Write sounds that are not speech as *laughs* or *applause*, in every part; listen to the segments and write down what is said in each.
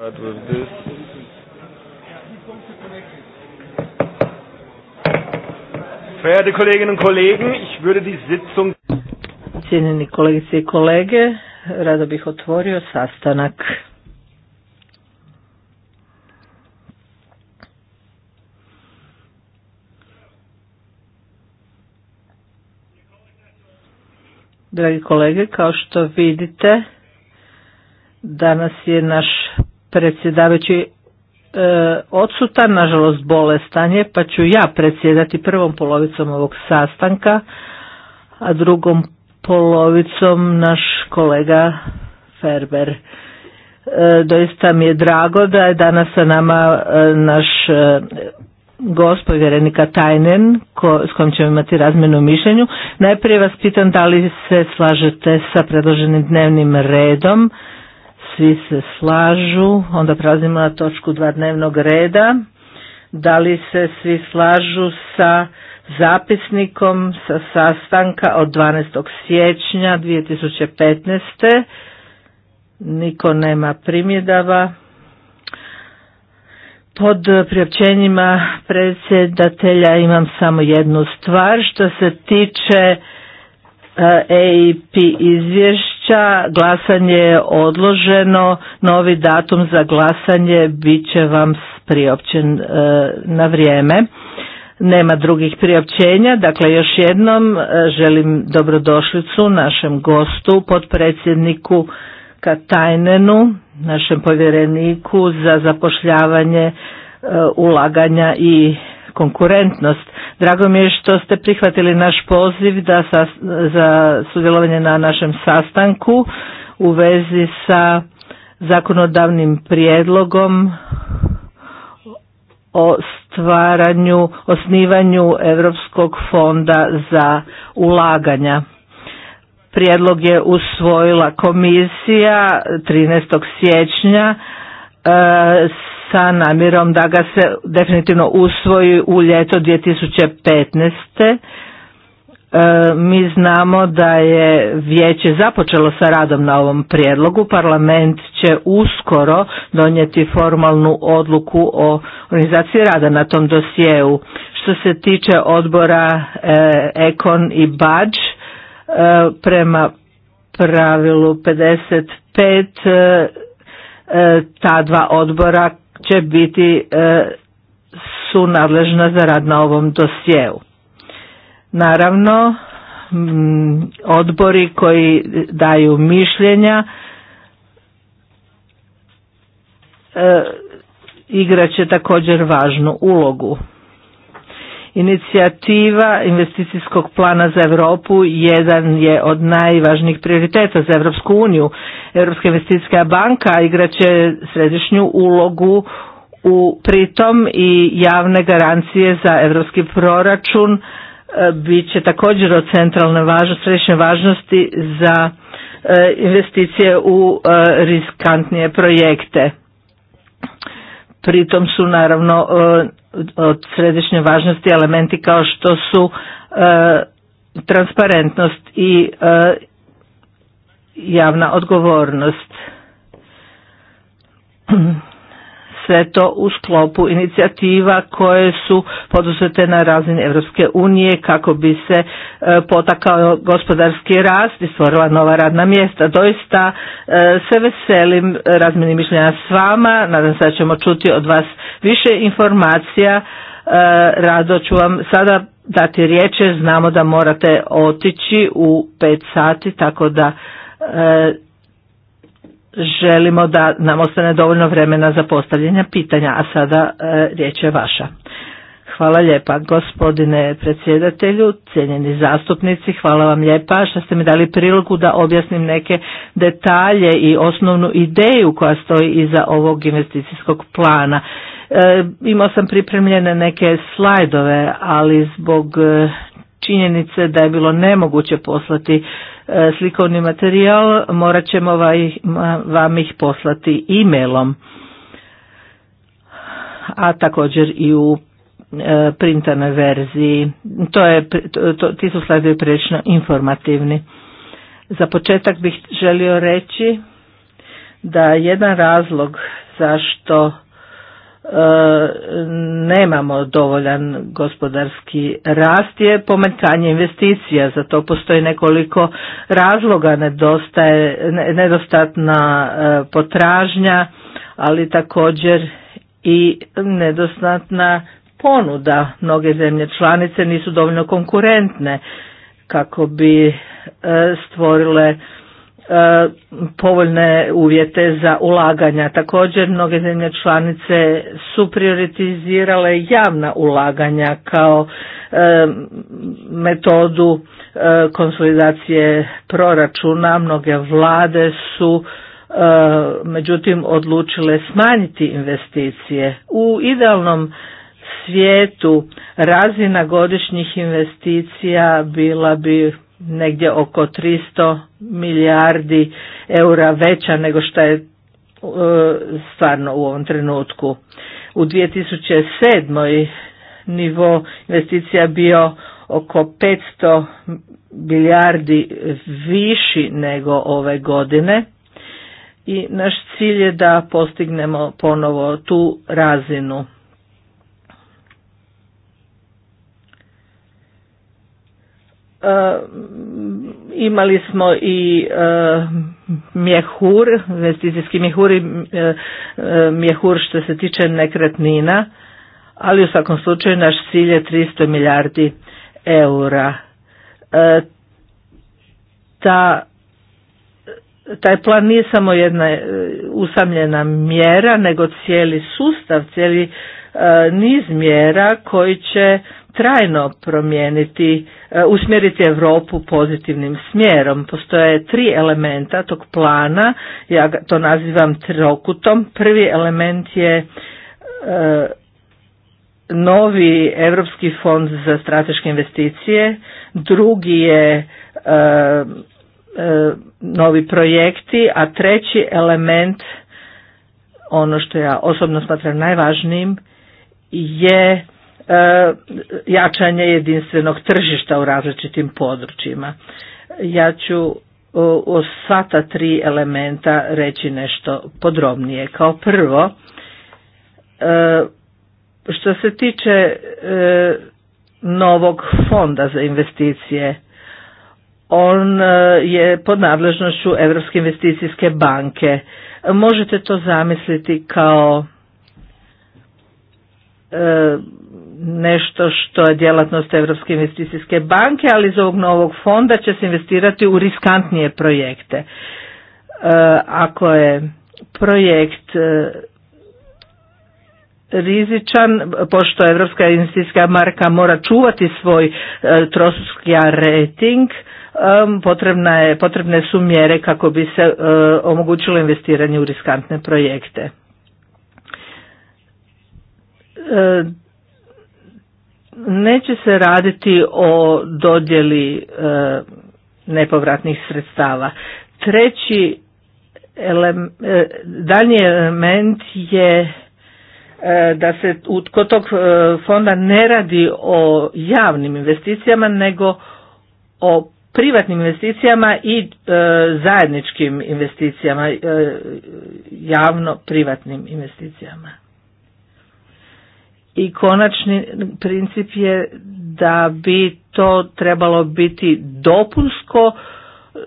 But with this. Verehrte Kolleginnen und Kollegen, ich würde die Sitzung. Cijenjeni kolegice i kolege, rado bih otvorio sastanak. Dragi kolege, kao što vidite, danas je naš predsjedavajući e, odsutan, nažalost bolestan je, pa ću ja predsjedati prvom polovicom ovog sastanka, a drugom polovicom naš kolega Ferber. E, doista mi je drago da je danas sa nama e, naš gost Vjerenika Tajnen ko, s kojim ćemo imati razmjenu mišljenju. Najprije vas pitam da li se slažete sa predloženim dnevnim redom svi se slažu, onda prelazimo na točku dva dnevnog reda. Da li se svi slažu sa zapisnikom sa sastanka od 12. siječnja 2015. Niko nema primjedava. Pod priopćenjima predsjedatelja imam samo jednu stvar što se tiče EIP izvješća, glasanje je odloženo, novi datum za glasanje bit će vam priopćen e, na vrijeme. Nema drugih priopćenja, dakle još jednom e, želim dobrodošlicu našem gostu, potpredsjedniku Katajnenu, našem povjereniku za zapošljavanje, e, ulaganja i konkurentnost. Drago mi je što ste prihvatili naš poziv da za sudjelovanje na našem sastanku u vezi sa zakonodavnim prijedlogom o stvaranju, osnivanju Europskog fonda za ulaganja. Prijedlog je usvojila komisija 13. siječnja E, sa namjerom da ga se definitivno usvoji u ljeto 2015. E, mi znamo da je vijeće započelo sa radom na ovom prijedlogu. Parlament će uskoro donijeti formalnu odluku o organizaciji rada na tom dosjeu. Što se tiče odbora e, Ekon i Bađ, prema pravilu 55 E, ta dva odbora će biti e, su nadležna za rad na ovom dosjeu. Naravno, odbori koji daju mišljenja e, igrat će također važnu ulogu. Inicijativa investicijskog plana za Europu jedan je od najvažnijih prioriteta za Europsku uniju. Europska investicijska banka igraće središnju ulogu u pritom i javne garancije za europski proračun e, bit će također od centralne važnosti, središnje važnosti za e, investicije u e, riskantnije projekte. Pritom su naravno od središnje važnosti elementi kao što su e, transparentnost i e, javna odgovornost. *clears throat* sve to u sklopu inicijativa koje su poduzete na razini Europske unije kako bi se e, potakao gospodarski rast i stvorila nova radna mjesta. Doista e, se veselim razmjeni mišljenja s vama, nadam se da ćemo čuti od vas više informacija. E, rado ću vam sada dati riječ, znamo da morate otići u pet sati, tako da želimo da nam ostane dovoljno vremena za postavljanje pitanja, a sada e, riječ je vaša. Hvala lijepa gospodine predsjedatelju, cijenjeni zastupnici, hvala vam lijepa što ste mi dali priliku da objasnim neke detalje i osnovnu ideju koja stoji iza ovog investicijskog plana. E, imao sam pripremljene neke slajdove, ali zbog e, činjenice da je bilo nemoguće poslati E, slikovni materijal, morat ćemo vam ih poslati e-mailom, a također i u e, printanoj verziji. To je, to, ti su slajdovi prilično informativni. Za početak bih želio reći da jedan razlog zašto E, nemamo dovoljan gospodarski rast je pometanje investicija, za to postoji nekoliko razloga, nedostaje, nedostatna e, potražnja, ali također i nedostatna ponuda. Mnoge zemlje članice nisu dovoljno konkurentne kako bi e, stvorile E, povoljne uvjete za ulaganja. Također mnoge zemlje članice su prioritizirale javna ulaganja kao e, metodu e, konsolidacije proračuna. Mnoge vlade su međutim odlučile smanjiti investicije. U idealnom svijetu razina godišnjih investicija bila bi negdje oko 300 milijardi eura veća nego što je e, stvarno u ovom trenutku. U 2007. nivo investicija bio oko 500 milijardi viši nego ove godine i naš cilj je da postignemo ponovo tu razinu. Eh, imali smo i eh, mjehur, investicijski mjehur i eh, mjehur što se tiče nekretnina, ali u svakom slučaju naš cilj je 300 milijardi eura. Ta taj plan nije samo jedna usamljena mjera, nego cijeli sustav, cijeli niz mjera koji će trajno promijeniti, e, usmjeriti Europu pozitivnim smjerom. Postoje tri elementa tog plana, ja to nazivam trokutom. Prvi element je e, novi Europski fond za strateške investicije, drugi je e, novi projekti, a treći element, ono što ja osobno smatram najvažnijim, je E, jačanje jedinstvenog tržišta u različitim područjima. Ja ću e, o sva tri elementa reći nešto podrobnije. Kao prvo, e, što se tiče novog fonda za investicije, on je pod nadležnošću Europske investicijske banke. Možete to zamisliti kao nešto što je djelatnost Europske investicijske banke, ali iz ovog novog fonda će se investirati u riskantnije projekte. E, ako je projekt e, rizičan, pošto Europska investicijska marka mora čuvati svoj e, rating, e, potrebna je, potrebne su mjere kako bi se omogućilo investiranje u riskantne projekte neće se raditi o dodjeli e, nepovratnih sredstava. Treći ele, e, daljnji element je e, da se u, kod tog fonda ne radi o javnim investicijama nego o privatnim investicijama i zajedničkim investicijama, javno privatnim investicijama i konačni princip je da bi to trebalo biti dopunsko,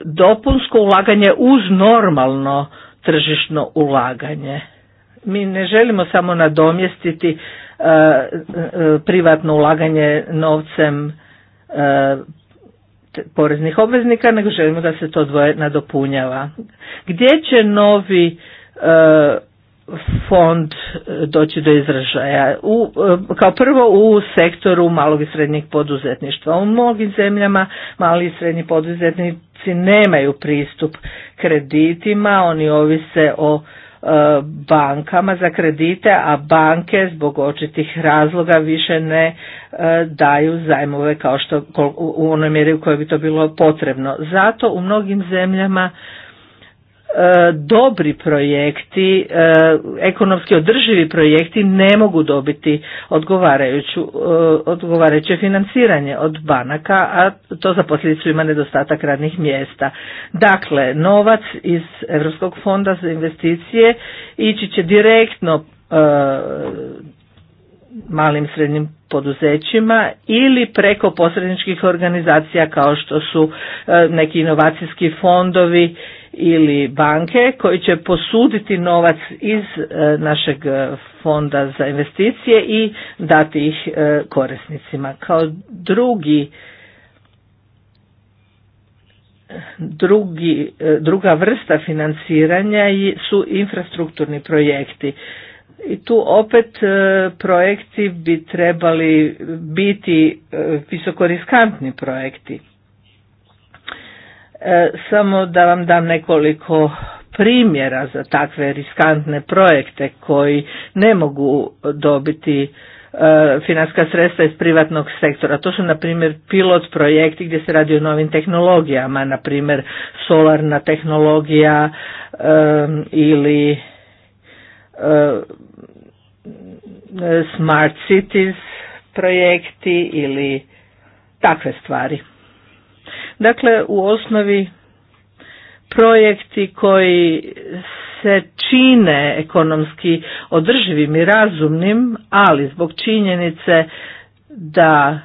dopunsko ulaganje uz normalno tržišno ulaganje. Mi ne želimo samo nadomjestiti e, e, privatno ulaganje novcem e, poreznih obveznika, nego želimo da se to dvoje nadopunjava. Gdje će novi fond e, doći do izražaja. U, e, kao prvo u sektoru malog i srednjeg poduzetništva. U mnogim zemljama mali i srednji poduzetnici nemaju pristup kreditima, oni ovise o e, bankama za kredite, a banke zbog očitih razloga više ne daju zajmove kao što u onoj mjeri u kojoj bi to bilo potrebno. Zato u mnogim zemljama E, dobri projekti, e, ekonomski održivi projekti ne mogu dobiti e, odgovarajuće financiranje od banaka, a to za posljedicu ima nedostatak radnih mjesta. Dakle, novac iz Europskog fonda za investicije ići će direktno malim srednjim poduzećima ili preko posredničkih organizacija kao što su neki inovacijski fondovi ili banke koji će posuditi novac iz e, našeg e, fonda za investicije i dati ih e, korisnicima. Kao drugi Drugi, druga vrsta financiranja su infrastrukturni projekti. I tu opet projekti bi trebali biti visokoriskantni projekti. E, samo da vam dam nekoliko primjera za takve riskantne projekte koji ne mogu dobiti e, financijska sredstva iz privatnog sektora. To su na primjer pilot projekti gdje se radi o novim tehnologijama, na primjer solarna tehnologija e, ili smart cities projekti ili takve stvari. Dakle, u osnovi projekti koji se čine ekonomski održivim i razumnim, ali zbog činjenice da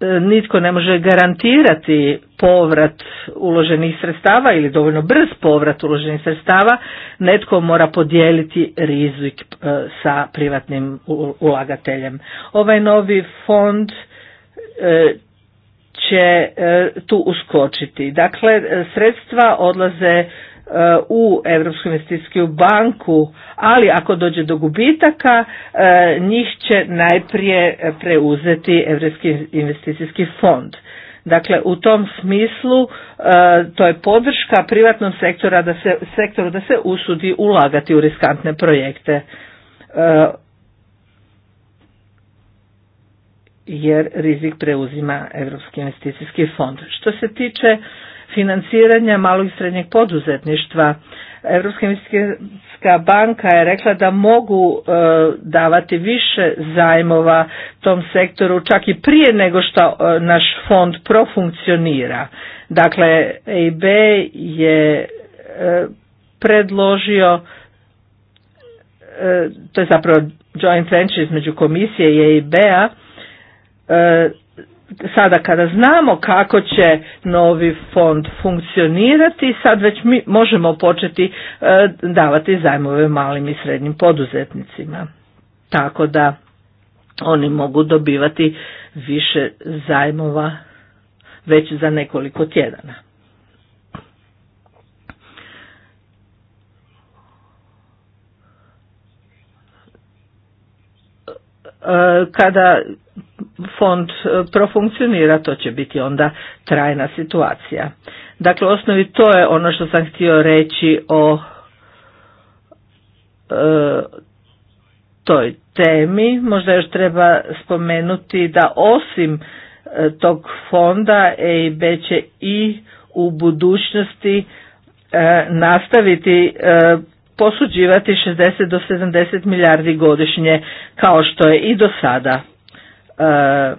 e, nitko ne može garantirati povrat uloženih sredstava ili dovoljno brz povrat uloženih sredstava, netko mora podijeliti rizik e, sa privatnim ulagateljem. Ovaj novi fond e, će e, tu uskočiti. Dakle, sredstva odlaze e, u Europsku investicijsku banku, ali ako dođe do gubitaka, e, njih će najprije preuzeti Europski investicijski fond. Dakle, u tom smislu to je podrška privatnom da se, sektoru da se usudi ulagati u riskantne projekte. jer rizik preuzima Europski investicijski fond. Što se tiče financiranja malog i srednjeg poduzetništva, Europska investicijska banka je rekla da mogu e, davati više zajmova tom sektoru čak i prije nego što e, naš fond profunkcionira. Dakle, EIB je e, predložio to je zapravo joint venture između komisije i EIB-a E, sada kada znamo kako će novi fond funkcionirati, sad već mi možemo početi e, davati zajmove malim i srednjim poduzetnicima. Tako da oni mogu dobivati više zajmova već za nekoliko tjedana. kada fond e, profunkcionira, to će biti onda trajna situacija. Dakle, u osnovi to je ono što sam htio reći o e, toj temi. Možda još treba spomenuti da osim e, tog fonda EIB će i u budućnosti nastaviti osuđivati 60 do 70 milijardi godišnje kao što je i do sada e,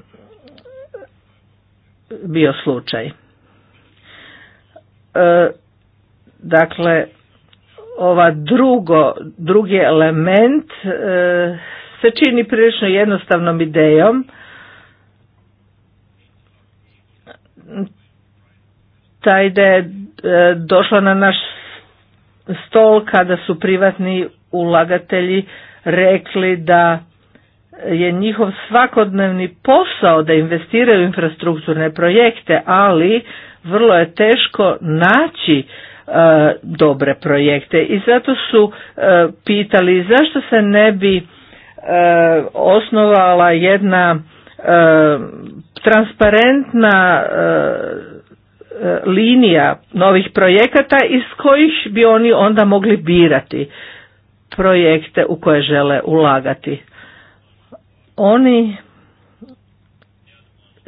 bio slučaj. E, dakle, ova drugo, drugi element e, se čini prilično jednostavnom idejom. Ta ideja je došla na naš stol kada su privatni ulagatelji rekli da je njihov svakodnevni posao da investiraju u infrastrukturne projekte, ali vrlo je teško naći e, dobre projekte i zato su e, pitali zašto se ne bi e, osnovala jedna e, transparentna E, linija novih projekata iz kojih bi oni onda mogli birati projekte u koje žele ulagati. Oni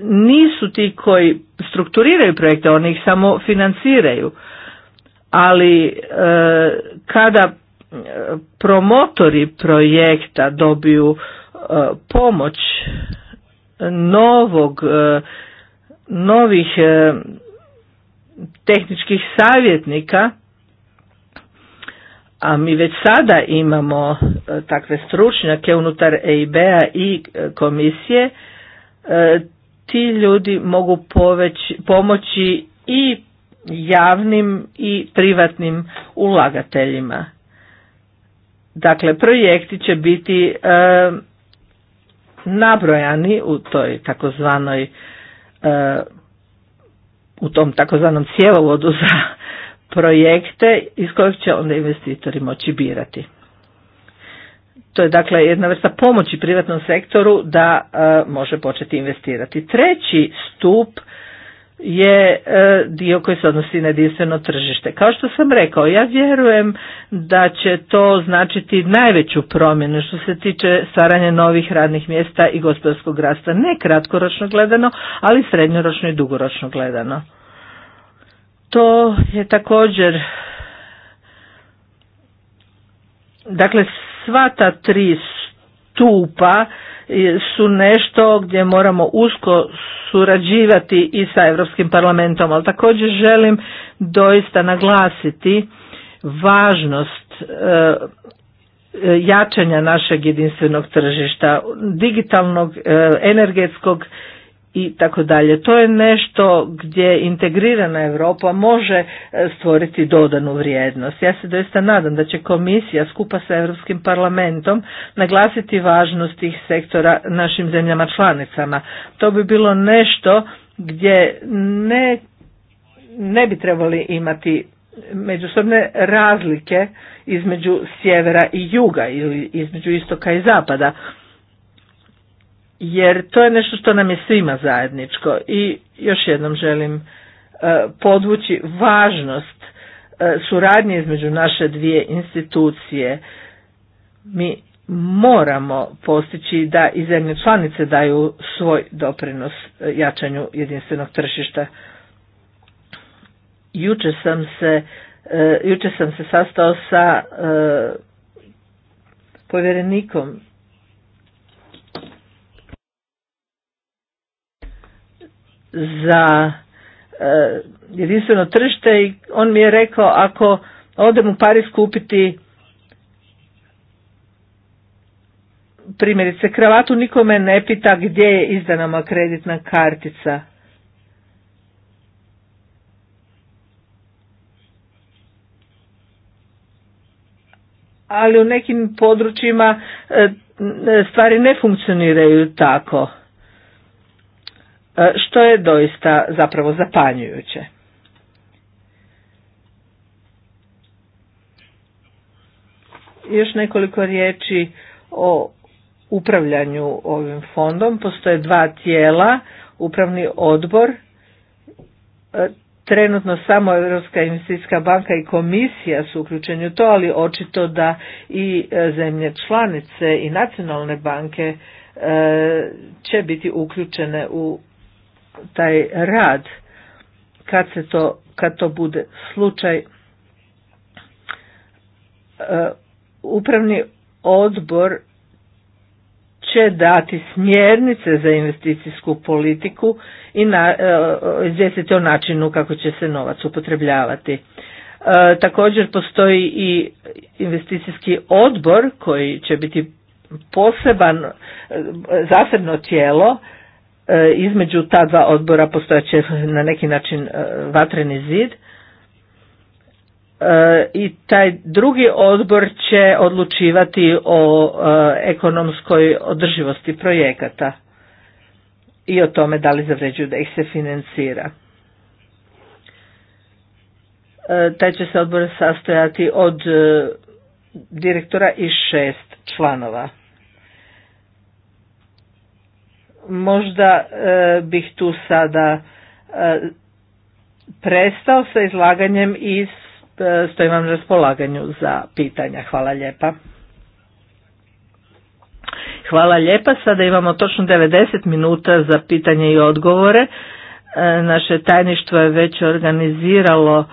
nisu ti koji strukturiraju projekte, oni ih samo financiraju. Ali e, kada e, promotori projekta dobiju pomoć novog novih tehničkih savjetnika, a mi već sada imamo e, takve stručnjake unutar EIB-a i e, komisije, e, ti ljudi mogu pomoći i javnim i privatnim ulagateljima. Dakle, projekti će biti nabrojani u toj takozvanoj u tom takozvanom cjevovodu za projekte iz kojeg će onda investitori moći birati. To je dakle jedna vrsta pomoći privatnom sektoru da e, može početi investirati. Treći stup je e, dio koji se odnosi na jedinstveno tržište. Kao što sam rekao, ja vjerujem da će to značiti najveću promjenu što se tiče stvaranja novih radnih mjesta i gospodarskog rasta, ne kratkoročno gledano, ali srednjoročno i dugoročno gledano. To je također dakle sva ta tri stupa su nešto gdje moramo usko surađivati i sa Europskim parlamentom, ali također želim doista naglasiti važnost e, e, jačanja našeg jedinstvenog tržišta, digitalnog, e, energetskog i tako dalje. To je nešto gdje integrirana Europa može e, stvoriti dodanu vrijednost. Ja se doista nadam da će komisija skupa sa Europskim parlamentom naglasiti važnost tih sektora našim zemljama članicama. To bi bilo nešto gdje ne, ne bi trebali imati međusobne razlike između sjevera i juga ili između istoka i zapada jer to je nešto što nam je svima zajedničko i još jednom želim e, podvući važnost e, suradnje između naše dvije institucije. Mi moramo postići da i zemlje članice daju svoj doprinos e, jačanju jedinstvenog tržišta. Juče sam se, juče sam se sastao sa povjerenikom za e, jedinstveno tržište i on mi je rekao ako odem u Pariz kupiti primjerice kravatu nikome ne pita gdje je izdana moja kreditna kartica. Ali u nekim područjima e, stvari ne funkcioniraju tako. E, što je doista zapravo zapanjujuće. Još nekoliko riječi o upravljanju ovim fondom. Postoje dva tijela, upravni odbor, e, trenutno samo Europska investicijska banka i komisija su uključeni u to, ali očito da i e, zemlje članice i nacionalne banke će biti uključene u taj rad kad se to kad to bude slučaj e, upravni odbor će dati smjernice za investicijsku politiku i na, e, izvijestiti o načinu kako će se novac upotrebljavati. E, također postoji i investicijski odbor koji će biti poseban zasebno tijelo E, između ta dva odbora će na neki način e, vatreni zid e, i taj drugi odbor će odlučivati o ekonomskoj održivosti projekata i o tome da li zavređuju da ih se financira. Taj će se odbor sastojati od direktora i šest članova možda e, bih tu sada e, prestao sa izlaganjem i e, stojim vam na raspolaganju za pitanja. Hvala lijepa. Hvala lijepa. Sada imamo točno 90 minuta za pitanje i odgovore. Naše tajništvo je već organiziralo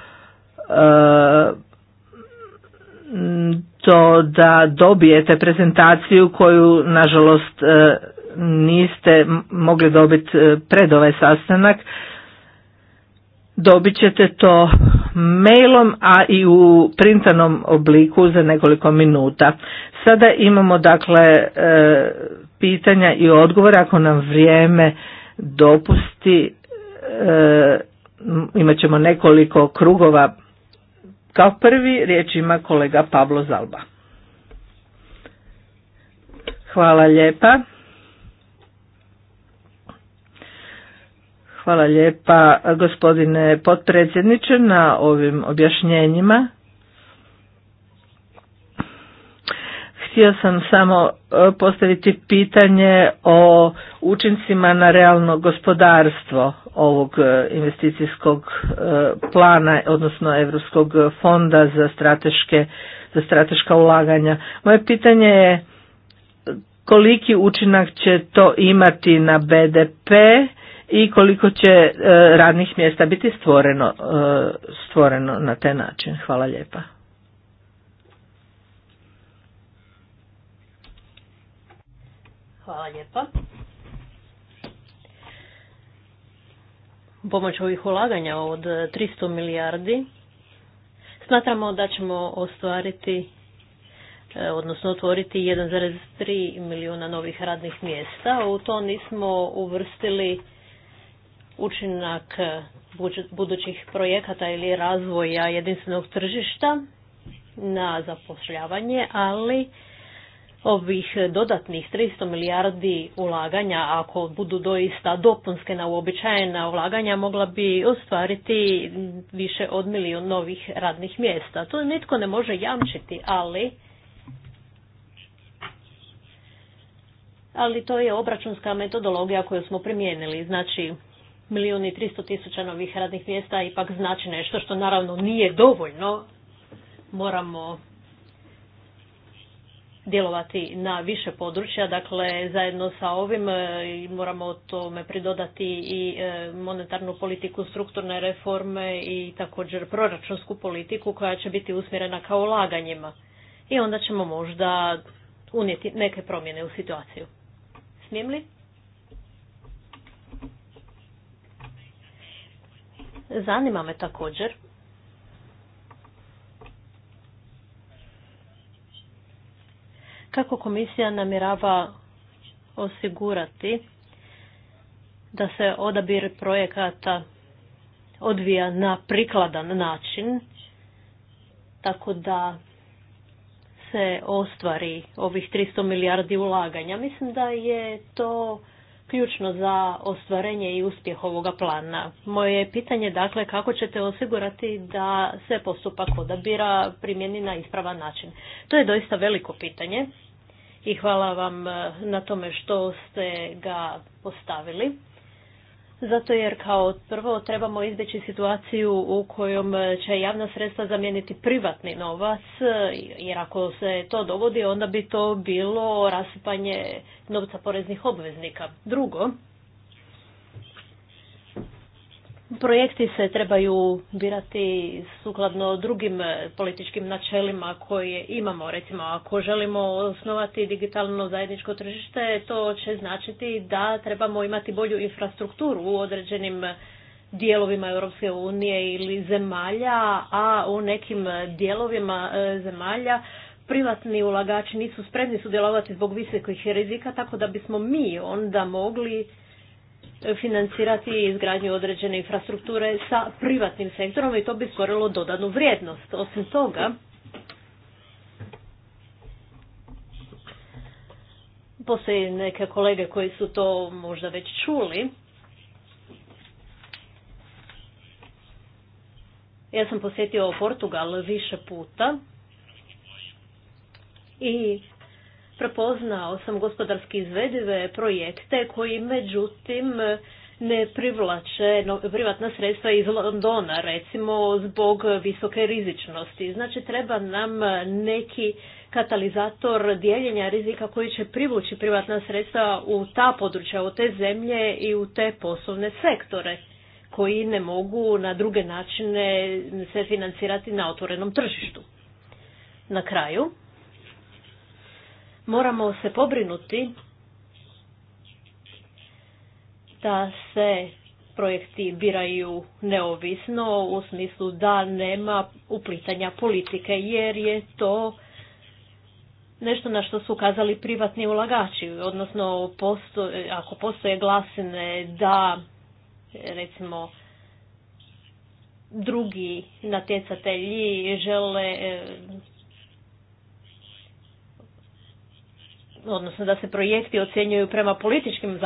to da dobijete prezentaciju koju nažalost niste mogli dobiti e, pred ovaj sastanak, dobit ćete to mailom, a i u printanom obliku za nekoliko minuta. Sada imamo dakle e, pitanja i odgovora, ako nam vrijeme dopusti, e, imat ćemo nekoliko krugova. Kao prvi riječ ima kolega Pablo Zalba. Hvala lijepa. Hvala lijepa gospodine potpredsjedniče na ovim objašnjenjima. Htio sam samo e, postaviti pitanje o učincima na realno gospodarstvo ovog e, investicijskog e, plana, odnosno Europskog fonda za, strateške, za strateška ulaganja. Moje pitanje je koliki učinak će to imati na BDP, i koliko će e, radnih mjesta biti stvoreno, e, stvoreno na taj način. Hvala lijepa. Hvala lijepa. Pomoć ovih ulaganja od 300 milijardi smatramo da ćemo ostvariti e, odnosno otvoriti 1,3 milijuna novih radnih mjesta. U to nismo uvrstili učinak eh, budućih projekata ili razvoja jedinstvenog tržišta na zapošljavanje, ali ovih dodatnih 300 milijardi ulaganja, ako budu doista dopunske na uobičajena ulaganja, mogla bi ostvariti više od milijun novih radnih mjesta. To nitko ne može jamčiti, ali... Ali to je obračunska metodologija koju smo primijenili. Znači, milijun i 300 tisuća novih radnih mjesta ipak znači nešto što naravno nije dovoljno. Moramo djelovati na više područja, dakle zajedno sa ovim e, moramo tome pridodati i e, monetarnu politiku, strukturne reforme i također proračunsku politiku koja će biti usmjerena kao ulaganjima. I onda ćemo možda unijeti neke promjene u situaciju. Smijem li? Zanima me također kako komisija namjerava osigurati da se odabir projekata odvija na prikladan način, tako da se ostvari ovih 300 milijardi ulaganja. Mislim da je to ključno za ostvarenje i uspjeh ovoga plana. Moje je pitanje dakle kako ćete osigurati da se postupak odabira primjeni na ispravan način. To je doista veliko pitanje i hvala vam eh, na tome što ste ga postavili. Zato jer kao prvo trebamo izbjeći situaciju u kojom će javna sredstva zamijeniti privatni novac, jer ako se to dogodi onda bi to bilo rasipanje novca poreznih obveznika. Drugo, projekti se trebaju birati sukladno drugim političkim načelima koje imamo. Recimo, ako želimo osnovati digitalno zajedničko tržište, to će značiti da trebamo imati bolju infrastrukturu u određenim dijelovima Europske unije ili zemalja, a u nekim dijelovima e, zemalja privatni ulagači nisu spremni sudjelovati zbog visokih rizika, tako da bismo mi onda mogli financirati izgradnju određene infrastrukture sa privatnim sektorom i to bi stvorilo dodanu vrijednost. Osim toga, postoje neke kolege koji su to možda već čuli. Ja sam posjetio Portugal više puta i prepoznao sam gospodarski izvedive projekte koji međutim ne privlače privatna sredstva iz Londona, recimo zbog visoke rizičnosti. Znači treba nam neki katalizator dijeljenja rizika koji će privući privatna sredstva u ta područja, u te zemlje i u te poslovne sektore koji ne mogu na druge načine se financirati na otvorenom tržištu. Na kraju, moramo se pobrinuti da se projekti biraju neovisno u smislu da nema uplitanja politike jer je to nešto na što su ukazali privatni ulagači, odnosno posto, ako postoje glasine da recimo drugi natjecatelji žele eh, odnosno da se projekti ocjenjuju prema političkim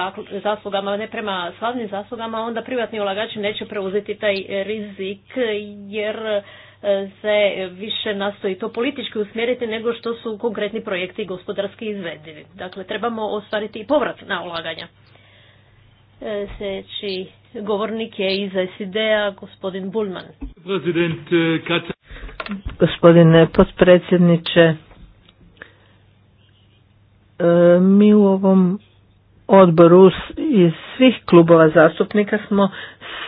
zaslugama, ne prema slavnim zaslugama, onda privatni ulagači neće preuzeti taj rizik jer e, se više nastoji to politički usmjeriti nego što su konkretni projekti gospodarski izvedivi. Dakle, trebamo ostvariti i povrat na ulaganja. E, sljedeći govornik je iz SID-a, gospodin Bulman. E, Gospodine potpredsjedniče, E, mi u ovom odboru iz svih klubova zastupnika smo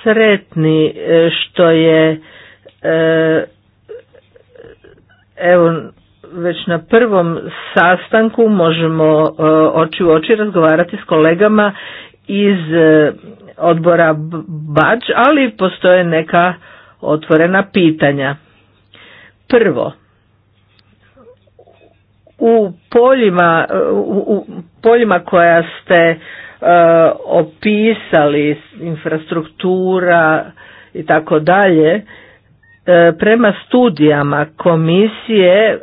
sretni e, što je e, evo već na prvom sastanku možemo oči u oči razgovarati s kolegama iz odbora Bač, ali postoje neka otvorena pitanja. Prvo, u poljima, u poljima koja ste e, opisali, infrastruktura i tako dalje, e, prema studijama komisije e,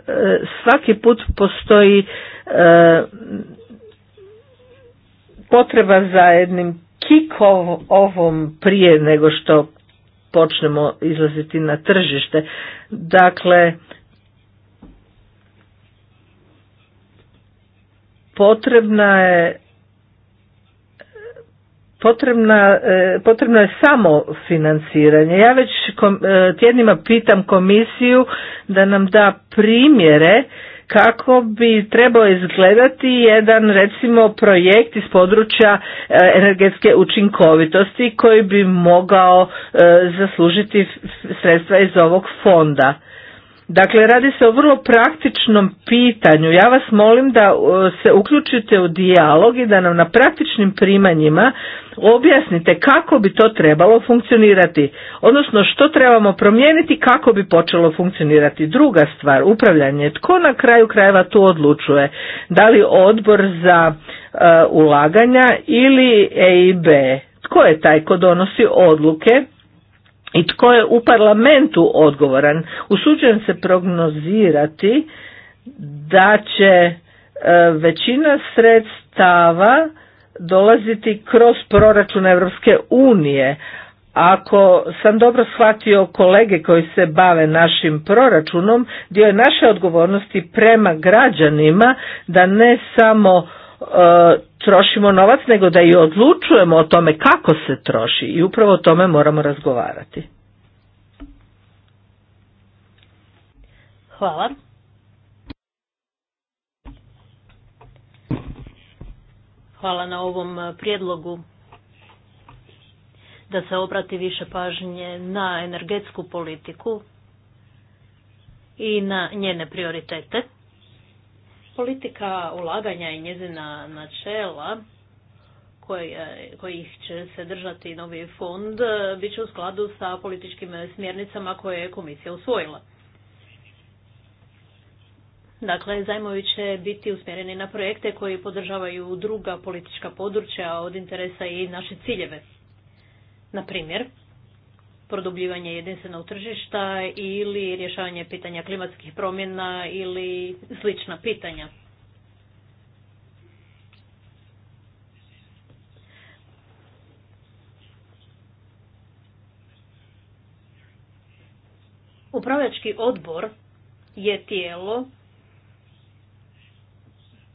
svaki put postoji potreba za jednim ovom prije nego što počnemo izlaziti na tržište. Dakle, potrebna je Potrebna, e, potrebno je samo financiranje. Ja već e, tjednima pitam komisiju da nam da primjere kako bi trebao izgledati jedan recimo projekt iz područja e, energetske učinkovitosti koji bi mogao zaslužiti sredstva iz ovog fonda. Dakle, radi se o vrlo praktičnom pitanju. Ja vas molim da se uključite u dijalog i da nam na praktičnim primanjima objasnite kako bi to trebalo funkcionirati. Odnosno što trebamo promijeniti kako bi počelo funkcionirati. Druga stvar, upravljanje. Tko na kraju krajeva tu odlučuje? Da li odbor za e, ulaganja ili EIB? Tko je taj ko donosi odluke? i tko je u parlamentu odgovoran. Usuđujem se prognozirati da će e, većina sredstava dolaziti kroz proračun Europske unije. Ako sam dobro shvatio kolege koji se bave našim proračunom, dio je naše odgovornosti prema građanima da ne samo trošimo novac, nego da i odlučujemo o tome kako se troši i upravo o tome moramo razgovarati. Hvala. Hvala na ovom e, prijedlogu da se obrati više pažnje na energetsku politiku i na njene prioritete. Politika ulaganja i njezina načela kojih će se držati novi fond bit će u skladu sa političkim smjernicama koje je komisija usvojila. Dakle, zajmovi će biti usmjereni na projekte koji podržavaju druga politička područja od interesa i naše ciljeve. Na produbljivanje jedinstvenog tržišta ili rješavanje pitanja klimatskih promjena ili slična pitanja. Upravljački odbor je tijelo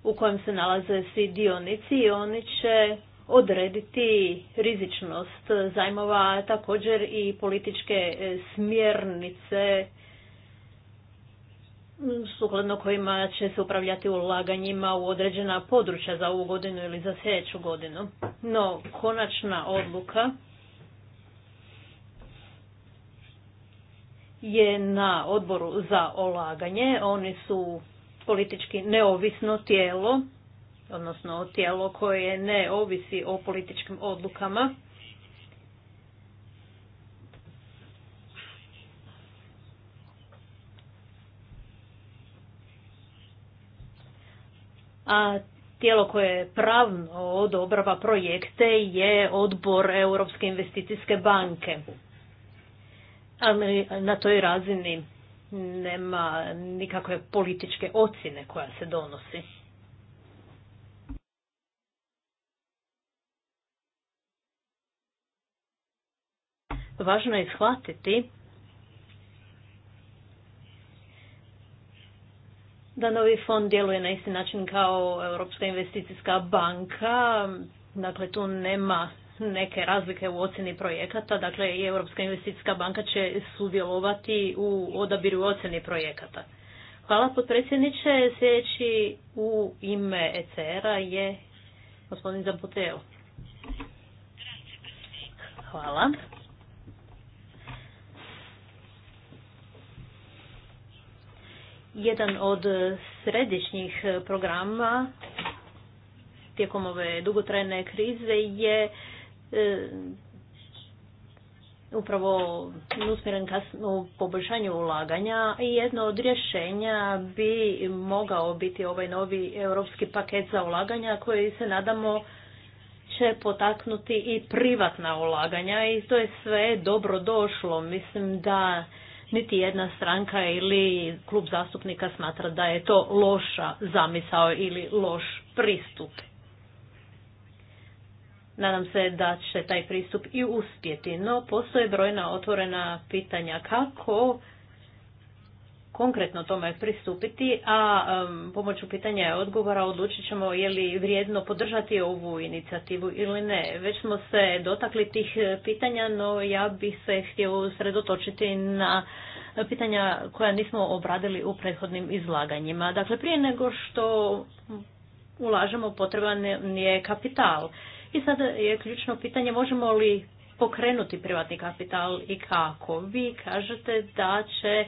u kojem se nalaze svi dionici i oni će odrediti rizičnost zajmova, također i političke e, smjernice sukladno kojima će se upravljati ulaganjima u određena područja za ovu godinu ili za sljedeću godinu. No, konačna odluka je na odboru za ulaganje. Oni su politički neovisno tijelo odnosno tijelo koje ne ovisi o političkim odlukama. A tijelo koje pravno odobrava projekte je odbor Europske investicijske banke. Ali na toj razini nema nikakve političke ocjene koja se donosi. važno je shvatiti da novi fond djeluje na isti način kao Europska investicijska banka. Dakle, tu nema neke razlike u ocjeni projekata. Dakle, i Europska investicijska banka će sudjelovati u odabiru ocjeni projekata. Hvala potpredsjedniče. Sljedeći u ime ECR-a je gospodin Zapoteo. Hvala. jedan od središnjih e, programa tijekom ove dugotrajne krize je e, upravo usmjeren u poboljšanju ulaganja i jedno od rješenja bi mogao biti ovaj novi europski paket za ulaganja koji se nadamo će potaknuti i privatna ulaganja i to je sve dobro došlo. Mislim da niti jedna stranka ili klub zastupnika smatra da je to loša zamisao ili loš pristup. Nadam se da će taj pristup i uspjeti, no postoje brojna otvorena pitanja kako konkretno tome pristupiti, a pomoću pitanja i odgovora odlučit ćemo je li vrijedno podržati ovu inicijativu ili ne. Već smo se dotakli tih e, pitanja, no ja bih se htio sredotočiti na pitanja koja nismo obradili u prethodnim izlaganjima. Dakle, prije nego što ulažemo potreban je kapital. I sada je ključno pitanje možemo li pokrenuti privatni kapital i kako. Vi kažete da će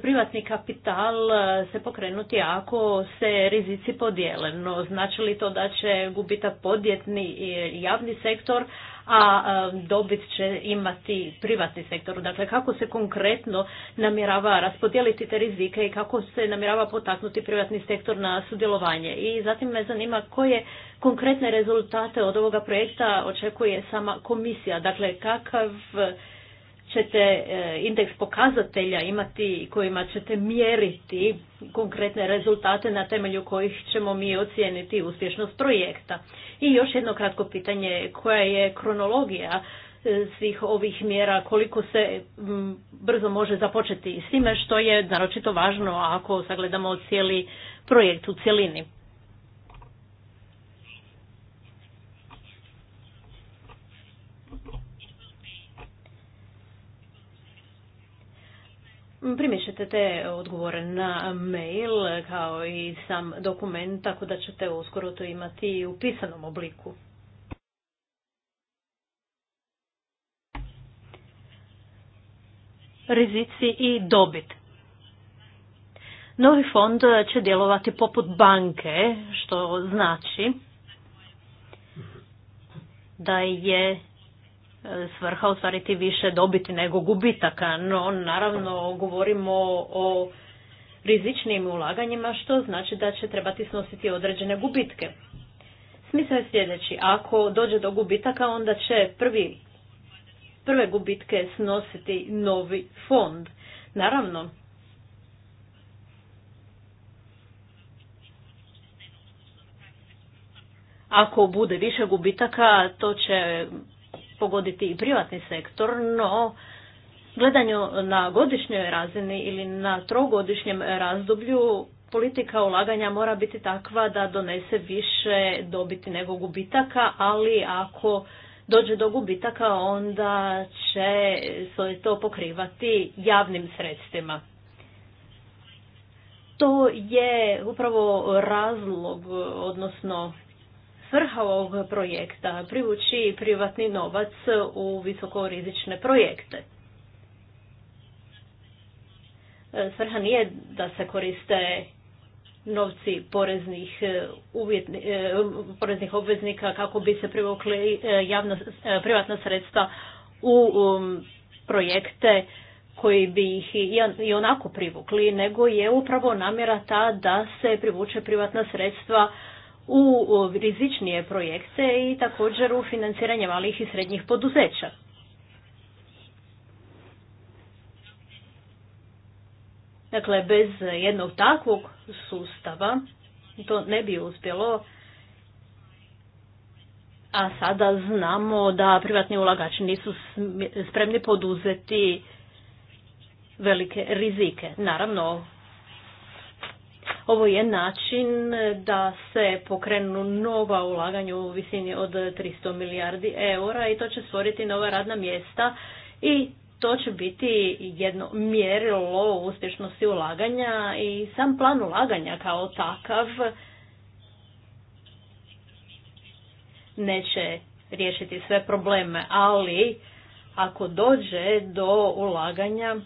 privatni kapital e, se pokrenuti ako se rizici podijele. No, znači li to da će gubitak podjetni i javni sektor, a e, dobit će imati privatni sektor? Dakle, kako se konkretno namjerava raspodijeliti te rizike i kako se namjerava potaknuti privatni sektor na sudjelovanje? I zatim me zanima koje konkretne rezultate od ovoga projekta očekuje sama komisija? Dakle, kakav ćete e, indeks pokazatelja imati kojima ćete mjeriti konkretne rezultate na temelju kojih ćemo mi ocijeniti uspješnost projekta. I još jedno kratko pitanje koja je kronologija e, svih ovih mjera, koliko se brzo može započeti s time što je naročito važno ako sagledamo cijeli projekt u cijelini. Primišete te odgovore na mail kao i sam dokument, tako da ćete uskoro to imati u pisanom obliku. Rizici i dobit. Novi fond će djelovati poput banke, što znači da je svrha ostvariti više dobiti nego gubitaka. No, naravno, govorimo o rizičnim ulaganjima, što znači da će trebati snositi određene gubitke. Smisao je sljedeći, ako dođe do gubitaka, onda će prvi, prve gubitke snositi novi fond. Naravno, ako bude više gubitaka, to će pogoditi i privatni sektor, no gledanju na godišnjoj razini ili na trogodišnjem razdoblju politika ulaganja mora biti takva da donese više dobiti nego gubitaka, ali ako dođe do gubitaka onda će se to pokrivati javnim sredstvima. To je upravo razlog, odnosno svrha ovog projekta, privući privatni novac u visokorizične projekte. E, svrha nije da se koriste novci poreznih, e, e, poreznih obveznika kako bi se privukli javno, privatna sredstva u um, projekte koji bi ih i onako privukli, nego je upravo namjera ta da se privuče privatna sredstva u rizičnije projekte i također u financiranje malih i srednjih poduzeća. Dakle, bez jednog takvog sustava to ne bi uspjelo, a sada znamo da privatni ulagači nisu spremni poduzeti velike rizike. Naravno, ovo je način da se pokrenu nova ulaganja u visini od 300 milijardi eura i to će stvoriti nova radna mjesta i to će biti jedno mjerilo uspješnosti ulaganja i sam plan ulaganja kao takav neće riješiti sve probleme, ali ako dođe do ulaganja,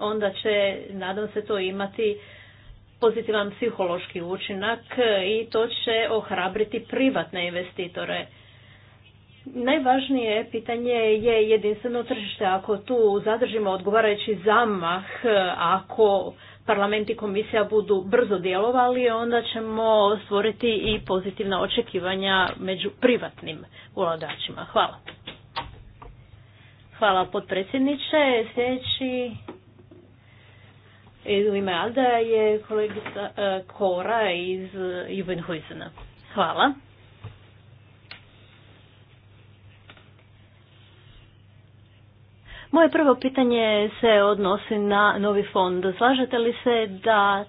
onda će, nadam se, to imati pozitivan psihološki učinak i to će ohrabriti privatne investitore. Najvažnije pitanje je jedinstveno tržište. Ako tu zadržimo odgovarajući zamah, ako parlament i komisija budu brzo djelovali, onda ćemo stvoriti i pozitivna očekivanja među privatnim ulagačima. Hvala. Hvala potpredsjedniče. Sljedeći E, u ime Alda je kolegica e, Kora iz e, Jubenhuizena. Hvala. Moje prvo pitanje se odnosi na novi fond. Slažete li se da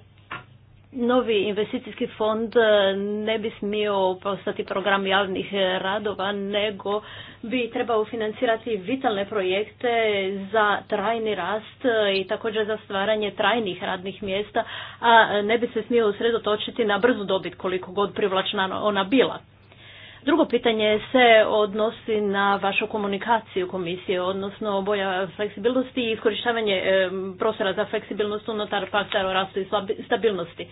novi investicijski fond e, ne bi smio postati program javnih radova, nego bi trebao financirati vitalne projekte za trajni rast e, i također za stvaranje trajnih radnih mjesta, a ne bi se smio usredotočiti na brzu dobit koliko god privlačna ona bila. Drugo pitanje se odnosi na vašu komunikaciju komisije, odnosno boja fleksibilnosti i iskorištavanje e, prostora za fleksibilnost unutar faktora rastu i stabilnosti.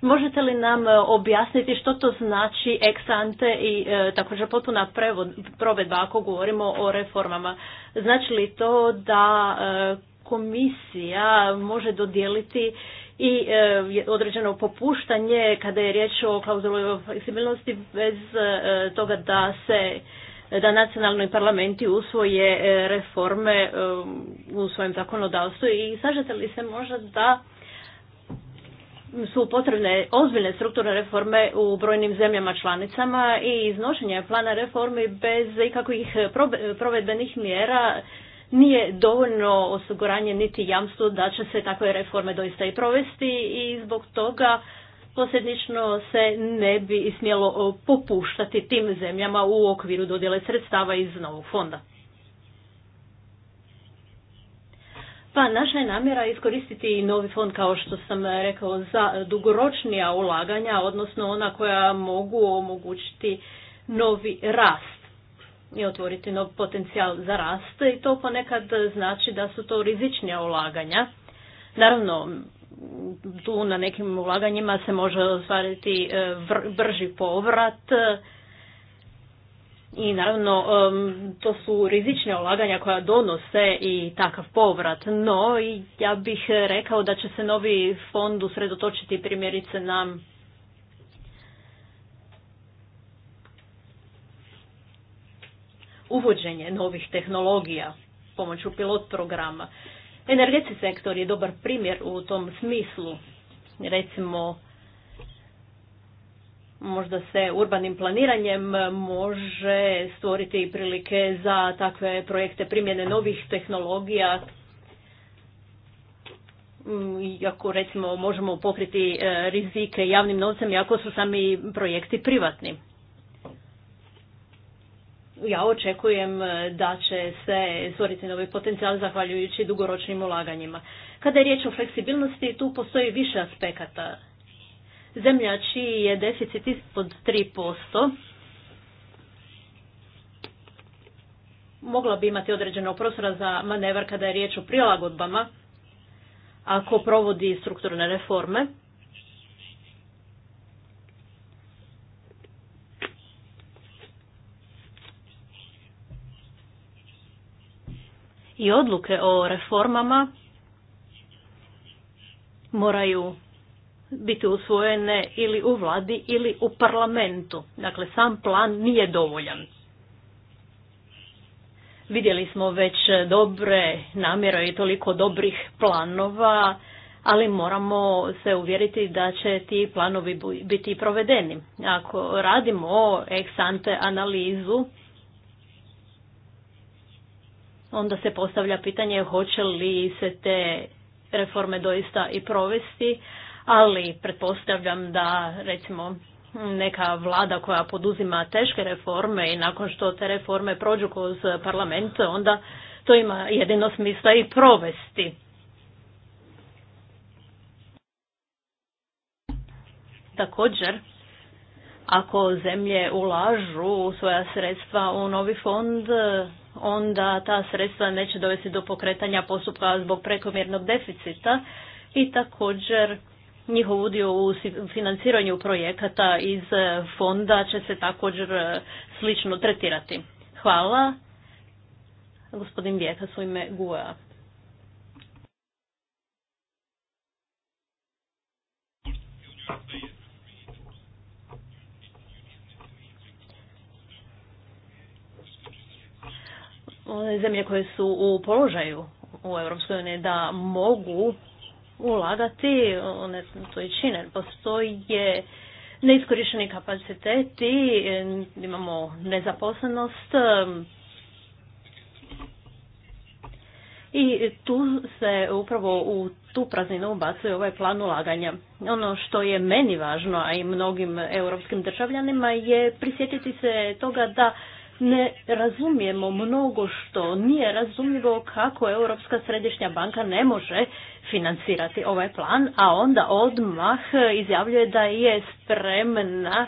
Možete li nam e, objasniti što to znači ex ante i e, također potpuna provedba ako govorimo o reformama? Znači li to da komisija može dodijeliti i e, određeno popuštanje kada je riječ o klauzuloj fleksibilnosti bez e, toga da se da nacionalni parlamenti usvoje e, reforme u svojem zakonodavstvu i sažete li se možda da su potrebne ozbiljne strukturne reforme u brojnim zemljama članicama i iznošenje plana reformi bez ikakvih provedbenih mjera nije dovoljno osiguranje niti jamstvo da će se takve reforme doista i provesti i zbog toga posljednično se ne bi smjelo popuštati tim zemljama u okviru dodjele sredstava iz novog fonda. Pa naša je namjera iskoristiti novi fond kao što sam rekao za dugoročnija ulaganja, odnosno ona koja mogu omogućiti novi rast i otvoriti nov potencijal za rast i to ponekad znači da su to rizičnija ulaganja. Naravno, tu na nekim ulaganjima se može ostvariti e, brži povrat e, i naravno e, to su rizičnija ulaganja koja donose i takav povrat. No, ja bih rekao da će se novi fond usredotočiti primjerice na uvođenje novih tehnologija pomoću pilot programa. Energetski sektor je dobar primjer u tom smislu. Recimo, možda se urbanim planiranjem može stvoriti i prilike za takve projekte primjene novih tehnologija iako recimo možemo pokriti e, rizike javnim novcem, iako su sami projekti privatni ja očekujem e, da će se stvoriti novi potencijal zahvaljujući dugoročnim ulaganjima. Kada je riječ o fleksibilnosti, tu postoji više aspekata. Zemlja čiji je deficit ispod 3%, mogla bi imati određeno prostora za manevar kada je riječ o prilagodbama, ako provodi strukturne reforme, i odluke o reformama moraju biti usvojene ili u vladi ili u parlamentu. Dakle, sam plan nije dovoljan. Vidjeli smo već dobre namjere i toliko dobrih planova, ali moramo se uvjeriti da će ti planovi biti provedeni. Ako radimo ex ante analizu, onda se postavlja pitanje hoće li se te reforme doista i provesti, ali pretpostavljam da recimo neka vlada koja poduzima teške reforme i nakon što te reforme prođu kroz parlament, onda to ima jedino smisla i provesti. Također, ako zemlje ulažu svoja sredstva u novi fond, onda ta sredstva neće dovesti do pokretanja postupka zbog prekomjernog deficita i također njihov udio u financiranju projekata iz e, fonda će se također e, slično tretirati. Hvala. Gospodin Vjeka, u ime GUA. one zemlje koje su u položaju u Europskoj uniji da mogu ulagati, one to i čine. Postoje neiskorišteni kapaciteti, imamo nezaposlenost i tu se upravo u tu prazninu ubacuje ovaj plan ulaganja. Ono što je meni važno, a i mnogim europskim državljanima, je prisjetiti se toga da ne razumijemo mnogo što nije razumljivo kako Europska središnja banka ne može financirati ovaj plan, a onda odmah izjavljuje da je spremna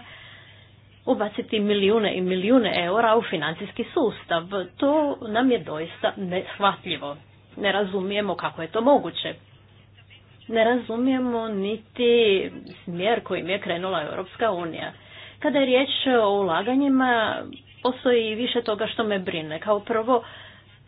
ubaciti milijune i milijune eura u financijski sustav. To nam je doista neshvatljivo. Ne razumijemo kako je to moguće. Ne razumijemo niti smjer kojim je krenula Europska unija. Kada je riječ o ulaganjima, postoji i više toga što me brine. Kao prvo,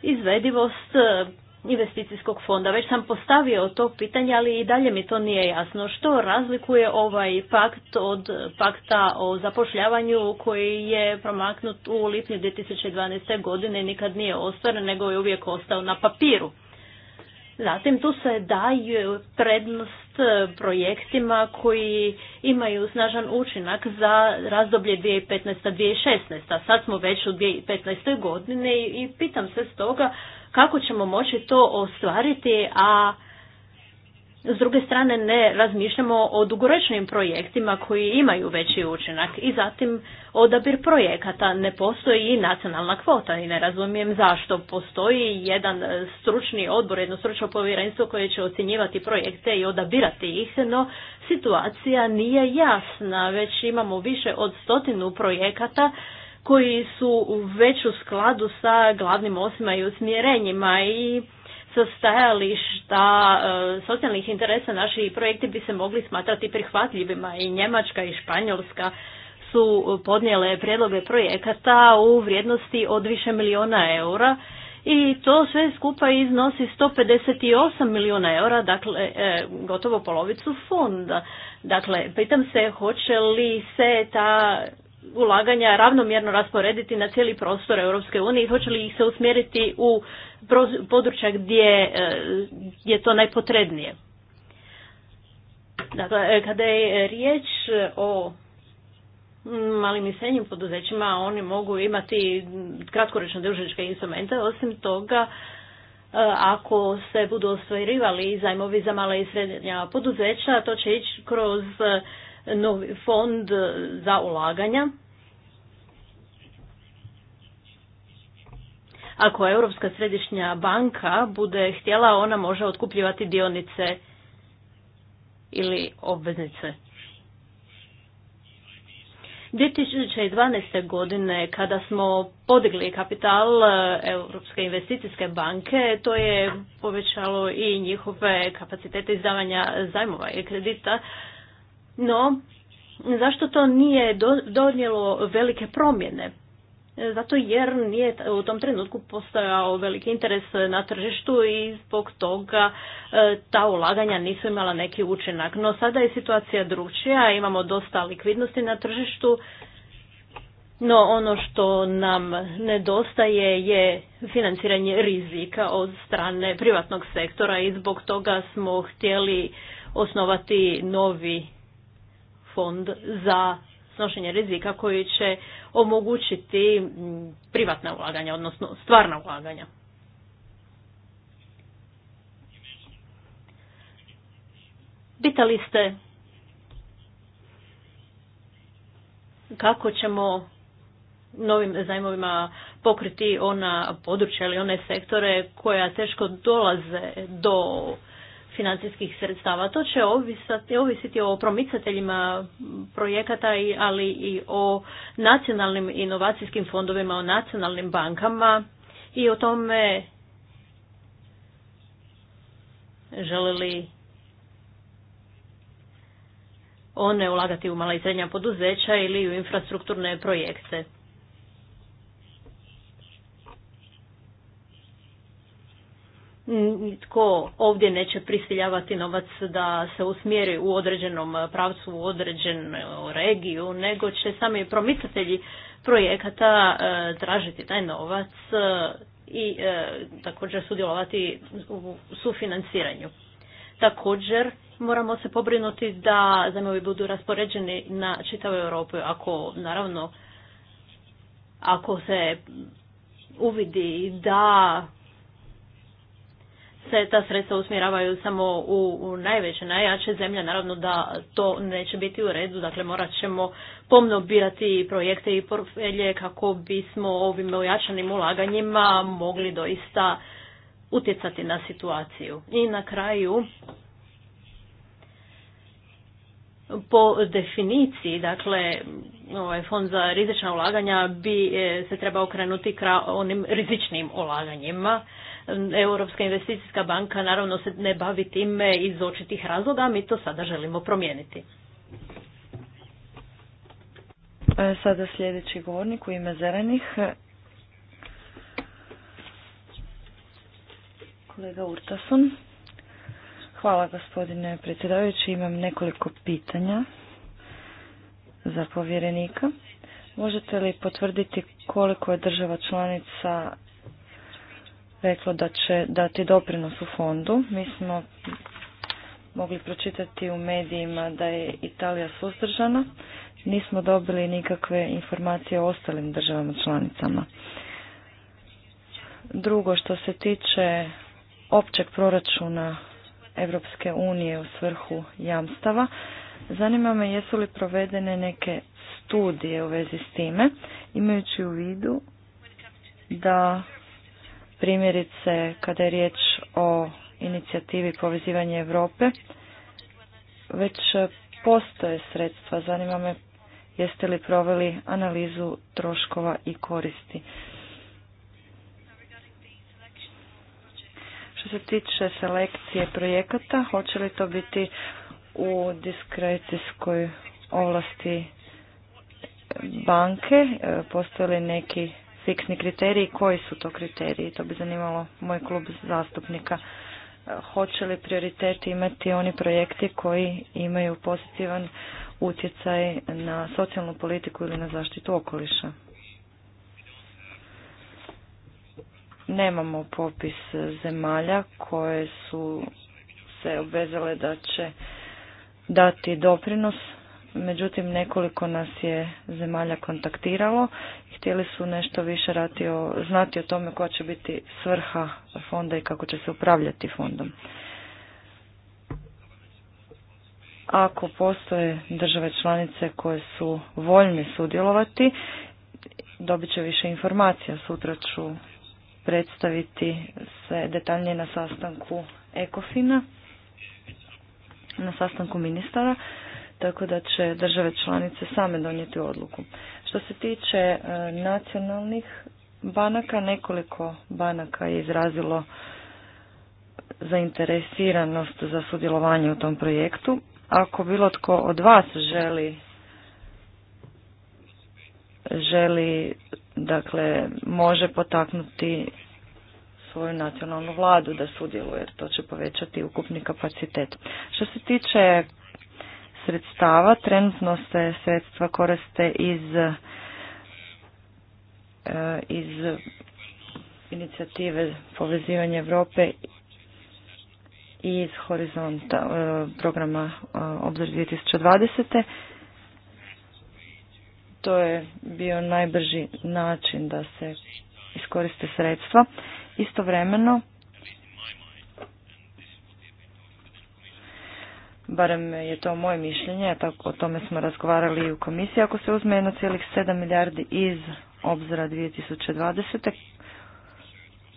izvedivost e, investicijskog fonda. Već sam postavio to pitanje, ali i dalje mi to nije jasno. Što razlikuje ovaj pakt od pakta o zapošljavanju koji je promaknut u lipnju 2012. godine, nikad nije ostvaren, nego je uvijek ostao na papiru. Zatim tu se daju prednost e, projektima koji imaju snažan učinak za razdoblje 2015-2016. Sad smo već u 2015. godini i pitam se stoga kako ćemo moći to ostvariti, a s druge strane ne razmišljamo o dugoročnim projektima koji imaju veći učinak i zatim odabir projekata. Ne postoji i nacionalna kvota i ne razumijem zašto. Postoji jedan stručni odbor, jedno stručno povjerenstvo koje će ocjenjivati projekte i odabirati ih, no situacija nije jasna. Već imamo više od stotinu projekata koji su već u skladu sa glavnim osima i usmjerenjima i sa stajališta e, socijalnih interesa naši projekti bi se mogli smatrati prihvatljivima i Njemačka i Španjolska su podnijele prijedloge projekata u vrijednosti od više miliona eura i to sve skupa iznosi 158 miliona eura, dakle e, gotovo polovicu fonda. Dakle, pitam se hoće li se ta ulaganja ravnomjerno rasporediti na cijeli prostor Europske unije i hoće li ih se usmjeriti u područja gdje e, je to najpotrebnije. Dakle, e, kada je riječ o malim i srednjim poduzećima, oni mogu imati kratkoročne dužničke instrumente, osim toga e, ako se budu ostvarivali zajmovi za male i srednja poduzeća, to će ići kroz novi fond za ulaganja Ako Europska središnja banka bude htjela, ona može otkupljivati dionice ili obveznice. 2012. godine kada smo podigli kapital e, Europske investicijske banke, to je povećalo i njihove kapacitete izdavanja zajmova i kredita. No, zašto to nije donijelo velike promjene? zato jer nije u tom trenutku postojao veliki interes na tržištu i zbog toga e, ta ulaganja nisu imala neki učinak. No sada je situacija drugčija, imamo dosta likvidnosti na tržištu, no ono što nam nedostaje je financiranje rizika od strane privatnog sektora i zbog toga smo htjeli osnovati novi fond za snošenje rizika koji će omogućiti privatna ulaganja, odnosno stvarna ulaganja. Pitali ste kako ćemo novim zajmovima pokriti ona područja ili one sektore koja teško dolaze do financijskih sredstava. To će ovisati, ovisiti o promicateljima projekata, ali i o nacionalnim inovacijskim fondovima, o nacionalnim bankama i o tome žele li one ulagati u mala i srednja poduzeća ili u infrastrukturne projekte. nitko ovdje neće prisiljavati novac da se usmjeri u određenom pravcu, u određenu regiju, nego će sami promicatelji projekata e, tražiti taj novac e, i e, također sudjelovati u sufinanciranju. Također moramo se pobrinuti da zajmovi budu raspoređeni na čitavu Europu. Ako naravno ako se uvidi da se ta sredstva usmjeravaju samo u, najveće, najjače zemlje, naravno da to neće biti u redu, dakle morat ćemo pomno birati projekte i portfelje kako bismo ovim ojačanim ulaganjima mogli doista utjecati na situaciju. I na kraju, po definiciji, dakle, ovaj fond za rizična ulaganja bi eh, se trebao krenuti ka onim rizičnim ulaganjima Europska investicijska banka naravno se ne bavi time iz očitih razloga, mi to sada želimo promijeniti. E, sada sljedeći govornik u ime zelenih. Kolega Urtasun. Hvala gospodine predsjedavajući. Imam nekoliko pitanja za povjerenika. Možete li potvrditi koliko je država članica reklo da će dati doprinos u fondu. Mi smo mogli pročitati u medijima da je Italija suzdržana. Nismo dobili nikakve informacije o ostalim državama članicama. Drugo, što se tiče općeg proračuna Europske unije u svrhu jamstava, zanima me jesu li provedene neke studije u vezi s time, imajući u vidu da Primjerice, kada je riječ o inicijativi Povezivanje Europe, već postoje sredstva. Zanima me jeste li proveli analizu troškova i koristi. Što se tiče selekcije projekata, hoće li to biti u diskrecijskoj ovlasti banke? Postoje li neki fiksni kriteriji, koji su to kriteriji? To bi zanimalo moj klub zastupnika. Hoće li prioritet imati oni projekti koji imaju pozitivan utjecaj na socijalnu politiku ili na zaštitu okoliša? Nemamo popis zemalja koje su se obvezale da će dati doprinos međutim nekoliko nas je zemalja kontaktiralo i htjeli su nešto više rati o, znati o tome koja će biti svrha fonda i kako će se upravljati fondom. Ako postoje države članice koje su voljni sudjelovati, dobit će više informacija. Sutra ću predstaviti se detaljnije na sastanku Ekofina, na sastanku ministara tako da će države članice same donijeti odluku. Što se tiče e, nacionalnih banaka, nekoliko banaka je izrazilo zainteresiranost za sudjelovanje u tom projektu. Ako bilo tko od vas želi želi dakle može potaknuti svoju nacionalnu vladu da sudjeluje, to će povećati ukupni kapacitet. Što se tiče sredstava. Trenutno se sredstva koriste iz, e, iz inicijative povezivanja Europe i iz horizonta e, programa e, Obzor 2020. To je bio najbrži način da se iskoriste sredstva. Istovremeno barem je to moje mišljenje, tako o tome smo razgovarali i u komisiji, ako se uzme 1,7 milijardi iz obzira 2020.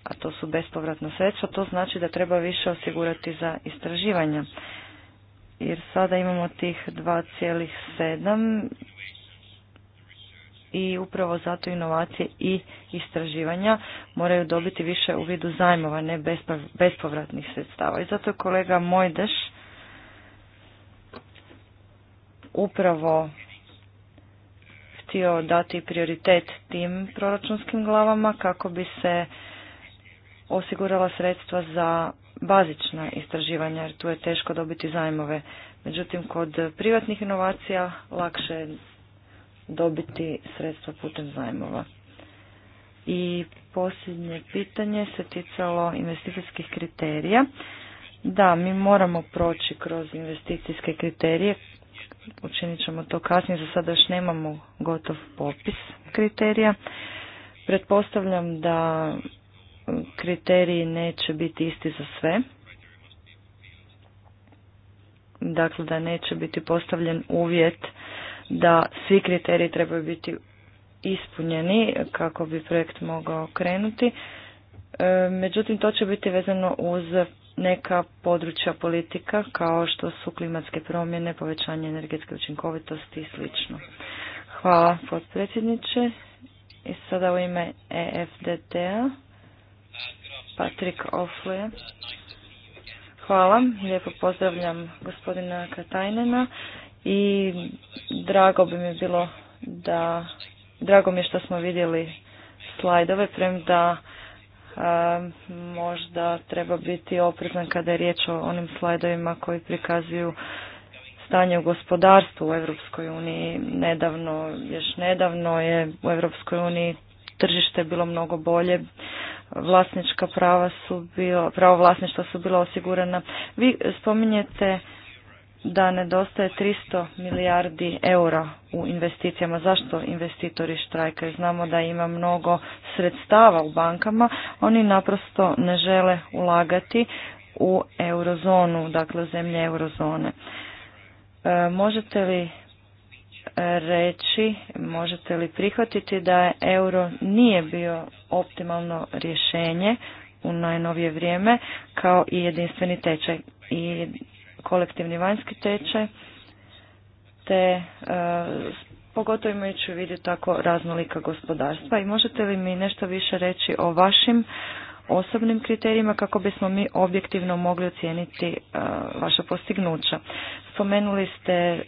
a to su bespovratna sredstva, to znači da treba više osigurati za istraživanja. Jer sada imamo tih 2,7 i upravo zato inovacije i istraživanja moraju dobiti više u vidu zajmova, ne bespovratnih sredstava. I zato je kolega Mojdeš upravo htio dati prioritet tim proračunskim glavama kako bi se osigurala sredstva za bazična istraživanja jer tu je teško dobiti zajmove. Međutim, kod privatnih inovacija lakše je dobiti sredstva putem zajmova. I posljednje pitanje se ticalo investicijskih kriterija. Da, mi moramo proći kroz investicijske kriterije učinit ćemo to kasnije, za sada još nemamo gotov popis kriterija. Pretpostavljam da kriteriji neće biti isti za sve. Dakle, da neće biti postavljen uvjet da svi kriteriji trebaju biti ispunjeni kako bi projekt mogao krenuti. E, međutim, to će biti vezano uz neka područja politika kao što su klimatske promjene, povećanje energetske učinkovitosti i slično. Hvala potpredsjedniče. I sada u ime EFDT-a Patrik Hvala, lijepo pozdravljam gospodina Katajnena i drago bi mi bilo da, drago mi je što smo vidjeli slajdove, premda E, možda treba biti oprezan kada je riječ o onim slajdovima koji prikazuju stanje u gospodarstvu u Europskoj uniji. Nedavno, još nedavno je u Europskoj uniji tržište bilo mnogo bolje, vlasnička prava su bila, pravo vlasništva su bila osigurana. Vi spominjete da nedostaje 300 milijardi eura u investicijama. Zašto investitori štrajkaju? Znamo da ima mnogo sredstava u bankama, oni naprosto ne žele ulagati u eurozonu, dakle zemlje eurozone. E, možete li reći, možete li prihvatiti da je euro nije bio optimalno rješenje u najnovije vrijeme kao i jedinstveni tečaj i kolektivni vanjski tečaj, te e, pogotovo imajući u tako raznolika gospodarstva. I možete li mi nešto više reći o vašim osobnim kriterijima kako bismo mi objektivno mogli ocijeniti e, vaša postignuća? Spomenuli ste e,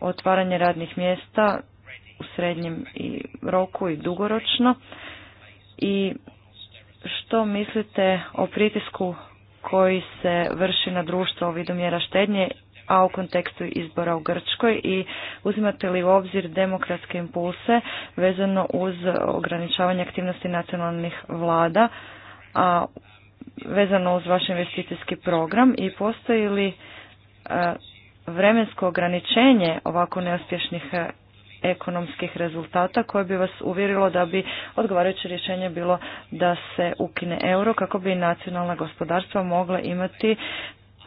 otvaranje radnih mjesta u srednjem i roku i dugoročno i što mislite o pritisku koji se vrši na društvo u vidu mjera štednje, a u kontekstu izbora u Grčkoj i uzimate li u obzir demokratske impulse vezano uz ograničavanje aktivnosti nacionalnih vlada, a vezano uz vaš investicijski program i postoji li e, vremensko ograničenje ovako neuspješnih ekonomskih rezultata koje bi vas uvjerilo da bi odgovarajuće rješenje bilo da se ukine euro kako bi nacionalna gospodarstva mogla imati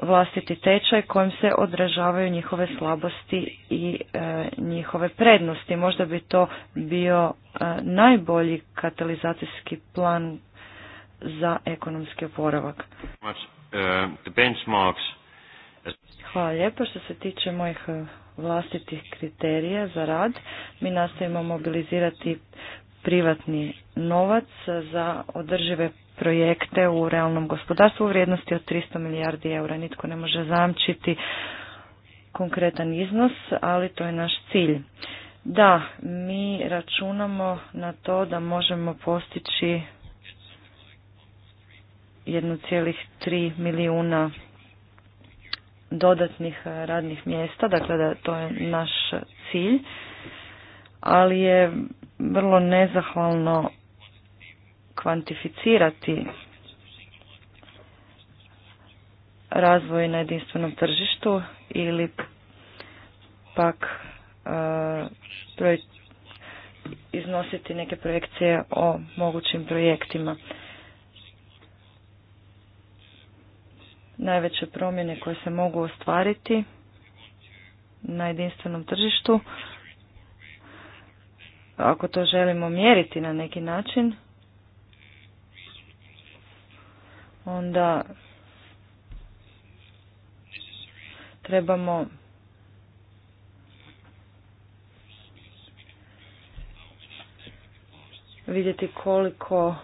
vlastiti tečaj kojim se odražavaju njihove slabosti i e, njihove prednosti. Možda bi to bio e, najbolji katalizacijski plan za ekonomski oporavak. Uh, Hvala lijepo što se tiče mojih vlastitih kriterija za rad. Mi nastavimo mobilizirati privatni novac za održive projekte u realnom gospodarstvu u vrijednosti od 300 milijardi eura. Nitko ne može zamčiti konkretan iznos, ali to je naš cilj. Da, mi računamo na to da možemo postići 1,3 milijuna dodatnih radnih mjesta, dakle da to je naš cilj, ali je vrlo nezahvalno kvantificirati razvoj na jedinstvenom tržištu ili pak e, iznositi neke projekcije o mogućim projektima. najveće promjene koje se mogu ostvariti na jedinstvenom tržištu. Ako to želimo mjeriti na neki način, onda trebamo vidjeti koliko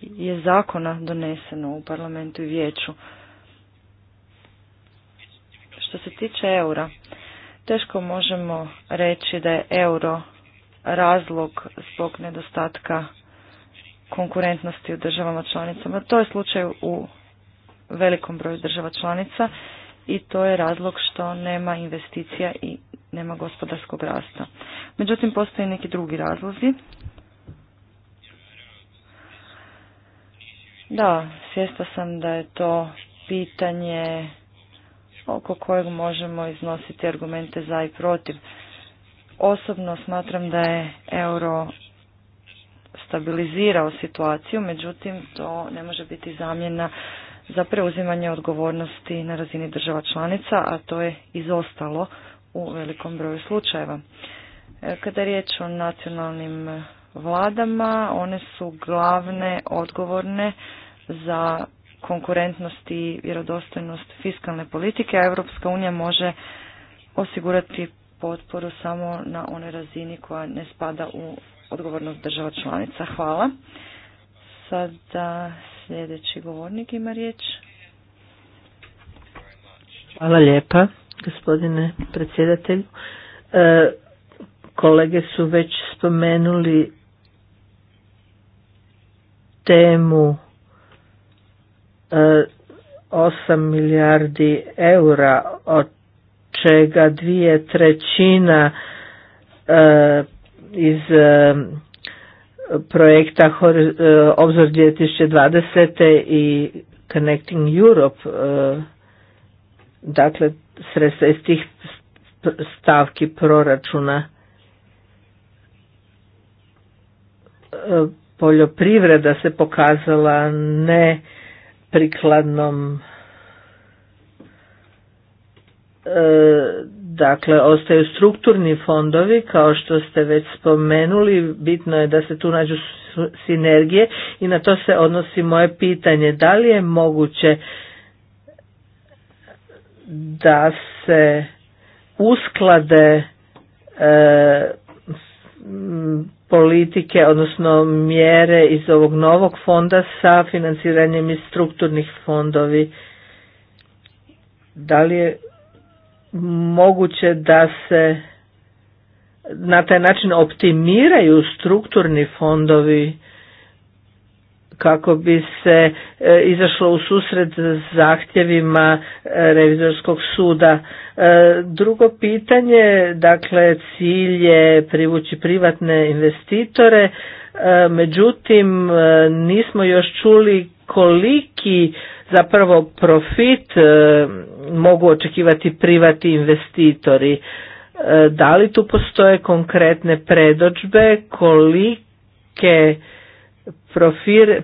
je zakona doneseno u parlamentu i vijeću. Što se tiče eura, teško možemo reći da je euro razlog zbog nedostatka konkurentnosti u državama članicama. To je slučaj u velikom broju država članica i to je razlog što nema investicija i nema gospodarskog rasta. Međutim, postoje neki drugi razlozi. Da, svjesta sam da je to pitanje oko kojeg možemo iznositi argumente za i protiv. Osobno smatram da je euro stabilizirao situaciju, međutim to ne može biti zamjena za preuzimanje odgovornosti na razini država članica, a to je izostalo u velikom broju slučajeva. E, kada je riječ o nacionalnim vladama, one su glavne odgovorne za konkurentnost i vjerodostojnost fiskalne politike, a Europska unija može osigurati potporu samo na onoj razini koja ne spada u odgovornost država članica. Hvala. Sada sljedeći govornik ima riječ. Hvala lijepa, gospodine predsjedatelju. E, kolege su već spomenuli temu 8 e, milijardi eura, od čega dvije trećina e, iz e, projekta Obzor 2020. i Connecting Europe, dakle sredstva iz tih stavki proračuna. Poljoprivreda se pokazala ne prikladnom e, dakle ostaju strukturni fondovi kao što ste već spomenuli bitno je da se tu nađu sinergije i na to se odnosi moje pitanje da li je moguće da se usklade e, politike, odnosno mjere iz ovog novog fonda sa financiranjem iz strukturnih fondovi. Da li je moguće da se na taj način optimiraju strukturni fondovi kako bi se e, izašlo u susret zahtjevima e, revizorskog suda. E, drugo pitanje, dakle cilj je privući privatne investitore, međutim nismo još čuli koliki zapravo profit mogu očekivati privati investitori. Da li tu postoje konkretne predođbe, kolike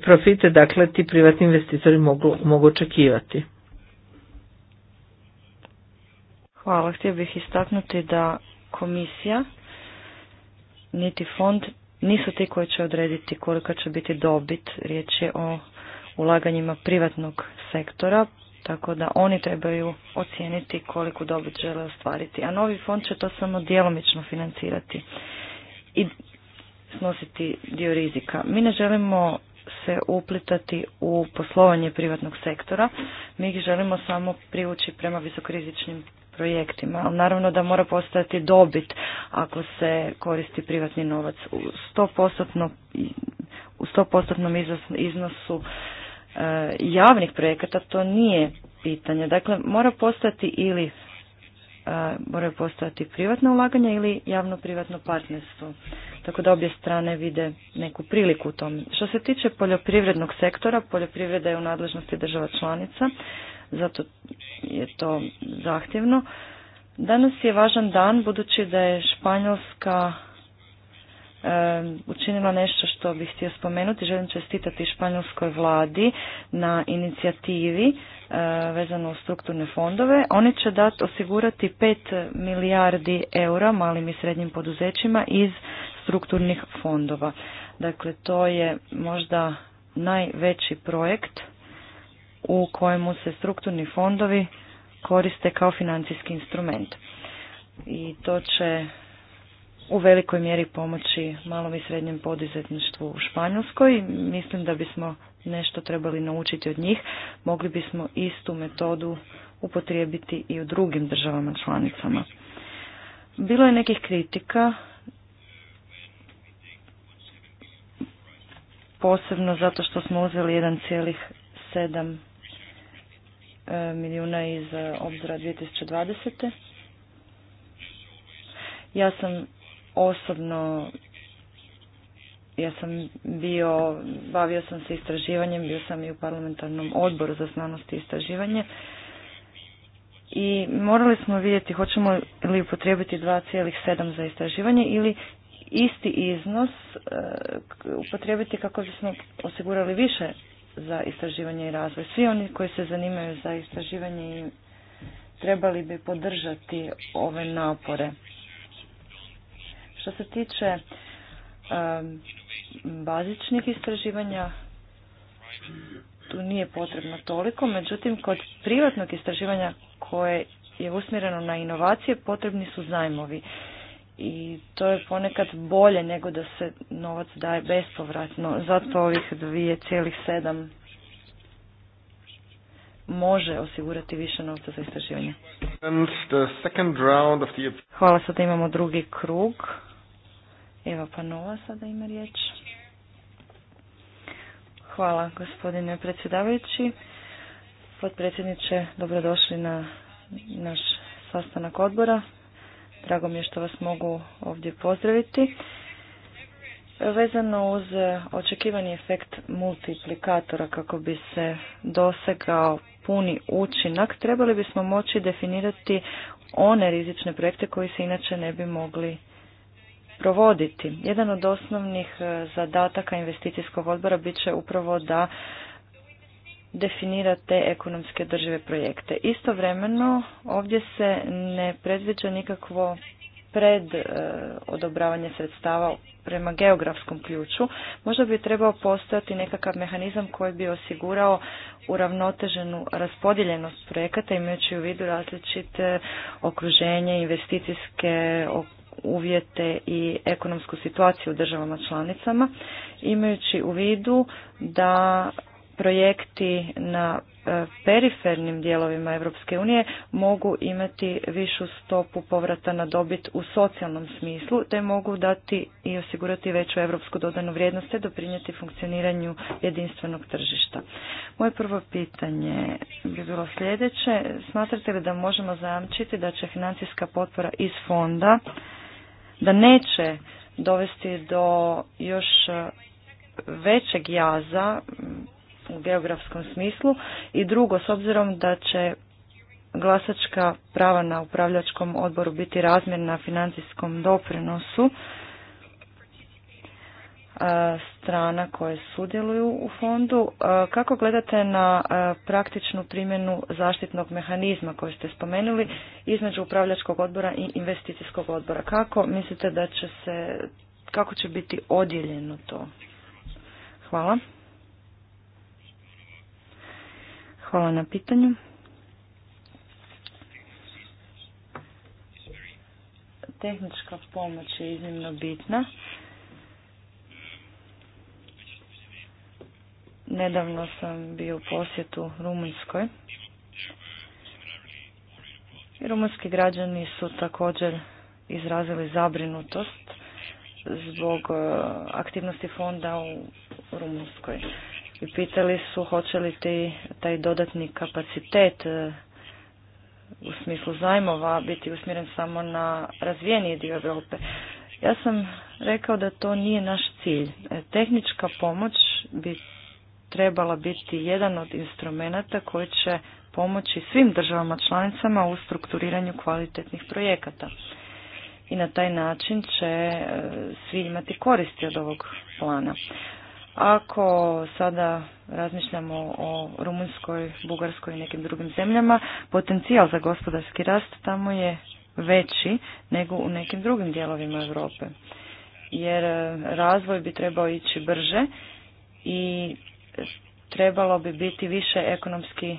profite dakle ti privatni investitori mogu, mogu očekivati. Hvala, htio bih istaknuti da komisija niti fond nisu ti koji će odrediti kolika će biti dobit, riječ je o ulaganjima privatnog sektora, tako da oni trebaju ocijeniti koliku dobit žele ostvariti, a novi fond će to samo djelomično financirati. I snositi dio rizika. Mi ne želimo se uplitati u poslovanje privatnog sektora, mi ih želimo samo privući prema visokorizičnim projektima, ali naravno da mora postojati dobit ako se koristi privatni novac u 100% u 100% iznosu e, javnih projekata to nije pitanje. Dakle, mora postojati ili e, moraju postojati privatna ulaganja ili javno-privatno partnerstvo tako da obje strane vide neku priliku u tom. Što se tiče poljoprivrednog sektora, poljoprivreda je u nadležnosti država članica, zato je to zahtjevno. Danas je važan dan budući da je Španjolska učinila nešto što bih htio spomenuti. Želim čestitati španjolskoj vladi na inicijativi eh, vezano u strukturne fondove. Oni će dati osigurati 5 milijardi eura malim i srednjim poduzećima iz strukturnih fondova. Dakle, to je možda najveći projekt u kojemu se strukturni fondovi koriste kao financijski instrument. I to će u velikoj mjeri pomoći malom i srednjem poduzetništvu u Španjolskoj. Mislim da bismo nešto trebali naučiti od njih. Mogli bismo istu metodu upotrijebiti i u drugim državama članicama. Bilo je nekih kritika posebno zato što smo uzeli 1,7 e, milijuna iz e, obzora 2020. Ja sam osobno ja sam bio, bavio sam se istraživanjem, bio sam i u parlamentarnom odboru za znanost i istraživanje i morali smo vidjeti hoćemo li upotrijebiti 2,7 za istraživanje ili isti iznos e, upotrijebiti kako bismo osigurali više za istraživanje i razvoj. Svi oni koji se zanimaju za istraživanje i trebali bi podržati ove napore. Što se tiče e, bazičnih istraživanja, tu nije potrebno toliko, međutim kod privatnog istraživanja koje je usmjereno na inovacije potrebni su zajmovi i to je ponekad bolje nego da se novac daje bespovratno. Zato ovih 2,7 može osigurati više novca za istraživanje. Hvala, sada imamo drugi krug. Eva Panova sada ima riječ. Hvala gospodine predsjedavajući. Potpredsjedniče, dobrodošli na naš sastanak odbora. Drago mi je što vas mogu ovdje pozdraviti. Vezano uz očekivani efekt multiplikatora kako bi se dosegao puni učinak, trebali bismo moći definirati one rizične projekte koji se inače ne bi mogli provoditi. Jedan od osnovnih zadataka investicijskog odbora bit će upravo da definira te ekonomske držive projekte. Istovremeno ovdje se ne predviđa nikakvo pred e, odobravanje sredstava prema geografskom ključu, možda bi trebao postojati nekakav mehanizam koji bi osigurao uravnoteženu raspodjeljenost projekata imajući u vidu različite okruženje, investicijske uvjete i ekonomsku situaciju u državama članicama, imajući u vidu da projekti na e, perifernim dijelovima Europske unije mogu imati višu stopu povrata na dobit u socijalnom smislu, te mogu dati i osigurati veću europsku dodanu vrijednost i doprinijeti funkcioniranju jedinstvenog tržišta. Moje prvo pitanje bi bilo sljedeće. Smatrate li da možemo zajamčiti da će financijska potpora iz fonda da neće dovesti do još većeg jaza u geografskom smislu i drugo, s obzirom da će glasačka prava na upravljačkom odboru biti razmjerna financijskom doprinosu e, strana koje sudjeluju u fondu. E, kako gledate na e, praktičnu primjenu zaštitnog mehanizma koji ste spomenuli između upravljačkog odbora i investicijskog odbora? Kako mislite da će se, kako će biti odjeljeno to? Hvala. Hvala na pitanju. Tehnička pomoć je iznimno bitna. Nedavno sam bio u posjetu Rumunjskoj. Rumunjski građani su također izrazili zabrinutost zbog e, aktivnosti fonda u Rumunjskoj i pitali su hoće li ti taj dodatni kapacitet e, u smislu zajmova biti usmjeren samo na razvijeniji dio Europe. Ja sam rekao da to nije naš cilj. E, tehnička pomoć bi trebala biti jedan od instrumenata koji će pomoći svim državama članicama u strukturiranju kvalitetnih projekata. I na taj način će e, svi imati koristi od ovog plana. Ako sada razmišljamo o Rumunjskoj, Bugarskoj i nekim drugim zemljama, potencijal za gospodarski rast tamo je veći nego u nekim drugim dijelovima Europe. Jer e, razvoj bi trebao ići brže i trebalo bi biti više ekonomski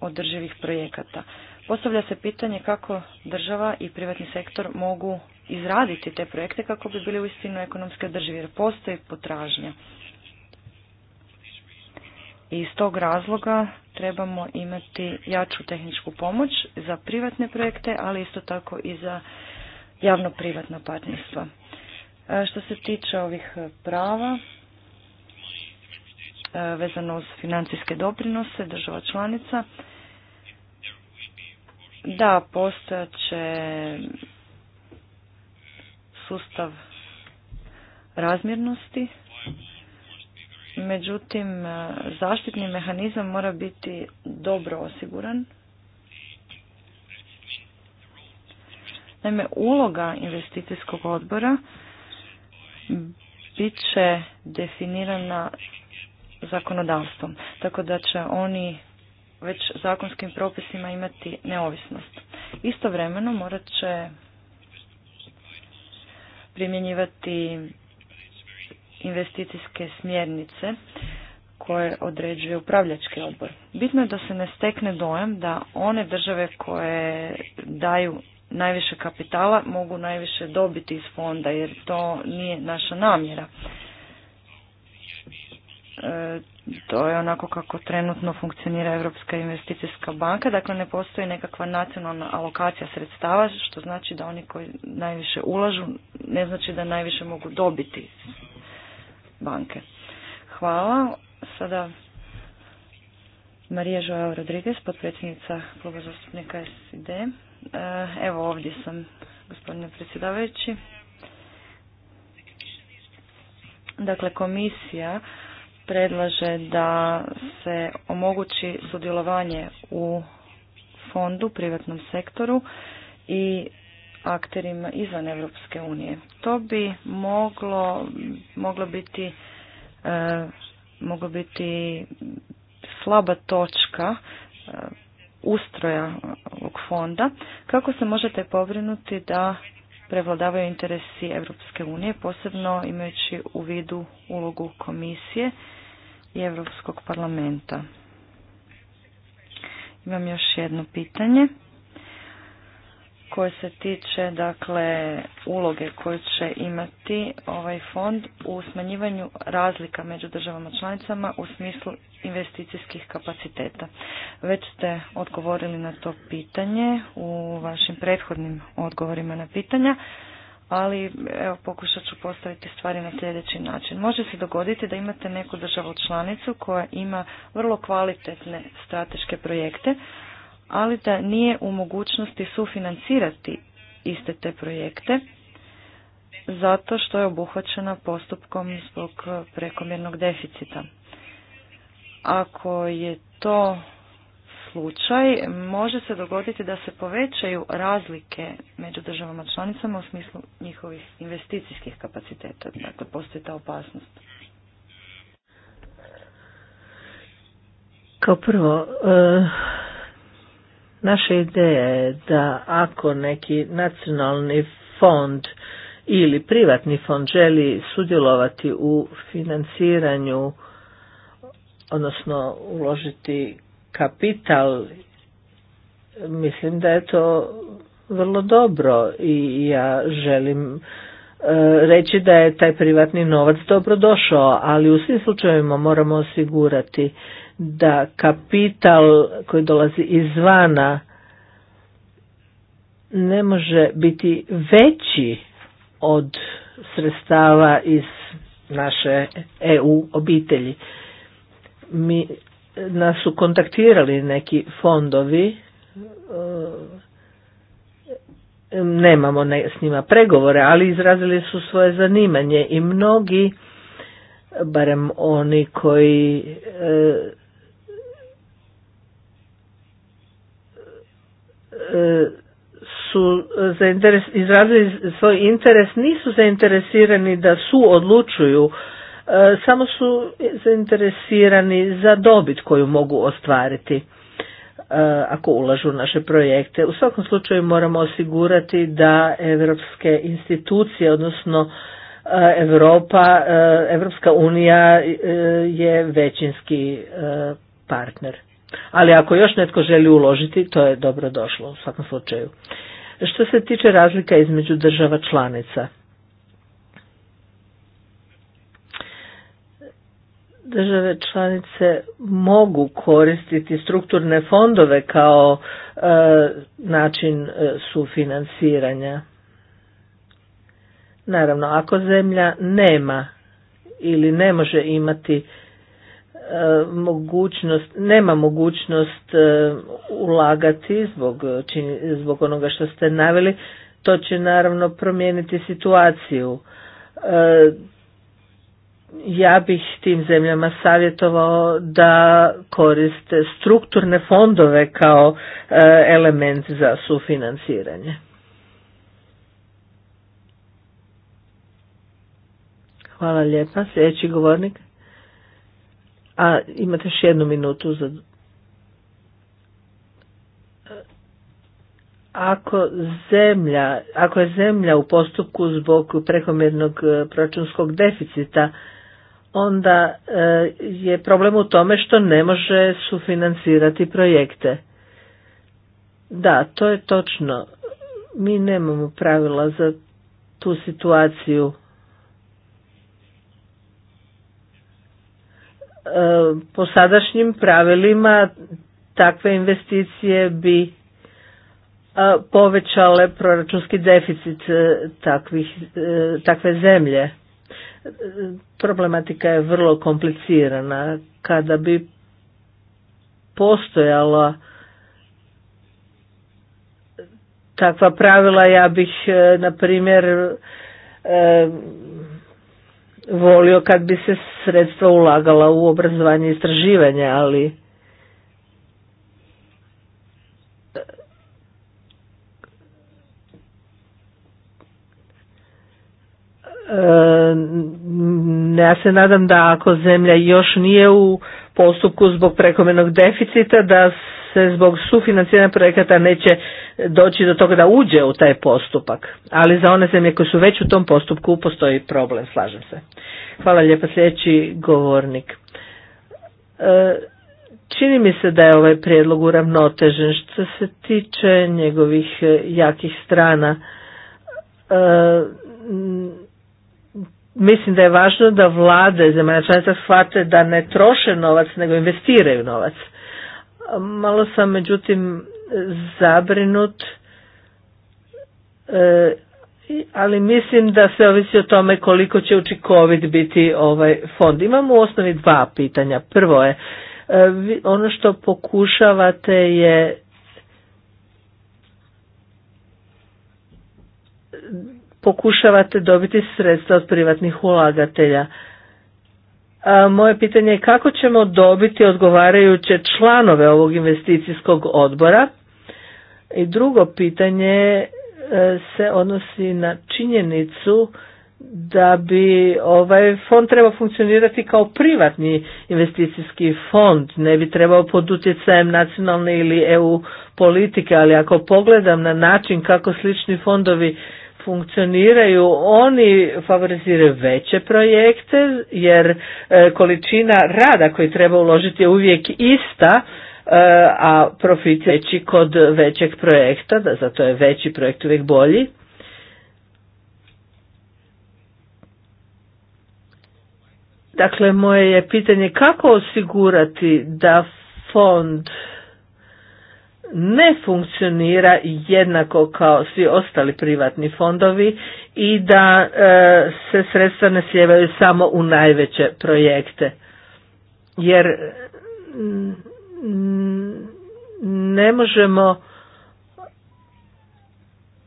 održivih projekata. Postavlja se pitanje kako država i privatni sektor mogu izraditi te projekte kako bi bili uistinu ekonomski održivi jer postoji potražnja i iz tog razloga trebamo imati jaču tehničku pomoć za privatne projekte, ali isto tako i za javno-privatna partnerstva. E, što se tiče ovih prava, e, vezano uz financijske doprinose država članica, da, postojaće sustav razmjernosti Međutim, e, zaštitni mehanizam mora biti dobro osiguran. Naime, uloga investicijskog odbora bit će definirana zakonodavstvom, tako da će oni već zakonskim propisima imati neovisnost. Istovremeno morat će primjenjivati investicijske smjernice koje određuje upravljački odbor. Bitno je da se ne stekne dojam da one države koje daju najviše kapitala mogu najviše dobiti iz fonda jer to nije naša namjera. E, to je onako kako trenutno funkcionira Europska investicijska banka, dakle ne postoji nekakva nacionalna alokacija sredstava, što znači da oni koji najviše ulažu ne znači da najviše mogu dobiti banke. Hvala. Sada Marija Joao Rodriguez, potpredsjednica kluba zastupnika SID. E, evo ovdje sam, gospodine predsjedavajući. Dakle, komisija predlaže da se omogući sudjelovanje u fondu, privatnom sektoru i akterima izvan Europske unije. To bi moglo, moglo biti e, moglo biti slaba točka e, ustroja ovog fonda. Kako se možete pobrinuti da prevladavaju interesi Europske unije, posebno imajući u vidu ulogu komisije i Europskog parlamenta? Imam još jedno pitanje koje se tiče dakle uloge koje će imati ovaj fond u smanjivanju razlika među državama članicama u smislu investicijskih kapaciteta. Već ste odgovorili na to pitanje u vašim prethodnim odgovorima na pitanja, ali evo pokušat ću postaviti stvari na sljedeći način. Može se dogoditi da imate neku državu članicu koja ima vrlo kvalitetne strateške projekte, ali da nije u mogućnosti sufinancirati iste te projekte zato što je obuhvaćena postupkom zbog prekomjernog deficita. Ako je to slučaj, može se dogoditi da se povećaju razlike među državama članicama u smislu njihovih investicijskih kapaciteta. Dakle, postoji ta opasnost. Kao prvo, eh, Naša ideja je da ako neki nacionalni fond ili privatni fond želi sudjelovati u financiranju, odnosno uložiti kapital, mislim da je to vrlo dobro i ja želim e, reći da je taj privatni novac dobro došao, ali u svim slučajevima moramo osigurati da kapital koji dolazi izvana ne može biti veći od sredstava iz naše EU obitelji. Mi, nas su kontaktirali neki fondovi, e, nemamo s njima pregovore, ali izrazili su svoje zanimanje i mnogi, barem oni koji e, E, su izrazili svoj interes nisu zainteresirani da su odlučuju, e, samo su zainteresirani za dobit koju mogu ostvariti e, ako ulažu u naše projekte. U svakom slučaju moramo osigurati da evropske institucije, odnosno Europa, Evropska unija je većinski partner. Ali ako još netko želi uložiti, to je dobro došlo u svakom slučaju. Što se tiče razlika između država članica, države članice mogu koristiti strukturne fondove kao e, način e, sufinanciranja. Naravno, ako zemlja nema ili ne može imati E, mogućnost, nema mogućnost e, ulagati zbog, zbog onoga što ste naveli, to će naravno promijeniti situaciju. E, ja bih tim zemljama savjetovao da koriste strukturne fondove kao element za sufinanciranje. Hvala lijepa. Sljedeći govornik. A imate još jednu minutu za... Ako, zemlja, ako je zemlja u postupku zbog prekomjernog e, proračunskog deficita, onda e, je problem u tome što ne može sufinancirati projekte. Da, to je točno. Mi nemamo pravila za tu situaciju. E, po sadašnjim pravilima takve investicije bi e, povećale proračunski deficit e, takvih, takve zemlje. Problematika je vrlo komplicirana. Kada bi postojala takva pravila, ja bih, na primjer, volio kad bi se sredstva ulagala u obrazovanje i istraživanje, ali e, ja se nadam da ako zemlja još nije u postupku zbog prekomenog deficita da se zbog sufinanciranja projekata neće doći do toga da uđe u taj postupak. Ali za one zemlje koje su već u tom postupku postoji problem, slažem se. Hvala lijepa sljedeći govornik. E, čini mi se da je ovaj prijedlog uravnotežen što se tiče njegovih e, jakih strana. E, mislim da je važno da vlade zemalja članica shvate da ne troše novac nego investiraju novac. Malo sam međutim zabrinut, e, ali mislim da se ovisi o tome koliko će učinkovit biti ovaj fond. Imamo u osnovi dva pitanja. Prvo je, e, ono što pokušavate je pokušavate dobiti sredstva od privatnih ulagatelja. Moje pitanje je kako ćemo dobiti odgovarajuće članove ovog investicijskog odbora? I drugo pitanje e, se odnosi na činjenicu da bi ovaj fond trebao funkcionirati kao privatni investicijski fond, ne bi trebao pod utjecajem nacionalne ili EU politike, ali ako pogledam na način kako slični fondovi funkcioniraju, oni favoriziraju veće projekte jer e, količina rada koji treba uložiti je uvijek ista, e, a profit veći kod većeg projekta, da zato je veći projekt uvijek bolji. Dakle, moje je pitanje kako osigurati da fond ne funkcionira jednako kao svi ostali privatni fondovi i da e, se sredstva ne samo u najveće projekte. Jer mm, ne možemo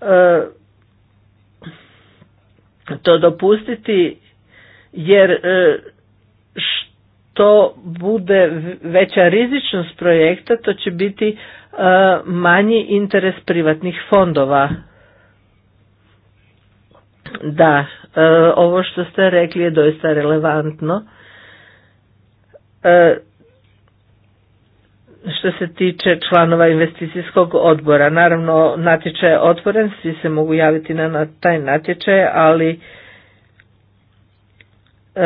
e, to dopustiti jer e, to bude veća rizičnost projekta, to će biti e, manji interes privatnih fondova. Da, e, ovo što ste rekli je doista relevantno. E, što se tiče članova investicijskog odbora, naravno natječaj je otvoren, svi se mogu javiti na taj natječaj, ali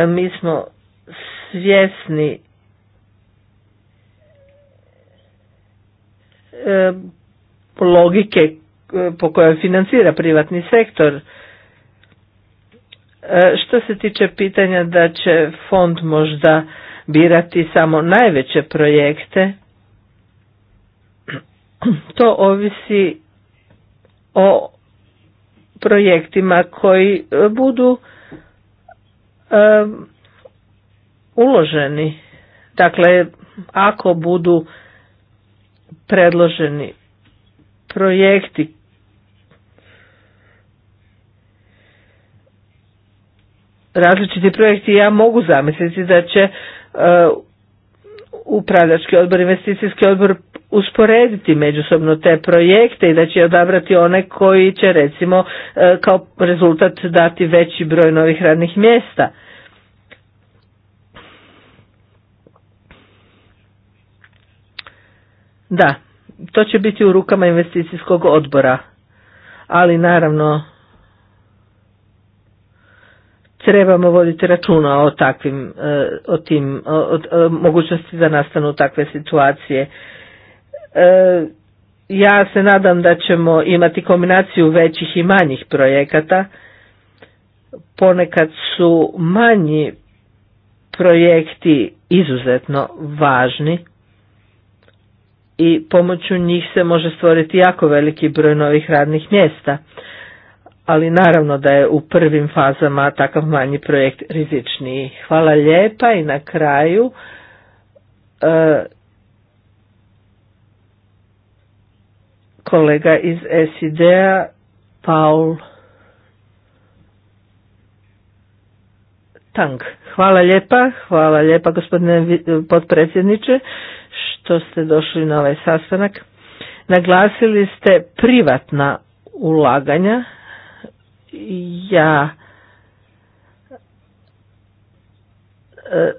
mi smo svjesni e, logike e, po kojoj financira privatni sektor. E, što se tiče pitanja da će fond možda birati samo najveće projekte, *clears throat* to ovisi o projektima koji budu uloženi. Dakle, ako budu predloženi projekti različiti projekti ja mogu zamisliti da će uh, upravljački odbor, investicijski odbor usporediti međusobno te projekte i da će odabrati one koji će recimo uh, kao rezultat dati veći broj novih radnih mjesta. Da, to će biti u rukama investicijskog odbora, ali naravno trebamo voditi računa o takvim, e, o tim, o, mogućnosti da nastanu takve situacije. E, ja se nadam da ćemo imati kombinaciju većih i manjih projekata. Ponekad su manji projekti izuzetno važni i pomoću njih se može stvoriti jako veliki broj novih radnih mjesta. Ali naravno da je u prvim fazama takav manji projekt rizičniji. Hvala lijepa i na kraju e, kolega iz SID-a Paul Tank. Hvala lijepa, hvala lijepa gospodine potpredsjedniče što ste došli na ovaj sastanak. Naglasili ste privatna ulaganja. Ja e,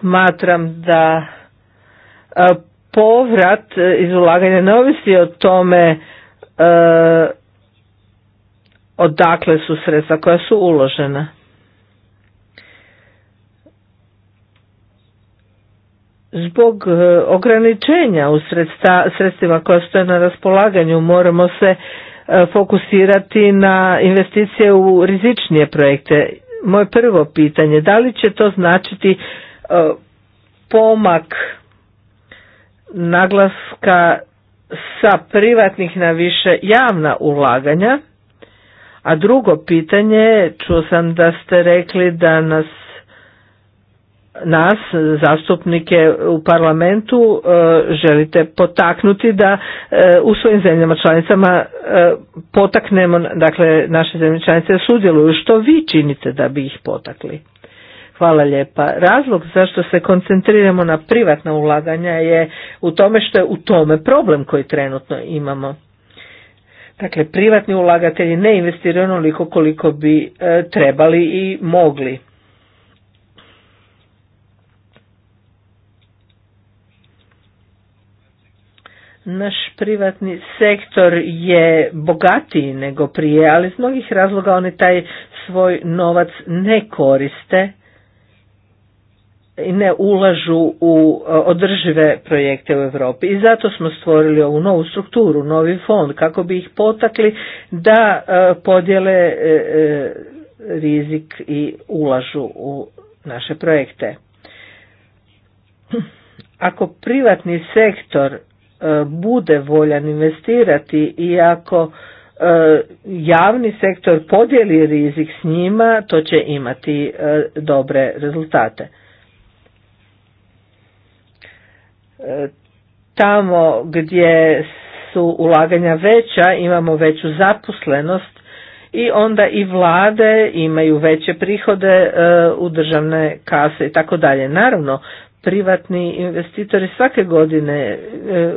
smatram da e, povrat iz ulaganja ne ovisi o tome e, odakle su sredstva koja su uložena. zbog e, ograničenja u sredsta, sredstvima koja stoje na raspolaganju moramo se e, fokusirati na investicije u rizičnije projekte. Moje prvo pitanje, da li će to značiti e, pomak naglaska sa privatnih na više javna ulaganja? A drugo pitanje, čuo sam da ste rekli da nas nas, zastupnike u parlamentu, e, želite potaknuti da e, u svojim zemljama članicama e, potaknemo, dakle naše zemlje članice da sudjeluju. Što vi činite da bi ih potakli? Hvala lijepa. Razlog zašto se koncentriramo na privatna ulaganja je u tome što je u tome problem koji trenutno imamo. Dakle, privatni ulagatelji ne investiraju onoliko koliko bi trebali i mogli. Naš privatni sektor je bogatiji nego prije, ali iz mnogih razloga oni taj svoj novac ne koriste i ne ulažu u e, održive projekte u Europi. I zato smo stvorili ovu novu strukturu, novi fond, kako bi ih potakli da e, podjele e, rizik i ulažu u naše projekte. Ako privatni sektor E, bude voljan investirati i ako e, javni sektor podijeli rizik s njima, to će imati e, dobre rezultate. Tamo gdje su ulaganja veća, imamo veću zaposlenost i onda i vlade imaju veće prihode u državne kase i tako dalje. Naravno, privatni investitori svake godine e,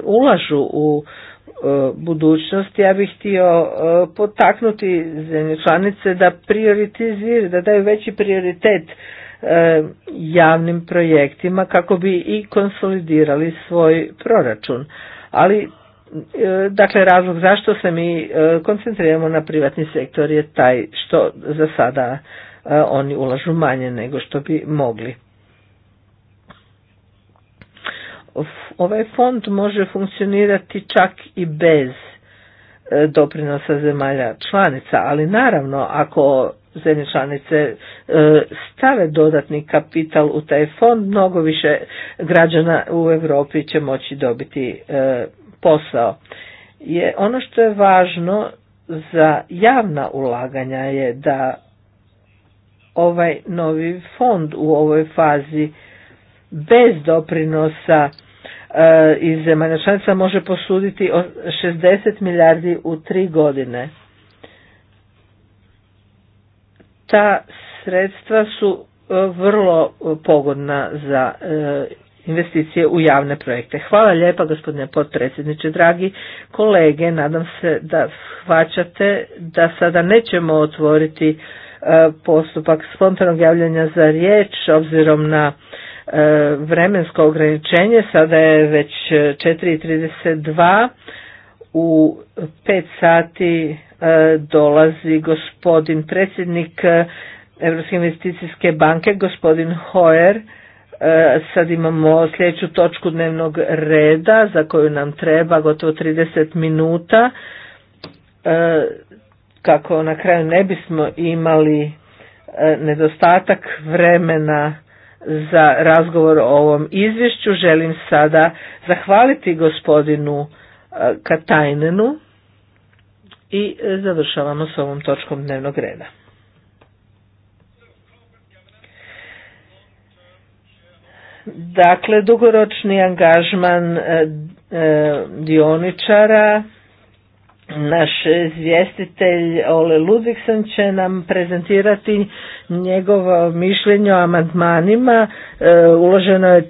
ulažu u e, budućnost, ja bih htio e, potaknuti zemlje članice da prioritiziraju, da daju veći prioritet javnim projektima kako bi i konsolidirali svoj proračun. Ali, dakle, razlog zašto se mi koncentriramo na privatni sektor je taj što za sada oni ulažu manje nego što bi mogli. ovaj fond može funkcionirati čak i bez e, doprinosa zemalja članica, ali naravno ako zemlje članice e, stave dodatni kapital u taj fond, mnogo više građana u Europi će moći dobiti e, posao. Je ono što je važno za javna ulaganja je da ovaj novi fond u ovoj fazi bez doprinosa E, iz zemalja članica može posuditi 60 milijardi u tri godine. Ta sredstva su e, vrlo e, pogodna za investicije u javne projekte. Hvala lijepa gospodine potpredsjedniče, dragi kolege, nadam se da shvaćate da sada nećemo otvoriti postupak spontanog javljanja za riječ obzirom na E, vremensko ograničenje, sada je već 4.32, u 5 sati e, dolazi gospodin predsjednik Europske investicijske banke, gospodin Hoer. E, sad imamo sljedeću točku dnevnog reda za koju nam treba gotovo 30 minuta kako na kraju ne bismo imali nedostatak vremena za razgovor o ovom izvješću. Želim sada zahvaliti gospodinu e, Katajnenu i e, završavamo s ovom točkom dnevnog reda. Dakle, dugoročni angažman e, dioničara naš izvjestitelj Ole Ludvigsen će nam prezentirati njegovo mišljenje o amandmanima. E, uloženo je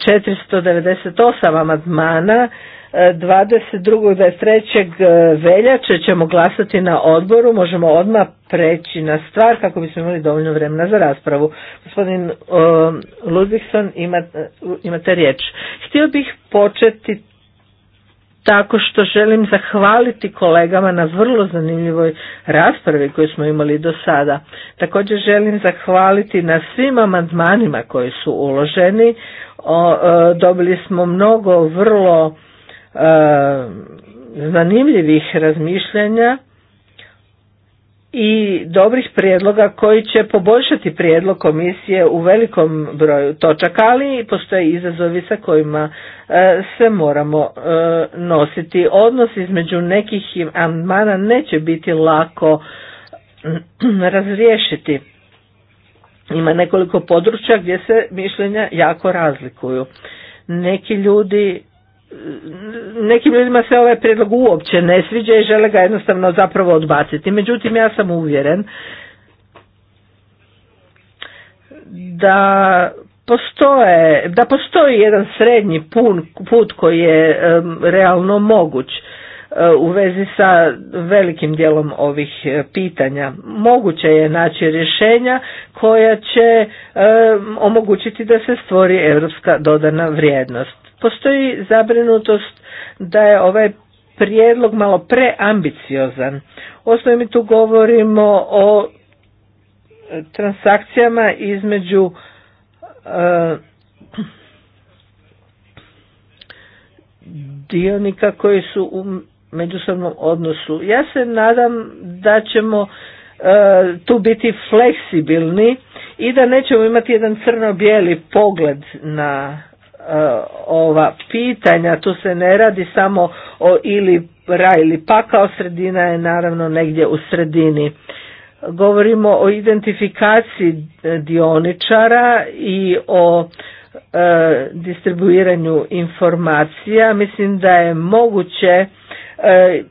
498 amandmana. 22. E, 23. E, veljače ćemo glasati na odboru, možemo odmah preći na stvar kako bismo imali dovoljno vremena za raspravu. Gospodin Ludvigson, imate, imate riječ. Htio bih početi tako što želim zahvaliti kolegama na vrlo zanimljivoj raspravi koju smo imali do sada. Također želim zahvaliti na svim amandmanima koji su uloženi. E, dobili smo mnogo vrlo e, zanimljivih razmišljanja i dobrih prijedloga koji će poboljšati prijedlog komisije u velikom broju točaka, ali postoje izazovi sa kojima e, se moramo e, nositi. Odnos između nekih amandmana neće biti lako *clears throat* razriješiti. Ima nekoliko područja gdje se mišljenja jako razlikuju. Neki ljudi nekim ljudima se ovaj prijedlog uopće ne sviđa i žele ga jednostavno zapravo odbaciti. Međutim, ja sam uvjeren da da postoji jedan srednji put koji je realno moguć e, u vezi sa velikim dijelom ovih e, pitanja. Moguće je naći rješenja koja će omogućiti da se stvori europska dodana vrijednost. Postoji zabrinutost da je ovaj prijedlog malo preambiciozan. Osnovno mi tu govorimo o e, transakcijama između e, dionika koji su u međusobnom odnosu. Ja se nadam da ćemo e, tu biti fleksibilni i da nećemo imati jedan crno-bijeli pogled na ova pitanja. Tu se ne radi samo o ili raj ili pakao, sredina je naravno negdje u sredini. Govorimo o identifikaciji dioničara i o e, distribuiranju informacija. Mislim da je moguće e,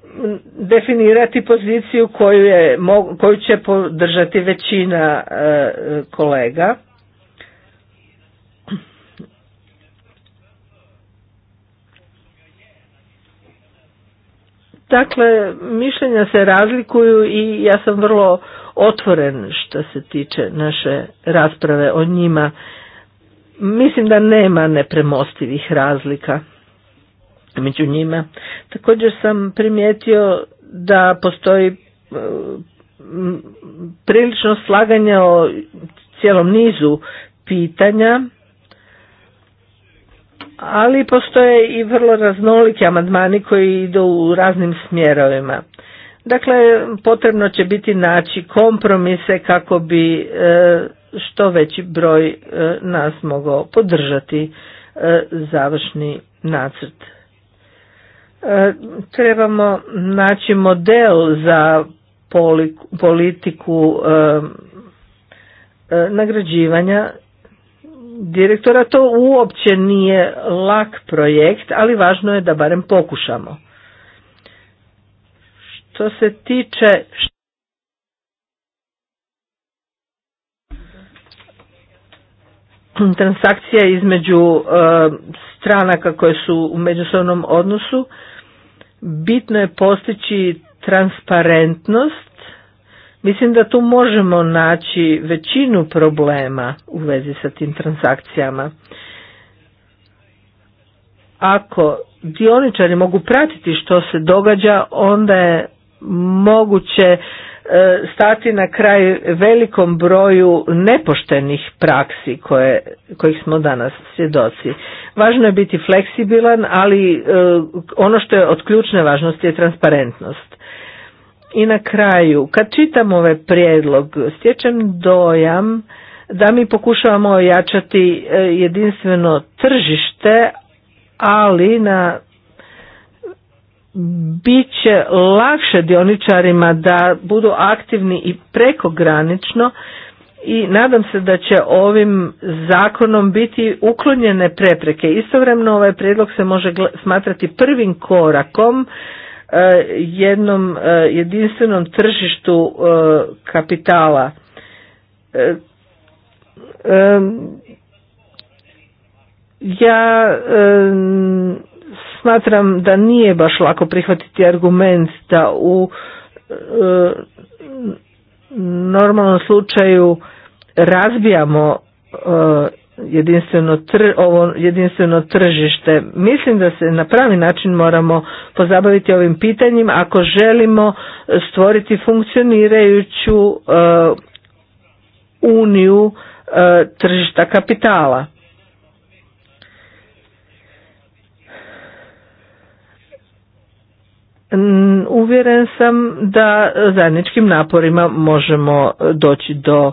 definirati poziciju koju, je, koju će podržati većina e, kolega Dakle, mišljenja se razlikuju i ja sam vrlo otvoren što se tiče naše rasprave o njima. Mislim da nema nepremostivih razlika među njima. Također sam primijetio da postoji prilično slaganje o cijelom nizu pitanja ali postoje i vrlo raznoliki amandmani koji idu u raznim smjerovima. Dakle, potrebno će biti naći kompromise kako bi e, što veći broj e, nas mogao podržati e, završni nacrt. Trebamo naći model za politiku nagrađivanja direktora to uopće nije lak projekt, ali važno je da barem pokušamo. Što se tiče transakcija između e, stranaka koje su u međusobnom odnosu, bitno je postići transparentnost Mislim da tu možemo naći većinu problema u vezi sa tim transakcijama. Ako dioničari mogu pratiti što se događa, onda je moguće e, stati na kraj velikom broju nepoštenih praksi koje, kojih smo danas svjedoci. Važno je biti fleksibilan, ali e, ono što je od ključne važnosti je transparentnost. I na kraju, kad čitam ovaj prijedlog, stječem dojam da mi pokušavamo ojačati e, jedinstveno tržište, ali na bit će lakše dioničarima da budu aktivni i prekogranično i nadam se da će ovim zakonom biti uklonjene prepreke. Istovremeno ovaj prijedlog se može smatrati prvim korakom E, jednom e, jedinstvenom tržištu e, kapitala. Ja smatram da nije baš lako prihvatiti argument da u normalnom slučaju razbijamo jedinstveno, tr, ovo jedinstveno tržište. Mislim da se na pravi način moramo pozabaviti ovim pitanjima ako želimo stvoriti funkcionirajuću e, uniju e, tržišta kapitala. Mm, uvjeren sam da zajedničkim naporima možemo doći do e,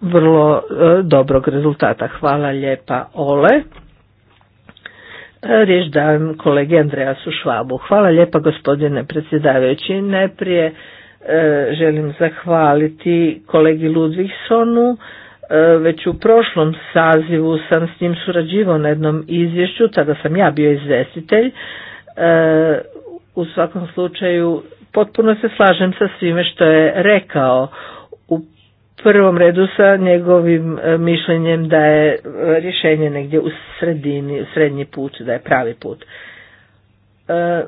vrlo e, dobrog rezultata. Hvala lijepa Ole. E, riječ dajem kolegi Andreasu Švabu. Hvala lijepa gospodine predsjedavajući. Najprije želim zahvaliti kolegi Ludvigsonu. Već u prošlom sazivu sam s njim surađivao na jednom izvješću, tada sam ja bio izvestitelj. U svakom slučaju potpuno se slažem sa svime što je rekao. U prvom redu sa njegovim e, mišljenjem da je e, rješenje negdje u sredini, u srednji put, da je pravi put. E,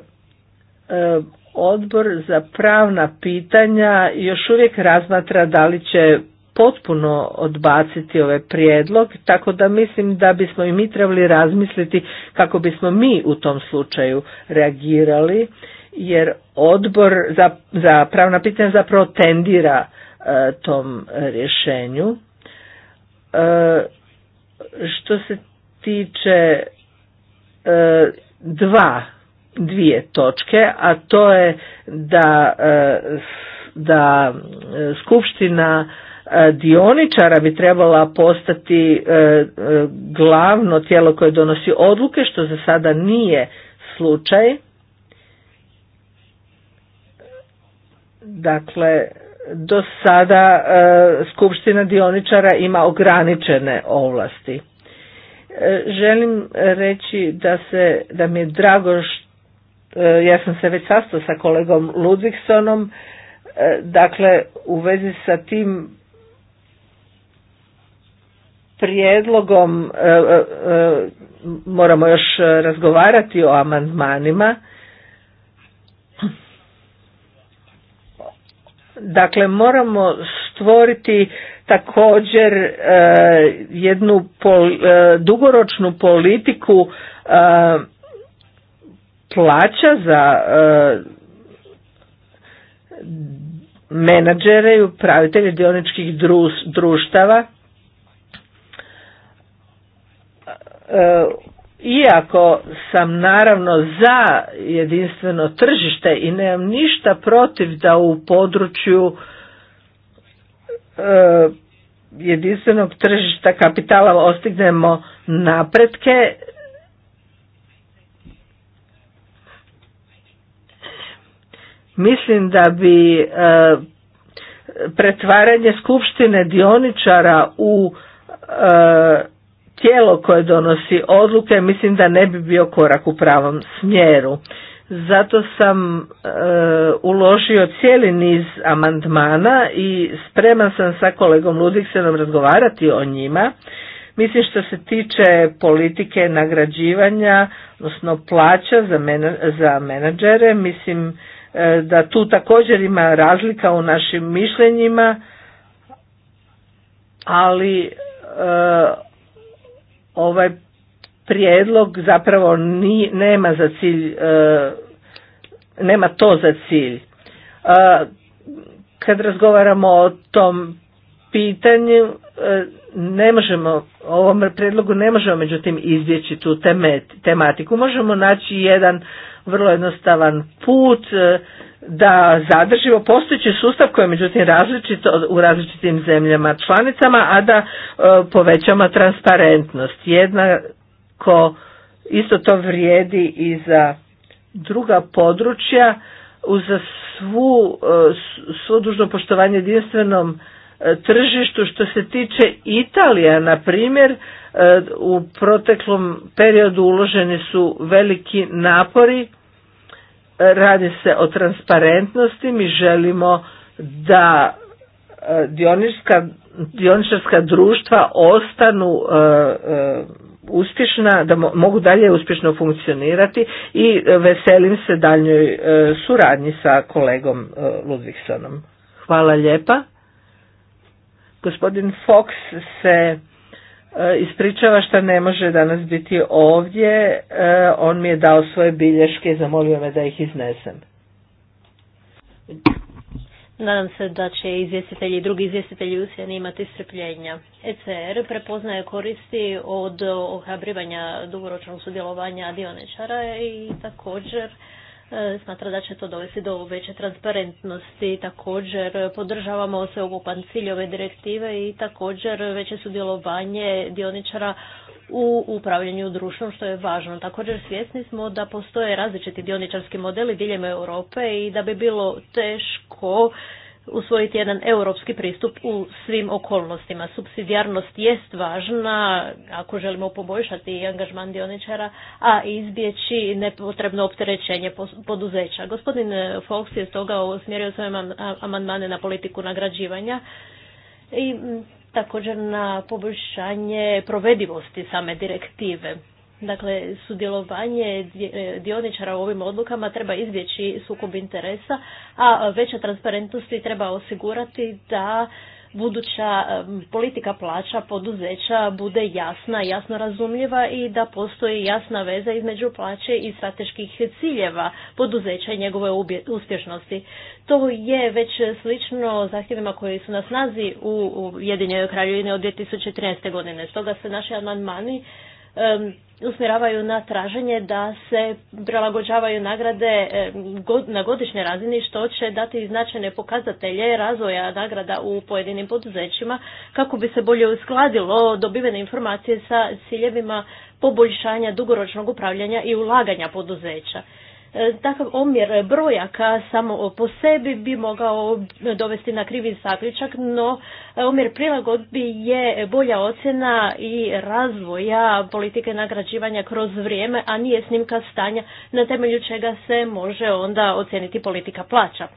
odbor za pravna pitanja još uvijek razmatra da li će potpuno odbaciti ovaj prijedlog, tako da mislim da bismo i mi trebali razmisliti kako bismo mi u tom slučaju reagirali, jer odbor za, za pravna pitanja zapravo tendira e, tom rješenju. E, što se tiče e, dva, dvije točke, a to je da, da skupština E, dioničara bi trebala postati e, e, glavno tijelo koje donosi odluke, što za sada nije slučaj. Dakle, do sada skupština dioničara ima ograničene ovlasti. Želim reći da, se, da mi je drago, ja sam se već sastao sa kolegom Ludvigsonom, dakle u vezi sa tim prijedlogom e, e, e, moramo još razgovarati o amandmanima. Dakle, moramo stvoriti također jednu dugoročnu politiku plaća za menadžere i upravitelje dioničkih društava E, iako sam naravno za jedinstveno tržište i nemam ništa protiv da u području e, jedinstvenog tržišta kapitala ostignemo napretke mislim da bi e, pretvaranje skupštine dioničara u tijelo koje donosi odluke mislim da ne bi bio korak u pravom smjeru. Zato sam e, uložio cijeli niz amandmana i spreman sam sa kolegom Ludiksenom razgovarati o njima. Mislim što se tiče politike nagrađivanja, odnosno plaća za, za menadžere, mislim e, da tu također ima razlika u našim mišljenjima, ali e, ovaj prijedlog zapravo ni, nema za cilj, e, nema to za cilj. Kada e, kad razgovaramo o tom pitanju, e, ne možemo, o ovom prijedlogu ne možemo međutim izbjeći tu temet tematiku. Možemo naći jedan vrlo jednostavan put, da zadržimo postojeći sustav koji je međutim različit u različitim zemljama članicama, a da e, povećamo transparentnost. Jednako isto to vrijedi i za druga područja uz svu, e, svu dužno poštovanje jedinstvenom e, tržištu što se tiče Italija na primjer e, u proteklom periodu uloženi su veliki napori Radi se o transparentnosti, mi želimo da e, dionička, dioničarska društva ostanu e, e, uspješna, da mogu dalje uspješno funkcionirati i veselim se daljnjoj suradnji sa kolegom Ludvigsonom. Hvala lijepa. Gospodin Fox se E, ispričava što ne može danas biti ovdje. E, on mi je dao svoje bilješke i zamolio me da ih iznesem. Nadam se da će izvjestitelji i drugi izvjestitelji u imati strpljenja. ECR prepoznaje koristi od ohabrivanja dugoročnog sudjelovanja dioničara i također E, smatra da će to dovesti do veće transparentnosti. Također podržavamo sveukupan cilj ove direktive i također veće sudjelovanje dioničara u upravljanju društvom što je važno. Također svjesni smo da postoje različiti dioničarski modeli diljem Europe i da bi bilo teško usvojiti jedan europski pristup u svim okolnostima. Subsidijarnost jest važna ako želimo poboljšati angažman dioničara, a izbjeći nepotrebno opterećenje poduzeća. Gospodin Fox je stoga usmjerio svoje amandmane na politiku nagrađivanja i također na poboljšanje provedivosti same direktive. Dakle, sudjelovanje e, dioničara u ovim odlukama treba izbjeći sukob interesa, a veća transparentnosti treba osigurati da buduća politika plaća poduzeća bude jasna, jasno razumljiva i da postoji jasna veza između plaće i strateških ciljeva poduzeća i njegove uspješnosti. To je već slično zahtjevima koji su na snazi u Jedinjoj kraljevini od 2013. godine. Stoga se naši amandmani usmjeravaju na traženje da se prilagođavaju nagrade na godišnje razini što će dati značajne pokazatelje razvoja nagrada u pojedinim poduzećima kako bi se bolje uskladilo dobivene informacije sa ciljevima poboljšanja dugoročnog upravljanja i ulaganja poduzeća. E, takav omjer brojaka samo po sebi bi mogao dovesti na krivi zaključak, no e, omjer prilagodbi je bolja ocjena i razvoja politike nagrađivanja kroz vrijeme, a nije snimka stanja na temelju čega se može onda ocijeniti politika plaća.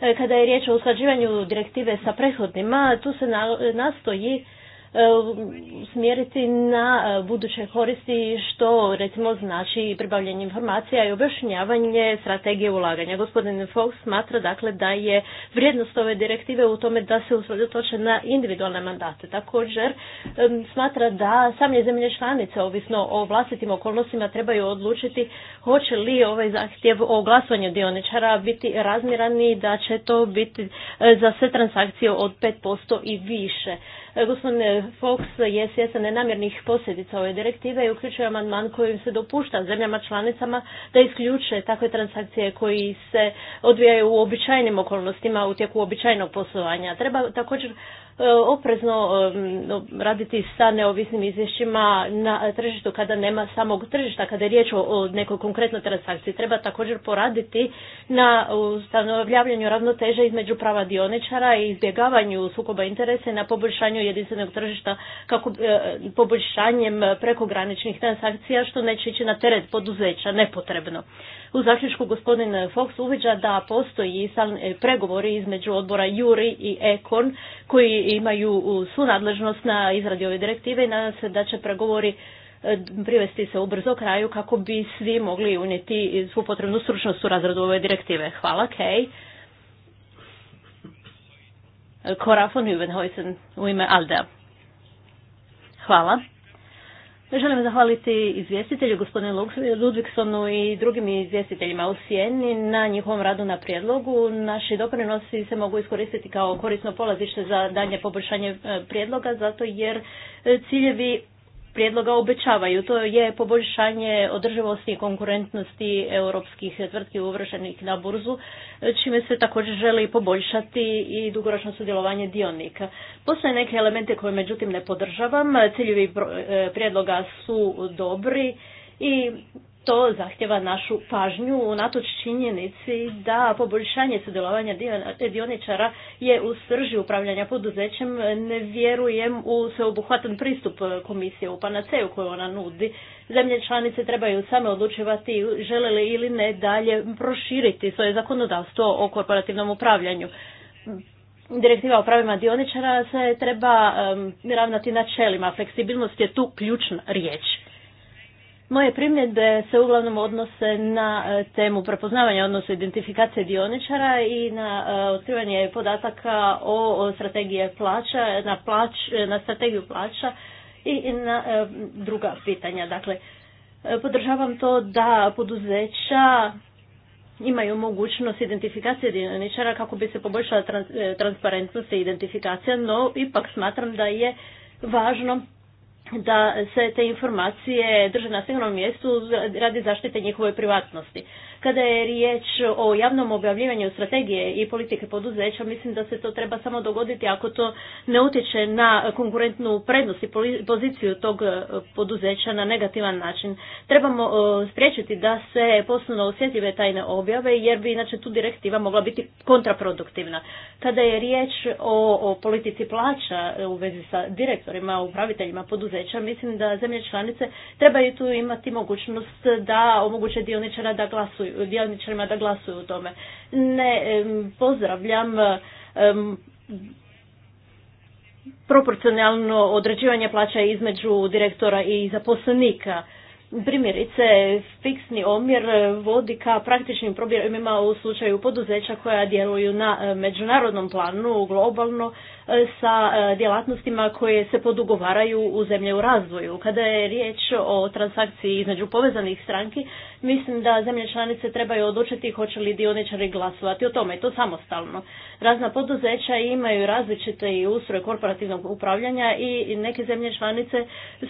E, kada je riječ o usklađivanju direktive sa prethodnima, tu se nastoji E, smjeriti na e, buduće koristi što recimo znači pribavljanje informacija i objašnjavanje strategije ulaganja. Gospodin Fox smatra dakle da je vrijednost ove direktive u tome da se usredotoče na individualne mandate. Također e, smatra da samlje zemlje članice ovisno o vlastitim okolnostima trebaju odlučiti hoće li ovaj zahtjev o glasovanju dioničara biti razmirani i da će to biti za sve transakcije od 5% i više. E, gospodine Fox je svjestan nenamjernih posljedica ove direktive i uključuje amandman kojim se dopušta zemljama članicama da isključe takve transakcije koji se odvijaju u običajnim okolnostima u tijeku običajnog poslovanja. Treba također E, oprezno e, raditi sa neovisnim izvješćima na tržištu kada nema samog tržišta, kada je riječ o nekoj konkretnoj transakciji. Treba također poraditi na ustanovljavljanju ravnoteže između prava dioničara i izbjegavanju sukoba interesa na poboljšanju jedinstvenog tržišta kako e, poboljšanjem prekograničnih transakcija što neće ići na teret poduzeća nepotrebno. U zaključku gospodin Fox uviđa da postoji pregovori između odbora Juri i Ekon koji imaju svu nadležnost na izradi ove direktive i nadam se da će pregovori e, privesti se ubrzo kraju kako bi svi mogli unijeti svu potrebnu stručnost u razradu ove direktive. Hvala, Kej. Korafon u ime alda Hvala. Želim zahvaliti izvjestitelju, gospodinu Ludvigsonu i drugim izvjestiteljima u Sjeni na njihovom radu na prijedlogu. Naši doprinosi se mogu iskoristiti kao korisno polazište za danje poboljšanje e, prijedloga, zato jer e, ciljevi prijedloga obećavaju. To je poboljšanje održivosti i konkurentnosti europskih tvrtki uvršenih na burzu, čime se također želi poboljšati i dugoročno sudjelovanje dionika. Postoje neke elemente koje međutim ne podržavam. Ciljevi e, prijedloga su dobri i to zahtjeva našu pažnju unatoč činjenici da poboljšanje sudjelovanja dioničara je u srži upravljanja poduzećem. Ne vjerujem u sveobuhvatan pristup komisije u panaceju koju ona nudi. Zemlje članice trebaju same odlučivati žele li ili ne dalje proširiti svoje zakonodavstvo o korporativnom upravljanju. Direktiva o pravima dioničara se treba ravnati načelima. Fleksibilnost je tu ključna riječ. Moje primjedbe se uglavnom odnose na e, temu prepoznavanja, odnosno identifikacije dioničara i na e, otkrivanje podataka o strategije plaća, na, plać, e, na strategiju plaća i na druga pitanja. Dakle, podržavam to da poduzeća imaju mogućnost identifikacije dioničara kako bi se poboljšala transparentnost i identifikacija, no ipak smatram da je važno da se te informacije drže na sigurnom mjestu radi zaštite njihove privatnosti. Kada je riječ o javnom objavljivanju strategije i politike poduzeća, mislim da se to treba samo dogoditi ako to ne utječe na konkurentnu prednost i poziciju tog e, poduzeća na negativan način. Trebamo e, spriječiti da se poslovno osjetljive tajne objave, jer bi inače tu direktiva mogla biti kontraproduktivna. Kada je riječ o, politici plaća u vezi sa direktorima, upraviteljima poduzeća, mislim da zemlje članice trebaju tu imati mogućnost da omoguće dioničara da glasuju glasuju, da glasuju u tome. Ne pozdravljam proporcionalno određivanje plaća između direktora i zaposlenika. Primjerice, fiksni omjer vodi ka praktičnim problemima u slučaju poduzeća koja djeluju na međunarodnom planu globalno, E, sa e, djelatnostima koje se podugovaraju u zemlje u razvoju. Kada je riječ o transakciji između povezanih stranki, mislim da zemlje članice trebaju odlučiti hoće li dioničari glasovati o tome to samostalno. Razna poduzeća imaju različite i ustroje korporativnog upravljanja i neke zemlje članice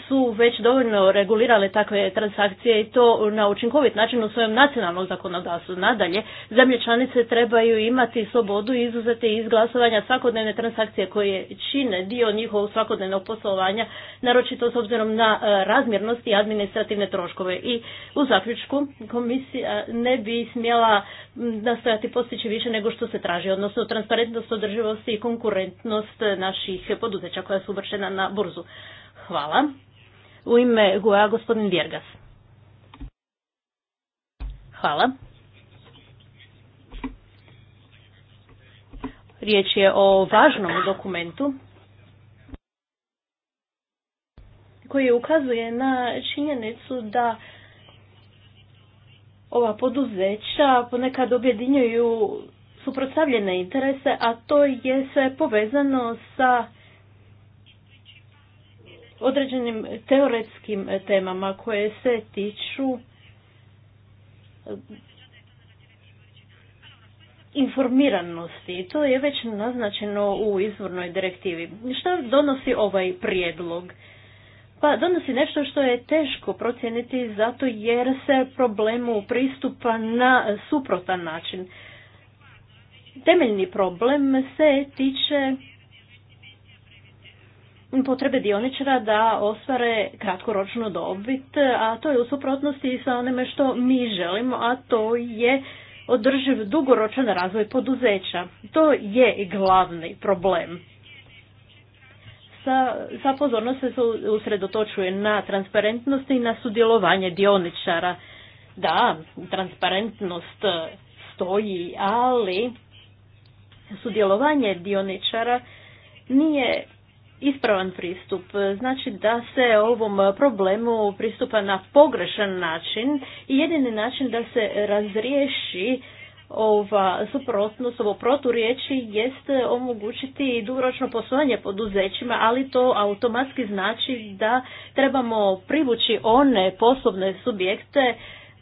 su već dovoljno regulirale takve transakcije i to na učinkovit način u svojem nacionalnom zakonodavstvu. Nadalje, zemlje članice trebaju imati slobodu izuzeti iz glasovanja svakodnevne transakcije koje čine dio njihovog svakodnevnog poslovanja, naročito s obzirom na e, razmjernost i administrativne troškove. I u zaključku komisija ne bi smjela nastojati postići više nego što se traži, odnosno transparentnost, održivost i konkurentnost e, naših poduzeća koja su uvršena na burzu. Hvala. U ime Goja gospodin Vjergas. Hvala. Riječ je o važnom dokumentu koji ukazuje na činjenicu da ova poduzeća ponekad objedinjuju suprotstavljene interese, a to je sve povezano sa određenim teoretskim temama koje se tiču informiranosti to je već naznačeno u izvornoj direktivi. Što donosi ovaj prijedlog? Pa donosi nešto što je teško procijeniti zato jer se problemu pristupa na suprotan način. Temeljni problem se tiče potrebe dioničara da ostvare kratkoročnu dobit, a to je u suprotnosti sa onime što mi želimo, a to je održiv dugoročan razvoj poduzeća. To je glavni problem. Sa, sa pozornost se usredotočuje na transparentnost i na sudjelovanje dioničara. Da, transparentnost stoji, ali sudjelovanje dioničara nije ispravan pristup. Znači da se ovom problemu pristupa na pogrešan način i jedini način da se razriješi ova suprotnost, ovo proturiječi jest omogućiti dugoročno poslovanje poduzećima, ali to automatski znači da trebamo privući one poslovne subjekte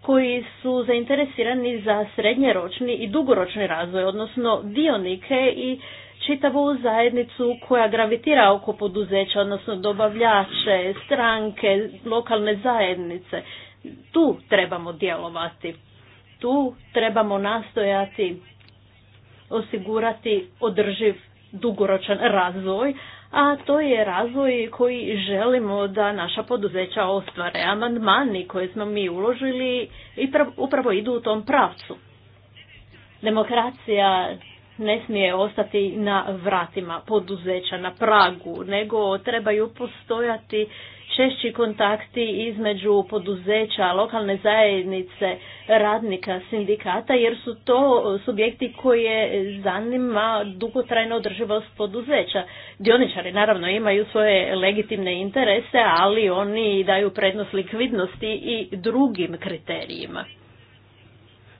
koji su zainteresirani za srednjeročni i dugoročni razvoj, odnosno dionike i čitavu zajednicu koja gravitira oko poduzeća, odnosno dobavljače, stranke, lokalne zajednice. Tu trebamo djelovati. Tu trebamo nastojati osigurati održiv dugoročan razvoj, a to je razvoj koji želimo da naša poduzeća ostvare. Amandmani koje smo mi uložili upravo idu u tom pravcu. Demokracija ne smije ostati na vratima poduzeća, na pragu, nego trebaju postojati češći kontakti između poduzeća, lokalne zajednice, radnika, sindikata, jer su to subjekti koje zanima dugotrajna održivost poduzeća. Dioničari naravno imaju svoje legitimne interese, ali oni daju prednost likvidnosti i drugim kriterijima.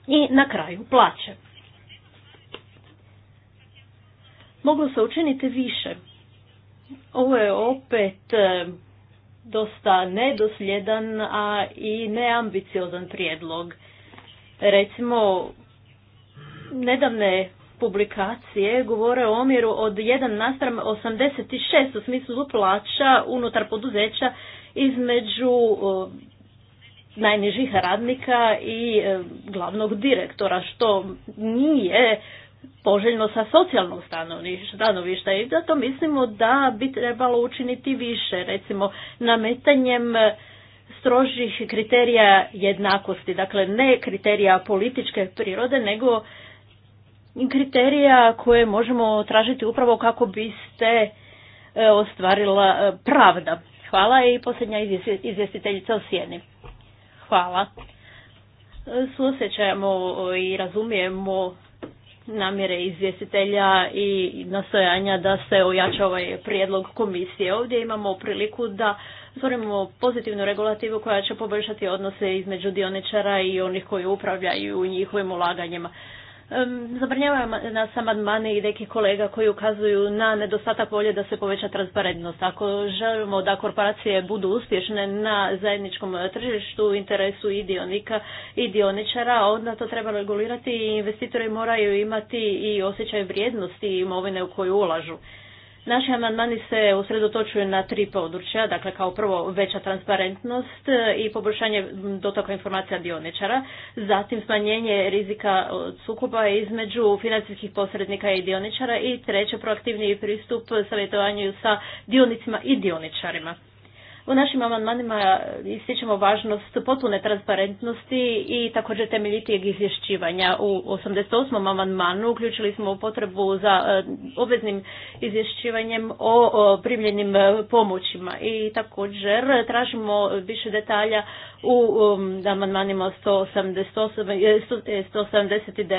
I na kraju plaće. moglo se učiniti više. Ovo je opet e, dosta nedosljedan, a i neambiciozan prijedlog. Recimo, nedavne publikacije govore o omjeru od 1 naspram 86 u smislu plaća unutar poduzeća između e, najnižih radnika i e, glavnog direktora, što nije poželjno sa socijalnog stanovišta i zato mislimo da bi trebalo učiniti više, recimo nametanjem e, strožih kriterija jednakosti, dakle ne kriterija političke prirode, nego kriterija koje možemo tražiti upravo kako biste e, ostvarila e, pravda. Hvala i posljednja izvjestiteljica u sjeni. Hvala. Suosjećajemo i razumijemo namjere izvjestitelja i nastojanja da se ojača ovaj prijedlog komisije. Ovdje imamo priliku da stvorimo pozitivnu regulativu koja će poboljšati odnose između dioničara i onih koji upravljaju njihovim ulaganjima. Zabrnjavaju nas amandmani i neki kolega koji ukazuju na nedostatak volje da se poveća transparentnost. Ako želimo da korporacije budu uspješne na zajedničkom tržištu u interesu i dionika i dioničara, onda to treba regulirati i investitori moraju imati i osjećaj vrijednosti imovine u koju ulažu. Naši amandmani se usredotočuju na tri područja, dakle kao prvo veća transparentnost e, i poboljšanje dotoka informacija dioničara, zatim smanjenje rizika sukoba između financijskih posrednika i dioničara i treće proaktivniji pristup savjetovanju sa dionicima i dioničarima. U našim amandmanima ističemo važnost potpune transparentnosti i također temeljitijeg izvješćivanja. U 88. amandmanu uključili smo potrebu za e, obveznim izvješćivanjem o primljenim e, pomoćima i također tražimo više detalja u um, amandmanima 188, 179,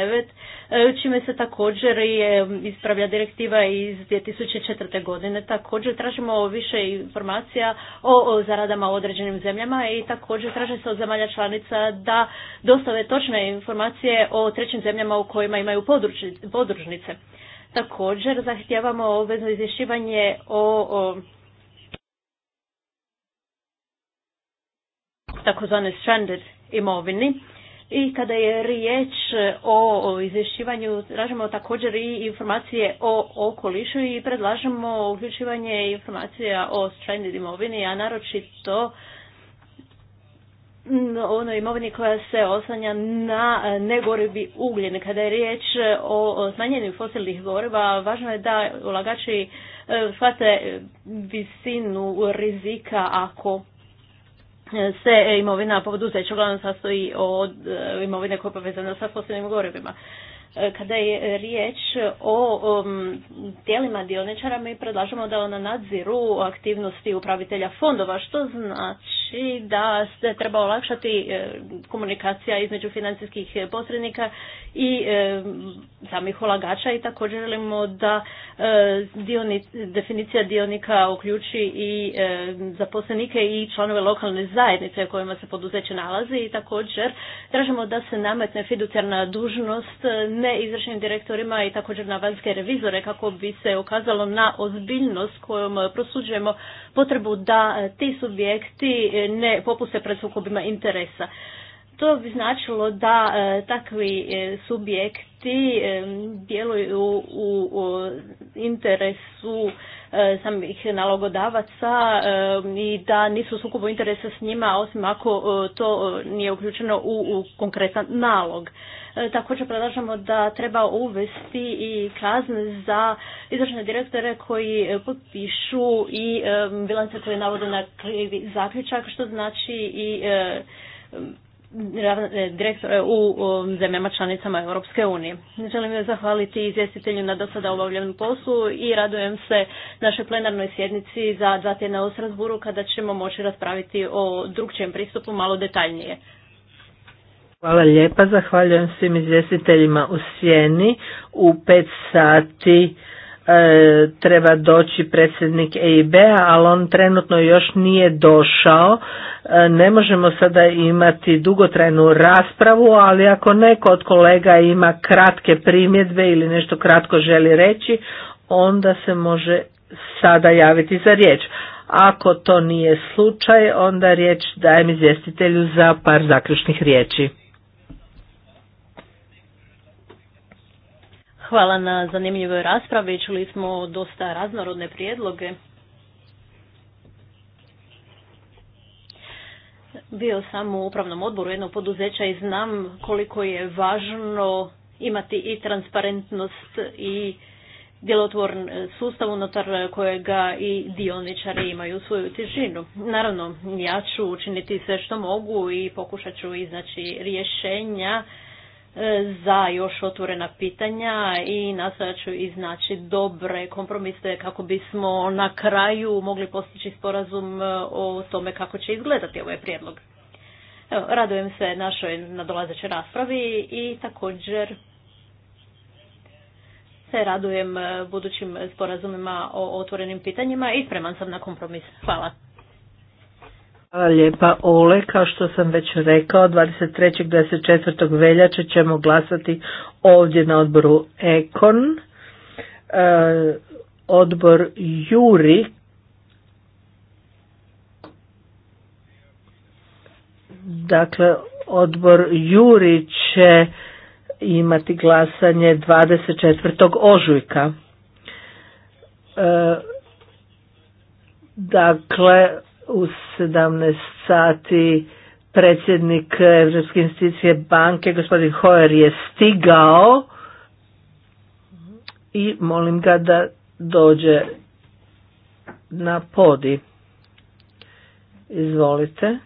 e, e, e, čime se također je um, ispravlja direktiva iz 2004. godine. Također tražimo više informacija o zaradama u određenim zemljama i također traži se od zemalja članica da dostave točne informacije o trećim zemljama u kojima imaju podružnice. Također zahtjevamo obvezno izvješćivanje o takozvane stranded imovini. I kada je riječ e, o izvješćivanju, tražimo također i informacije o okolišu i predlažemo uključivanje informacija o stranded imovini, a naročito ono imovini koja se oslanja na e, negorivi ugljen. Kada je riječ e, o smanjenju fosilnih goriva, važno je da ulagači shvate visinu rizika ako se imovina poduzeća uglavnom sastoji od e, imovine koja je povezana sa poslovnim gorivima. E, kada je riječ o um, tijelima dioničara, mi predlažemo da ona nadziru aktivnosti upravitelja fondova, što znači da se treba olakšati e, komunikacija između financijskih posrednika i e, samih ulagača i također želimo da definicija dionika uključi i zaposlenike i članove lokalne zajednice u kojima se poduzeće nalazi i također tražimo da se nametne fiducijarna dužnost neizvršnim direktorima i također na vanjske revizore kako bi se ukazalo na ozbiljnost kojom prosuđujemo potrebu da ti subjekti ne popuste pred sukobima interesa. To bi značilo da e, takvi e, subjekti e, djeluju u interesu samih nalogodavaca i da nisu sukobu interesa s njima osim ako to nije uključeno u konkretan nalog. E, također predlažemo da treba uvesti i kazne za izvršne direktore koji e, potpišu i e, bilance koje navode na krivi zaključak, što znači i direktore u zemljama članicama Europske unije. Želim joj zahvaliti izvjestitelju na dosada obavljenom poslu i radujem se našoj plenarnoj sjednici za dva tjedna u Strasburu kada ćemo moći raspraviti o drugčijem pristupu malo detaljnije. Hvala lijepa, zahvaljujem svim izvjestiteljima u Sjeni. U pet sati e, treba doći predsjednik EIB-a, ali on trenutno još nije došao. E, ne možemo sada imati dugotrajnu raspravu, ali ako neko od kolega ima kratke primjedbe ili nešto kratko želi reći, onda se može sada javiti za riječ. Ako to nije slučaj, onda riječ dajem izvjestitelju za par zaključnih riječi. Hvala na zanimljivoj raspravi. Čuli smo dosta raznorodne prijedloge. Bio sam u upravnom odboru jednog poduzeća i znam koliko je važno imati i transparentnost i djelotvorn sustav unutar kojega i dioničari imaju svoju težinu. Naravno, ja ću učiniti sve što mogu i pokušat ću iznaći rješenja E, za još otvorena pitanja i nastojat ću iznaći dobre kompromise kako bismo na kraju mogli postići sporazum e, o tome kako će izgledati ovaj prijedlog. Evo, radujem se našoj nadolazećoj raspravi i također se radujem e, budućim sporazumima o otvorenim pitanjima i spreman sam na kompromis. Hvala. Hvala lijepa Ole, kao što sam već rekao, 23. 24. veljače ćemo glasati ovdje na odboru Ekon. E, odbor Juri Dakle, odbor Juri će imati glasanje 24. ožujka. E, dakle, u 17 sati predsjednik Europske institucije banke, gospodin Hoer, je stigao i molim ga da dođe na podi. Izvolite.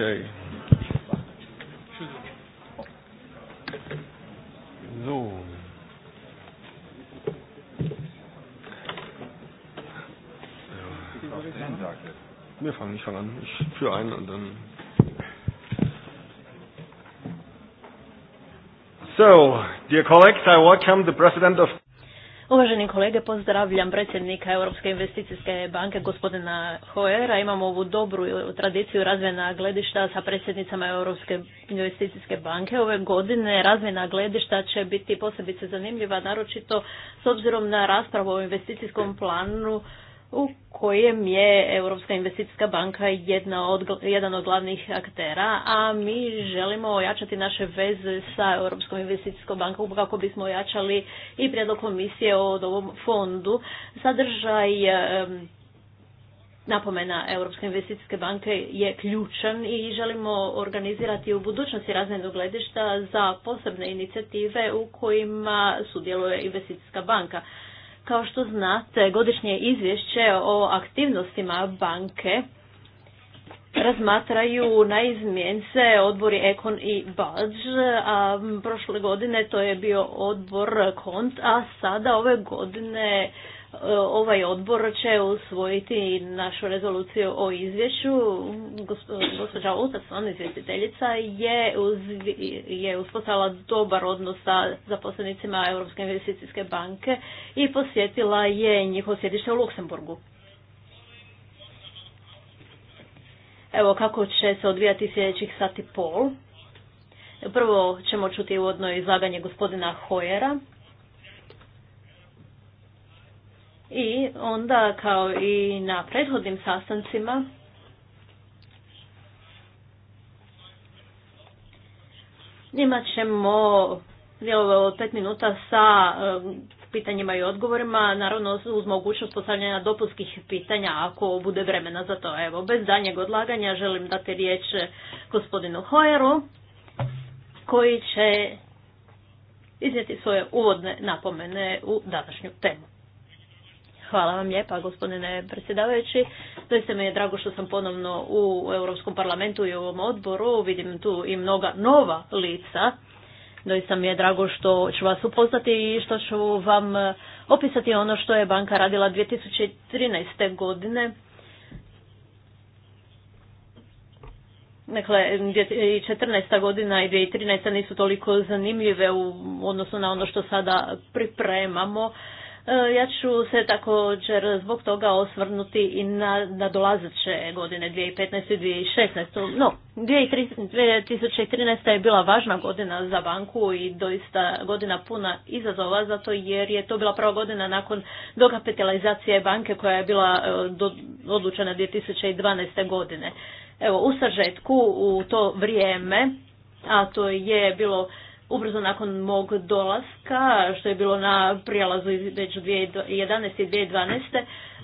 Okay. So. wir fangen nicht schon an. Ich führe ein und dann. So, dear colleagues, I welcome the President of Uvaženi kolege, pozdravljam predsjednika Europske investicijske banke, gospodina Hoera. Imamo ovu dobru tradiciju razmjena gledišta sa predsjednicama Europske investicijske banke. Ove godine razmjena gledišta će biti posebice zanimljiva, naročito s obzirom na raspravu o investicijskom planu u kojem je Europska investicijska banka jedna od, jedan od glavnih aktera, a mi želimo ojačati naše veze sa Europskom investicijskom bankom kako bismo ojačali i prijedlog komisije o ovom fondu. Sadržaj napomena Europske investicijske banke je ključan i želimo organizirati u budućnosti razne gledišta za posebne inicijative u kojima sudjeluje investicijska banka. Kao što znate, godišnje izvješće o aktivnostima banke razmatraju na izmjence odbori Ekon i Badž, a prošle godine to je bio odbor Kont, a sada ove godine ovaj odbor će usvojiti našu rezoluciju o izvješću. Gospođa ona izvjestiteljica, je, je uspostavila dobar odnos sa zaposlenicima Europske investicijske banke i posjetila je njihovo sjedište u Luksemburgu. Evo kako će se odvijati sljedećih sati pol. Prvo ćemo čuti uvodno izlaganje gospodina Hojera, I onda kao i na prethodnim sastancima imat ćemo dijelove od pet minuta sa e, pitanjima i odgovorima, naravno uz mogućnost postavljanja dopunskih pitanja ako bude vremena za to. Evo, bez danjeg odlaganja želim dati riječ gospodinu Hoeru koji će iznijeti svoje uvodne napomene u današnju temu. Hvala vam lijepa, gospodine predsjedavajući. Doista mi je drago što sam ponovno u Europskom parlamentu i u ovom odboru. Vidim tu i mnoga nova lica. Doista mi je drago što ću vas upoznati i što ću vam e, opisati ono što je banka radila 2013. godine. Dakle, 2014. godina i 2013. nisu toliko zanimljive u odnosu na ono što sada pripremamo. E, ja ću se također zbog toga osvrnuti i na, na dolazeće godine 2015. i 2016. No, 2013. je bila važna godina za banku i doista godina puna izazova, zato jer je to bila prva godina nakon dokapitalizacije banke koja je bila e, do, odlučena 2012. godine. Evo, u sažetku u to vrijeme, a to je bilo ubrzo nakon mog dolaska, što je bilo na prijelazu između 2011. i 2012.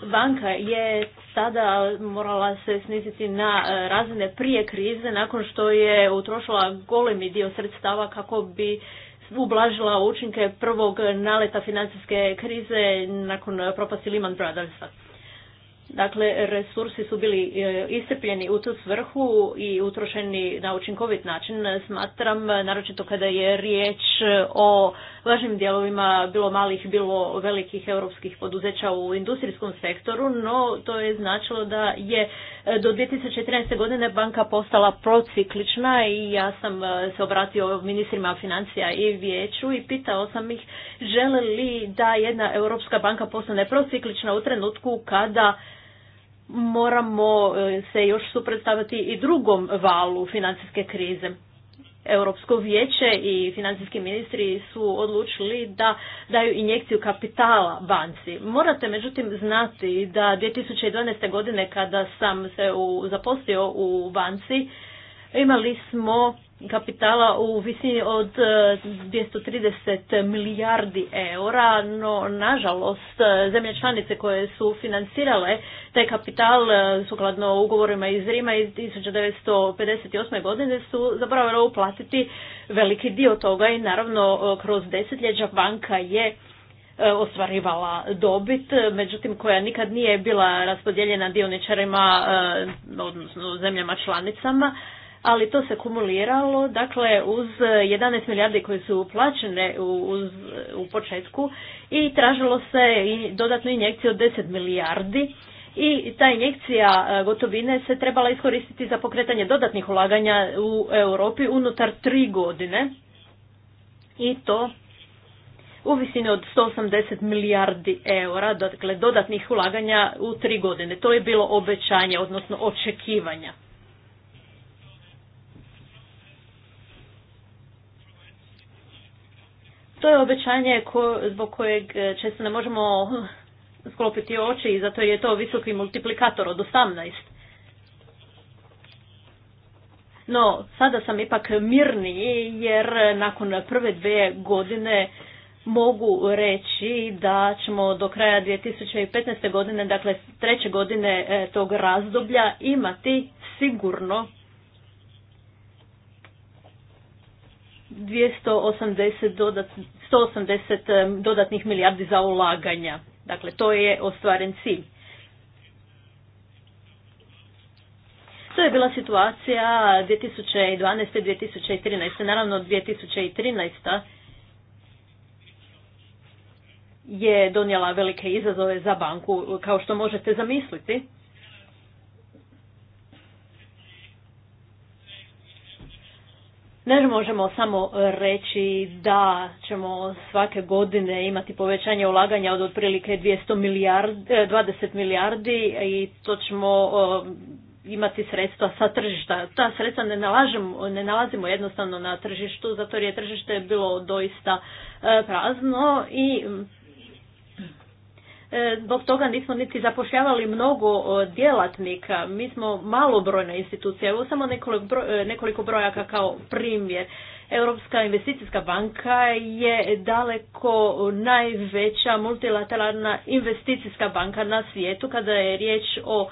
Banka je tada morala se sniziti na e, razine prije krize nakon što je utrošila golemi dio sredstava kako bi ublažila učinke prvog naleta financijske krize nakon propasti Lehman Brothersa. Dakle, resursi su bili e, iscrpljeni u tu svrhu i utrošeni na učinkovit način. Smatram, naročito kada je riječ o važnim dijelovima bilo malih, bilo velikih europskih poduzeća u industrijskom sektoru, no to je značilo da je e, do 2014. godine banka postala prociklična i ja sam e, se obratio ministrima financija i vijeću i pitao sam ih žele li da jedna europska banka postane prociklična u trenutku kada moramo e, se još suprotstaviti i drugom valu financijske krize. Europsko vijeće i financijski ministri su odlučili da daju injekciju kapitala banci. Morate međutim znati da 2012. godine kada sam se zaposlio u banci imali smo kapitala u visini od 230 e, milijardi eura, no nažalost zemlje članice koje su financirale taj kapital e, sukladno ugovorima iz Rima iz 1958. godine su zaboravile uplatiti veliki dio toga i naravno e, kroz desetljeća banka je ostvarivala dobit, međutim koja nikad nije bila raspodijeljena dioničarima, odnosno zemljama članicama, ali to se kumuliralo, dakle uz 11 milijardi koje su uplaćene u početku i tražilo se i dodatnu injekciju od 10 milijardi i ta injekcija e, gotovine se trebala iskoristiti za pokretanje dodatnih ulaganja u Europi unutar tri godine i to u visini od 180 milijardi eura, dakle dodatnih ulaganja u tri godine. To je bilo obećanje, odnosno očekivanja. To je obećanje zbog kojeg e, često ne možemo *laughs* sklopiti oči i zato je to visoki multiplikator od 18. No, sada sam ipak mirniji jer nakon prve dvije godine mogu reći da ćemo do kraja 2015. godine, dakle treće godine e, tog razdoblja, imati sigurno 280 dodat, 180 dodatnih milijardi za ulaganja. Dakle, to je ostvaren cilj. To je bila situacija 2012. 2013. Naravno 2013. je donijela velike izazove za banku, kao što možete zamisliti. Ne možemo samo reći da ćemo svake godine imati povećanje ulaganja od otprilike 200 milijardi, 20 milijardi i to ćemo e, imati sredstva sa tržišta. Ta sredstva ne, nalažemo, ne nalazimo jednostavno na tržištu, zato jer je tržište bilo doista e, prazno i E, zbog toga nismo niti zapošljavali mnogo e, djelatnika. Mi smo malobrojna institucija. Evo samo e, nekoliko brojaka kao primjer. Europska investicijska banka je daleko najveća multilateralna investicijska banka na svijetu kada je riječ o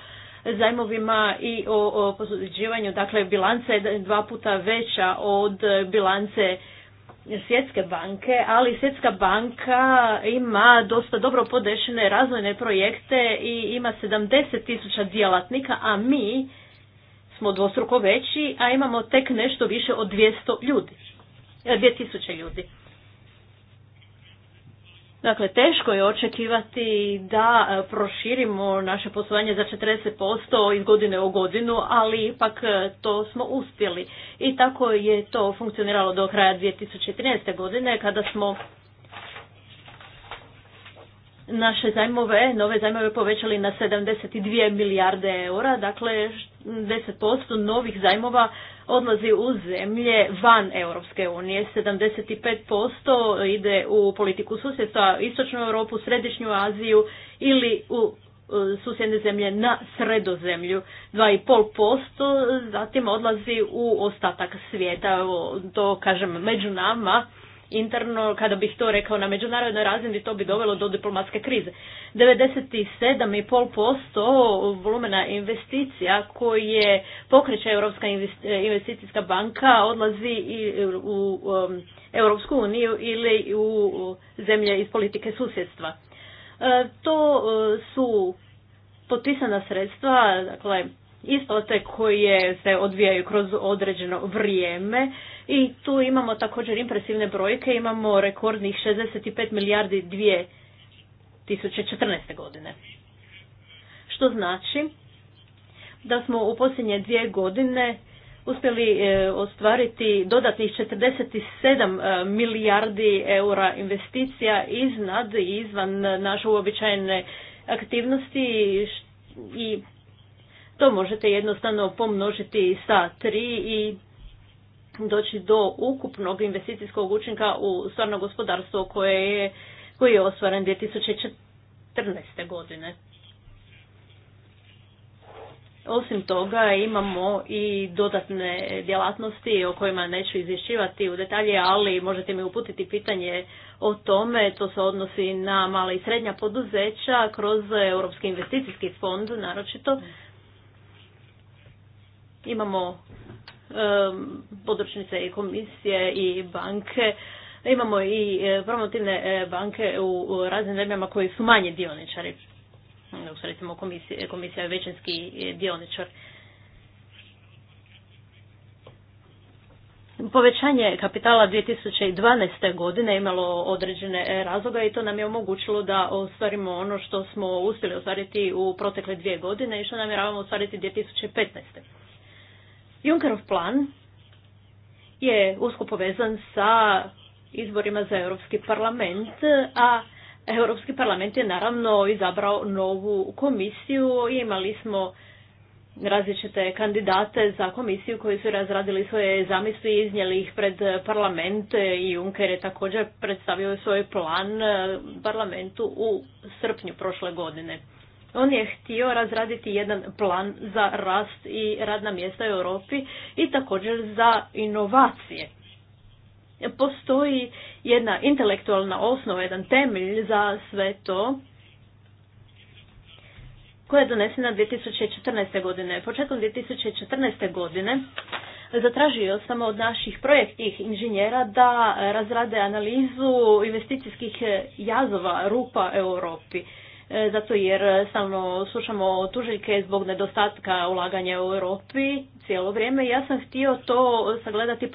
zajmovima i o, o posuđivanju. Dakle, bilance je dva puta veća od bilance Svjetske banke, ali Svjetska banka ima dosta dobro podešene razvojne projekte i ima 70 tisuća djelatnika, a mi smo dvostruko veći, a imamo tek nešto više od 200 ljudi, 2000 e, ljudi. Dakle, teško je očekivati da e, proširimo naše poslovanje za 40% iz godine u godinu, ali ipak e, to smo uspjeli. I tako je to funkcioniralo do kraja 2013. godine kada smo naše zajmove, nove zajmove povećali na 72 milijarde eura, dakle 10% novih zajmova odlazi u zemlje van Europske unije, 75% ide u politiku susjedstva, istočnu Europu, središnju Aziju ili u e, susjedne zemlje na sredozemlju. 2,5% zatim odlazi u ostatak svijeta, to kažem među nama interno, kada bih to rekao na međunarodnoj razini, to bi dovelo do diplomatske krize. 97,5% volumena investicija koje pokreće Europska investicijska banka odlazi i u um, Europsku uniju ili u zemlje iz politike susjedstva. E, to e, su potpisana sredstva, dakle, isplate koje se odvijaju kroz određeno vrijeme i tu imamo također impresivne brojke, imamo rekordnih 65 milijardi 2014. godine. Što znači da smo u posljednje dvije godine uspjeli e, ostvariti dodatnih 47 e, milijardi eura investicija iznad i izvan naše uobičajene aktivnosti i to možete jednostavno pomnožiti sa tri i doći do ukupnog investicijskog učinka u stvarno gospodarstvo koje je, koji je ostvaren 2014. godine. Osim toga imamo i dodatne djelatnosti o kojima neću izvješćivati u detalje, ali možete mi uputiti pitanje o tome. To se odnosi na mala i srednja poduzeća kroz Europski investicijski fond naročito. Imamo Um, područnice i komisije i banke. Imamo i e, promotivne e, banke u raznim zemljama koji su manje dioničari. Recimo komisija, komisija je većinski e, dioničar. Povećanje kapitala 2012. godine imalo određene razloga i to nam je omogućilo da ostvarimo ono što smo uspjeli ostvariti u protekle dvije godine i što namjeravamo ostvariti 2015. Junkerov plan je usko povezan sa izborima za Europski parlament, a Europski parlament je naravno izabrao novu komisiju. Imali smo različite kandidate za komisiju koji su razradili svoje zamisli i iznijeli ih pred parlament i Juncker je također predstavio svoj plan eh, parlamentu u srpnju prošle godine. On je htio razraditi jedan plan za rast i radna mjesta u Europi i također za inovacije. Postoji jedna intelektualna osnova, jedan temelj za sve to koja je donesena 2014. godine. Početkom 2014. godine zatražio sam od naših projektnih inženjera da razrade analizu investicijskih jazova rupa Europi. E, zato jer stalno slušamo tužiljke zbog nedostatka ulaganja u Europi cijelo vrijeme. Ja sam htio to sagledati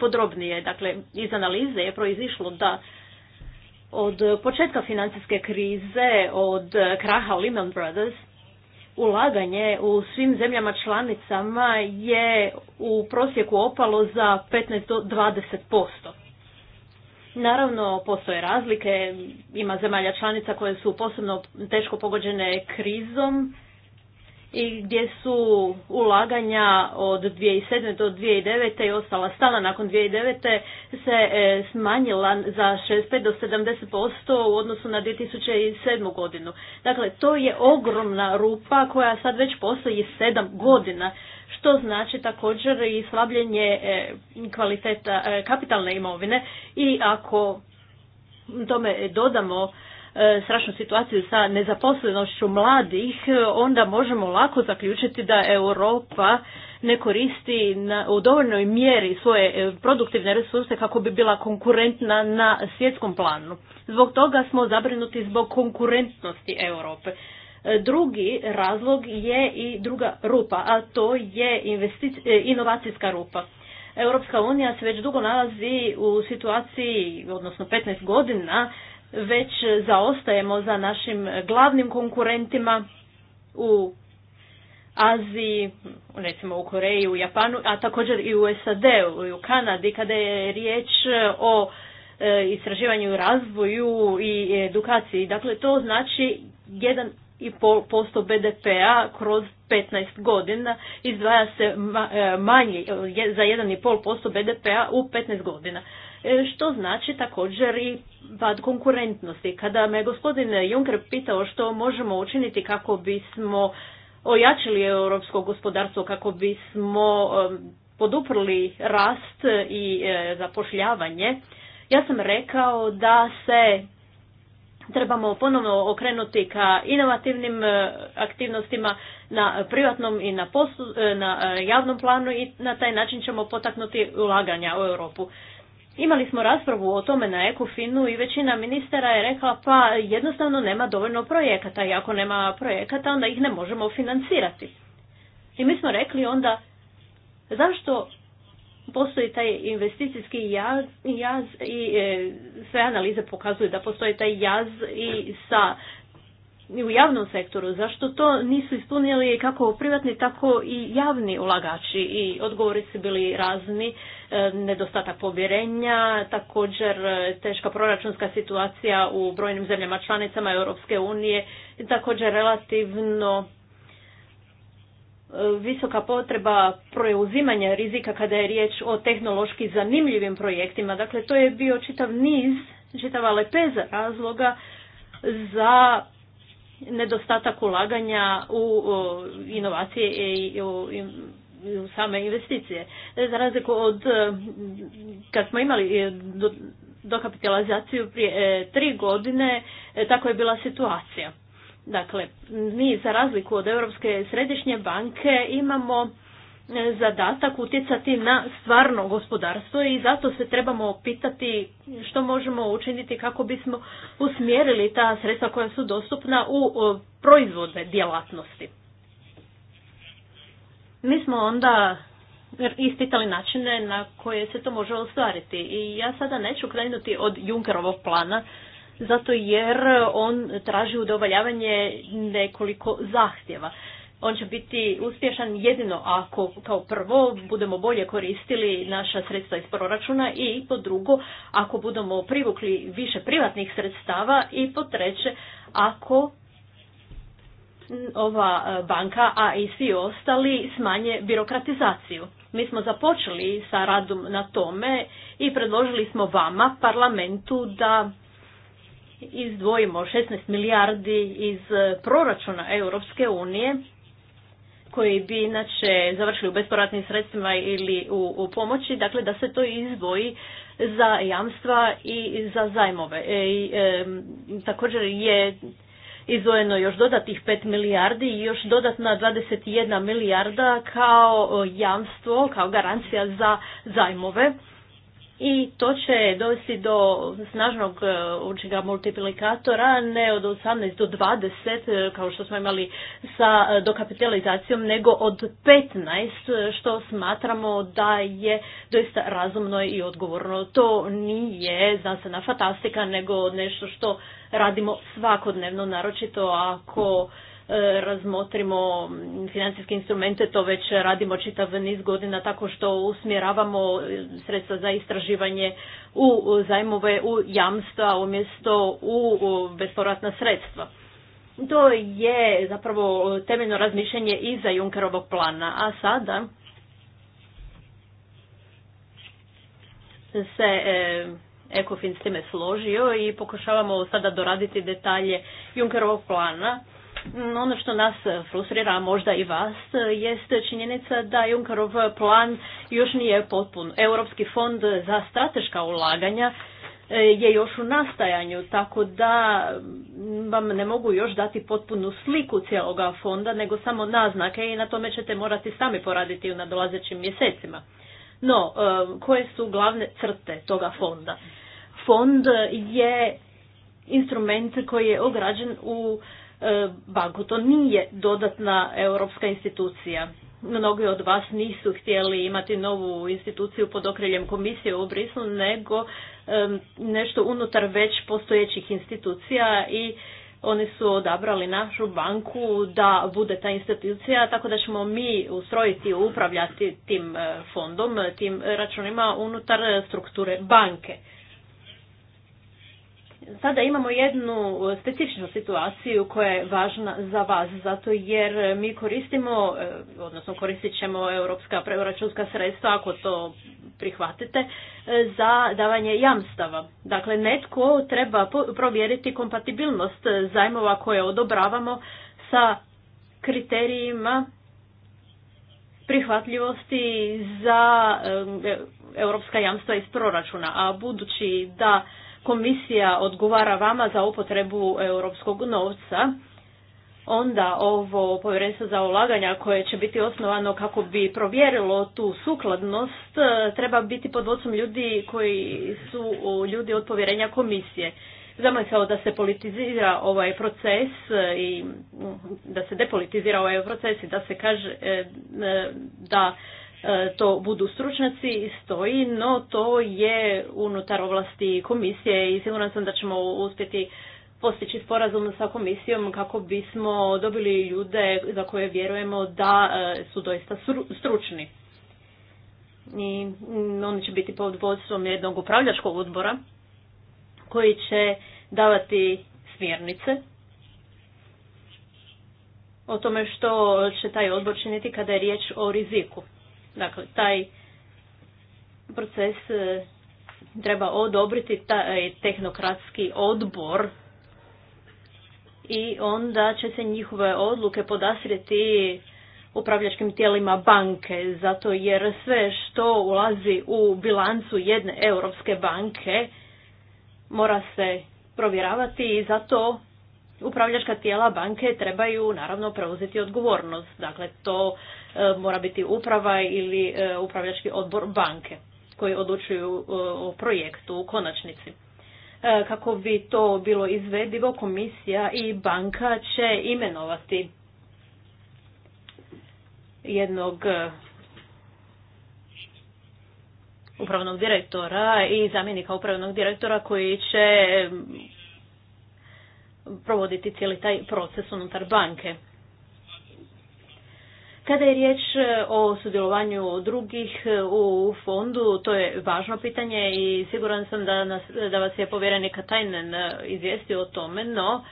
podrobnije. Dakle, iz analize je proizišlo da od početka financijske krize, od kraha Lehman Brothers, ulaganje u svim zemljama članicama je u prosjeku opalo za 15 do 20%. Naravno, postoje razlike, ima zemalja članica koje su posebno teško pogođene krizom i gdje su ulaganja od 2007. do 2009. i ostala stala nakon 2009. se e, smanjila za 65 do 70% u odnosu na 2007. godinu. Dakle, to je ogromna rupa koja sad već postoji 7 godina, što znači također i slabljenje e, kvaliteta e, kapitalne imovine i ako tome dodamo E, strašnu situaciju sa nezaposlenošću mladih, e, onda možemo lako zaključiti da Europa ne koristi na, u dovoljnoj mjeri svoje e, produktivne resurse kako bi bila konkurentna na svjetskom planu. Zbog toga smo zabrinuti zbog konkurentnosti Europe. Drugi razlog je i druga rupa, a to je inovacijska rupa. Europska unija se već dugo nalazi u situaciji, odnosno 15 godina, već zaostajemo za našim glavnim konkurentima u Aziji, recimo u Koreji, u Japanu, a također i u SAD-u i u Kanadi, kada je riječ o e, istraživanju razvoju i edukaciji. Dakle, to znači 1,5% BDP-a kroz 15 godina izdvaja se e, manje za 1,5% BDP-a u 15 godina. E, što znači također i pad konkurentnosti. Kada me gospodin Juncker pitao što možemo učiniti kako bismo ojačili europsko gospodarstvo, kako bismo e, poduprli rast i e, zapošljavanje, ja sam rekao da se trebamo ponovno okrenuti ka inovativnim aktivnostima na privatnom i na, poslu, na javnom planu i na taj način ćemo potaknuti ulaganja u Europu. Imali smo raspravu o tome na Ekofinu i većina ministara je rekla pa jednostavno nema dovoljno projekata i ako nema projekata onda ih ne možemo financirati. I mi smo rekli onda zašto postoji taj investicijski jaz, jaz i e, sve analize pokazuju da postoji taj jaz i sa i u javnom sektoru, zašto to nisu ispunili kako privatni, tako i javni ulagači i odgovori su bili razni, e, nedostatak povjerenja, također e, teška proračunska situacija u brojnim zemljama članicama Europske unije, također relativno e, visoka potreba preuzimanja rizika kada je riječ o tehnološki zanimljivim projektima. Dakle, to je bio čitav niz, čitava lepeza razloga za nedostatak ulaganja u inovacije i u same investicije. Za razliku od kad smo imali e, dokapitalizaciju prije e, tri godine, e, tako je bila situacija. Dakle, mi za razliku od Europske središnje banke imamo zadatak utjecati na stvarno gospodarstvo i zato se trebamo pitati što možemo učiniti kako bismo usmjerili ta sredstva koja su dostupna u proizvodne djelatnosti. Mi smo onda ispitali načine na koje se to može ostvariti i ja sada neću krenuti od Junkerovog plana zato jer on traži udovoljavanje nekoliko zahtjeva on će biti uspješan jedino ako kao prvo budemo bolje koristili naša sredstva iz proračuna i po drugo ako budemo privukli više privatnih sredstava i po treće ako ova e, banka, a i svi ostali smanje birokratizaciju. Mi smo započeli sa radom na tome i predložili smo vama, parlamentu, da izdvojimo 16 milijardi iz e, proračuna Europske unije koji bi inače završili u bespovratnim sredstvima ili u, u pomoći, dakle da se to izdvoji za jamstva i za zajmove. E, također je izdvojeno još dodatnih 5 milijardi i još dodatna 21 milijarda kao jamstvo, kao garancija za zajmove i to će dovesti do snažnog e, učinka multiplikatora, ne od 18 do 20, e, kao što smo imali sa e, dokapitalizacijom, nego od 15, što smatramo da je doista razumno i odgovorno. To nije znanstvena fantastika, nego nešto što radimo svakodnevno, naročito ako E, razmotrimo financijske instrumente, to već radimo čitav niz godina tako što usmjeravamo sredstva za istraživanje u zajmove, u jamstva umjesto u bespovratna sredstva. To je zapravo temeljno razmišljanje iza Junkerovog plana, a sada se e, Ekofin s time složio i pokušavamo sada doraditi detalje Junkerovog plana ono što nas frustrira, možda i vas, jest činjenica da Junkerov plan još nije potpun. Europski fond za strateška ulaganja e, je još u nastajanju, tako da vam ne mogu još dati potpunu sliku cijeloga fonda, nego samo naznake i na tome ćete morati sami poraditi u nadolazećim mjesecima. No, e, koje su glavne crte toga fonda? Fond je instrument koji je ograđen u E, banku. To nije dodatna europska institucija. Mnogi od vas nisu htjeli imati novu instituciju pod okriljem komisije u Brislu, nego nešto unutar već postojećih institucija i oni su odabrali našu banku da bude ta institucija, tako da ćemo mi ustrojiti i upravljati tim e, fondom, tim računima unutar strukture banke. Sada imamo jednu e, specifičnu situaciju koja je važna za vas, zato jer mi koristimo, e, odnosno koristit ćemo europska preoračunska sredstva, ako to prihvatite, e, za davanje jamstava. Dakle, netko treba provjeriti kompatibilnost zajmova koje odobravamo sa kriterijima prihvatljivosti za europska jamstva iz proračuna, a budući da komisija odgovara vama za upotrebu europskog novca, onda ovo povjerenstvo za ulaganja koje će biti osnovano kako bi provjerilo tu sukladnost e, treba biti pod vodstvom ljudi koji su ljudi od povjerenja komisije. Zamisao da se politizira ovaj proces e, i mm, da se depolitizira ovaj proces i da se kaže e, da E, to budu stručnjaci i stoji, no to je unutar ovlasti komisije i siguran sam da ćemo uspjeti postići sporazum sa komisijom kako bismo dobili ljude za koje vjerujemo da e, su doista stručni. I mm, oni će biti pod vodstvom jednog upravljačkog odbora koji će davati smjernice o tome što će taj odbor činiti kada je riječ o riziku. Dakle, taj proces e, treba odobriti taj e, tehnokratski odbor i onda će se njihove odluke podasrijeti upravljačkim tijelima banke, zato jer sve što ulazi u bilancu jedne europske banke mora se provjeravati i zato upravljačka tijela banke trebaju naravno preuzeti odgovornost. Dakle, to E, mora biti uprava ili e, upravljački odbor banke koji odlučuju e, o projektu u konačnici. Kako bi to bilo izvedivo, komisija i banka će imenovati jednog upravnog direktora i zamjenika upravnog direktora koji će provoditi cijeli taj proces unutar banke. Kada je riječ e, o sudjelovanju drugih e, u fondu, to je važno pitanje i siguran sam da, nas, da vas je povjerenik Tajnen e, izvijestio o tome, no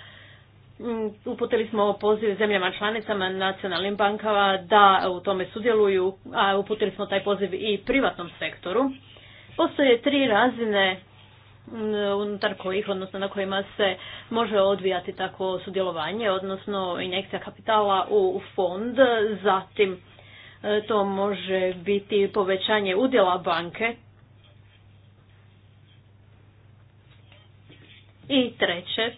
uputili smo poziv zemljama članicama nacionalnim bankama da u tome sudjeluju, a uputili smo taj poziv i privatnom sektoru. Postoje tri razine Mm, unutar kojih, odnosno na kojima se može odvijati tako sudjelovanje, odnosno injekcija kapitala u fond, zatim e, to može biti povećanje udjela banke. I treće,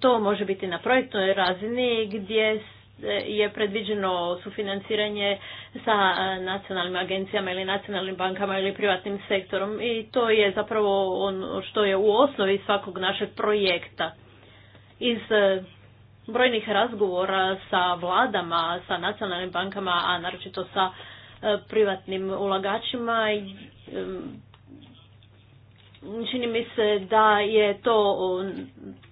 to može biti na projektnoj razini gdje E, je predviđeno sufinanciranje sa e, nacionalnim agencijama ili nacionalnim bankama ili privatnim sektorom i to je zapravo ono što je u osnovi svakog našeg projekta. Iz e, brojnih razgovora sa vladama, sa nacionalnim bankama, a naročito sa privatnim ulagačima čini mi se da je to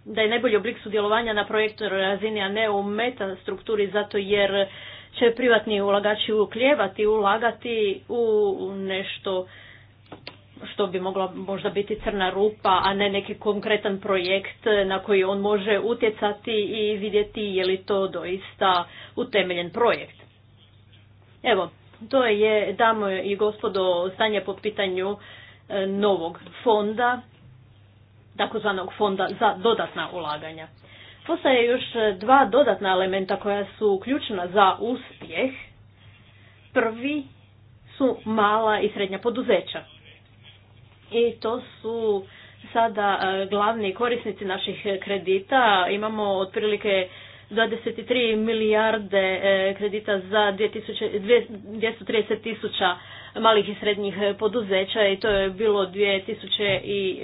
da je najbolji oblik sudjelovanja na projektnoj razini, a ne u meta strukturi, zato jer će privatni ulagači ukljevati, ulagati u nešto što bi mogla možda biti crna rupa, a ne neki konkretan projekt na koji on može utjecati i vidjeti je li to doista utemeljen projekt. Evo, to je, damo i gospodo, stanje po pitanju e, novog fonda takozvanog fonda za dodatna ulaganja. Postoje još e, dva dodatna elementa koja su ključna za uspjeh. Prvi su mala i srednja poduzeća. I to su sada e, glavni korisnici naših kredita. Imamo otprilike 23 milijarde e, kredita za 230 tisuća malih i srednjih poduzeća i to je bilo i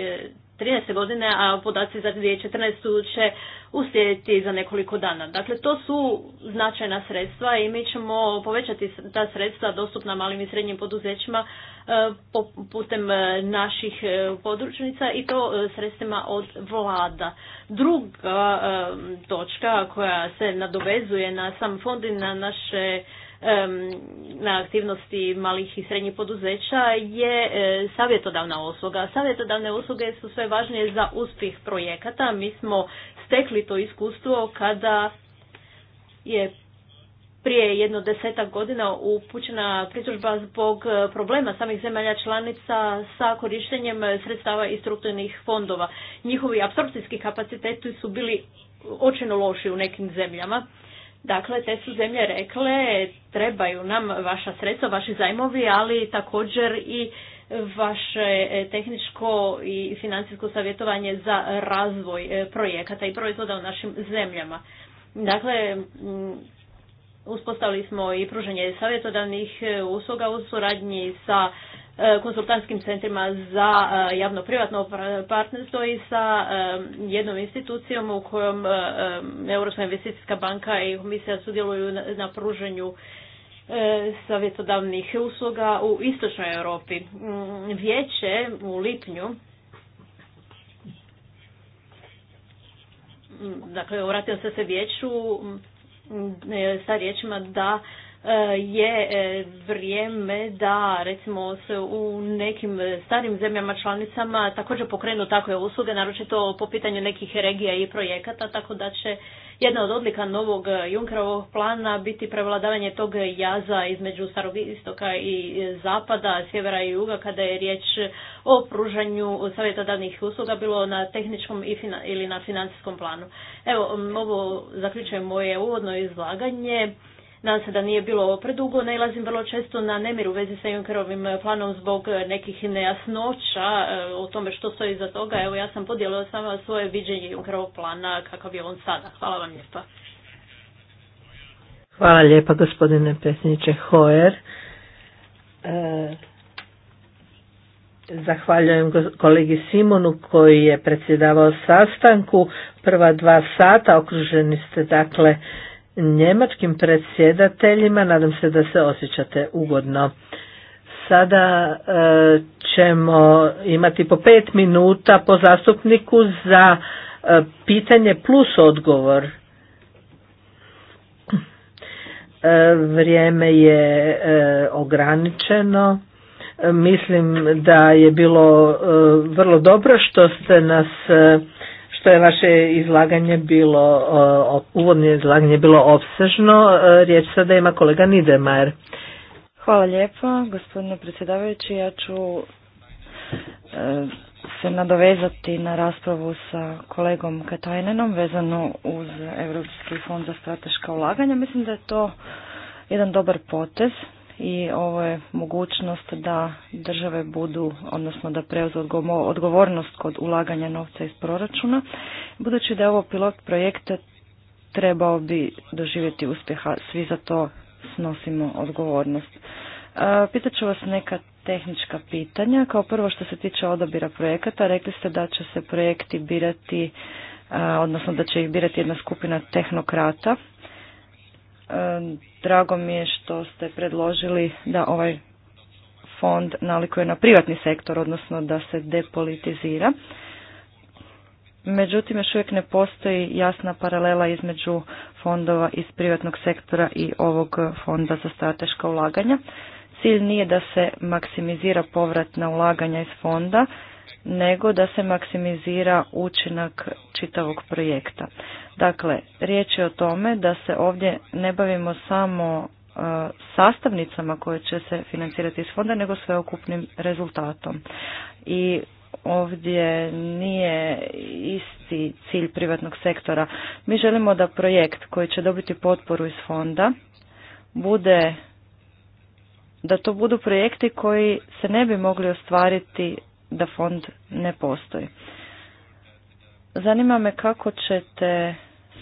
2013. godine, a podaci za 2014. će uslijediti za nekoliko dana. Dakle, to su značajna sredstva i mi ćemo povećati ta sredstva dostupna malim i srednjim poduzećima e, putem e, naših e, područnica i to sredstvima od vlada. Druga točka koja se nadovezuje na sam fond i na naše na aktivnosti malih i srednjih poduzeća je e, savjetodavna usluga. Savjetodavne usluge su sve važnije za uspjeh projekata. Mi smo stekli to iskustvo kada je prije jedno desetak godina upućena pritužba zbog e, problema samih zemalja članica sa korištenjem sredstava i strukturnih fondova. Njihovi apsorpcijski kapaciteti su bili očino loši u nekim zemljama Dakle, te su zemlje rekle trebaju nam vaša sredstva, vaši zajmovi, ali također i vaše e, tehničko i financijsko savjetovanje za razvoj e, projekata i proizvoda u našim zemljama. Dakle, uspostavili smo i pružanje savjetodavnih e, usluga u suradnji sa E, konsultantskim centrima za e, javno-privatno partnerstvo i sa e, jednom institucijom u kojom Europska investicijska banka i komisija sudjeluju na pruženju savjetodavnih usluga u istočnoj Europi. Mm, vijeće u lipnju mm, dakle vratio se se vijeću mm, sa riječima da E, je e, vrijeme da recimo se u nekim starim zemljama članicama također pokrenu takve usluge, naročito po pitanju nekih regija i projekata, tako da će jedna od odlika novog Junkerovog plana biti prevladavanje tog jaza između starog istoka i zapada, sjevera i juga kada je riječ o pružanju savjetodavnih usluga bilo na tehničkom ili na financijskom planu. Evo, ovo zaključujem moje uvodno izlaganje. Nadam se da nije bilo ovo predugo. Nailazim vrlo često na nemir u vezi sa Junkerovim planom zbog e, nekih nejasnoća e, o tome što stoji iza toga. Evo ja sam podijelila s svoje viđenje Junkerovog plana kakav je on sada. Hvala vam lijepa. Hvala lijepa gospodine predsjedniče Hoer. E, zahvaljujem kolegi Simonu koji je predsjedavao sastanku. Prva dva sata okruženi ste dakle njemačkim predsjedateljima. Nadam se da se osjećate ugodno. Sada e, ćemo imati po pet minuta po zastupniku za e, pitanje plus odgovor. E, vrijeme je ograničeno. Mislim da je bilo vrlo dobro što ste nas što je vaše izlaganje bilo, uvodno izlaganje bilo opsežno. E, riječ sada ima kolega Nidemajer. Hvala lijepo, gospodine predsjedavajući. Ja ću e, se nadovezati na raspravu sa kolegom Katajnenom vezano uz Europski fond za strateška ulaganja. Mislim da je to jedan dobar potez i ovo je mogućnost da države budu, odnosno da preuze odgovornost kod ulaganja novca iz proračuna. Budući da je ovo pilot projekta, trebao bi doživjeti uspjeha, svi za to snosimo odgovornost. E, pitat ću vas neka tehnička pitanja. Kao prvo što se tiče odabira projekata, rekli ste da će se projekti birati, e, odnosno da će ih birati jedna skupina tehnokrata Drago mi je što ste predložili da ovaj fond nalikuje na privatni sektor, odnosno da se depolitizira. Međutim, još uvijek ne postoji jasna paralela između fondova iz privatnog sektora i ovog fonda za strateška ulaganja. Cilj nije da se maksimizira povratna ulaganja iz fonda, nego da se maksimizira učinak čitavog projekta. Dakle, riječ je o tome da se ovdje ne bavimo samo e, sastavnicama koje će se financirati iz fonda, nego sveokupnim rezultatom. I ovdje nije isti cilj privatnog sektora. Mi želimo da projekt koji će dobiti potporu iz fonda bude da to budu projekti koji se ne bi mogli ostvariti da fond ne postoji. Zanima me kako ćete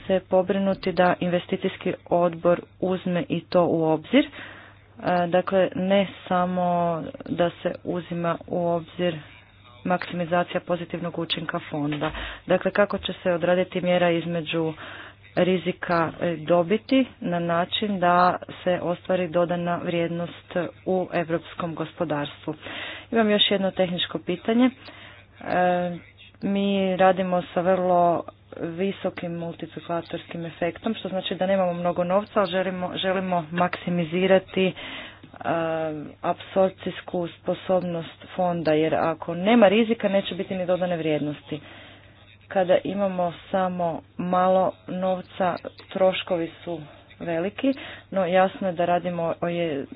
se pobrinuti da investicijski odbor uzme i to u obzir. E, dakle, ne samo da se uzima u obzir maksimizacija pozitivnog učinka fonda. Dakle, kako će se odraditi mjera između rizika e, dobiti na način da se ostvari dodana vrijednost u europskom gospodarstvu. Imam još jedno tehničko pitanje. E, mi radimo sa vrlo visokim multiplikatorskim efektom, što znači da nemamo mnogo novca, ali želimo, želimo maksimizirati e, apsorpcijsku sposobnost fonda, jer ako nema rizika neće biti ni dodane vrijednosti kada imamo samo malo novca troškovi su veliki, no jasno je da radimo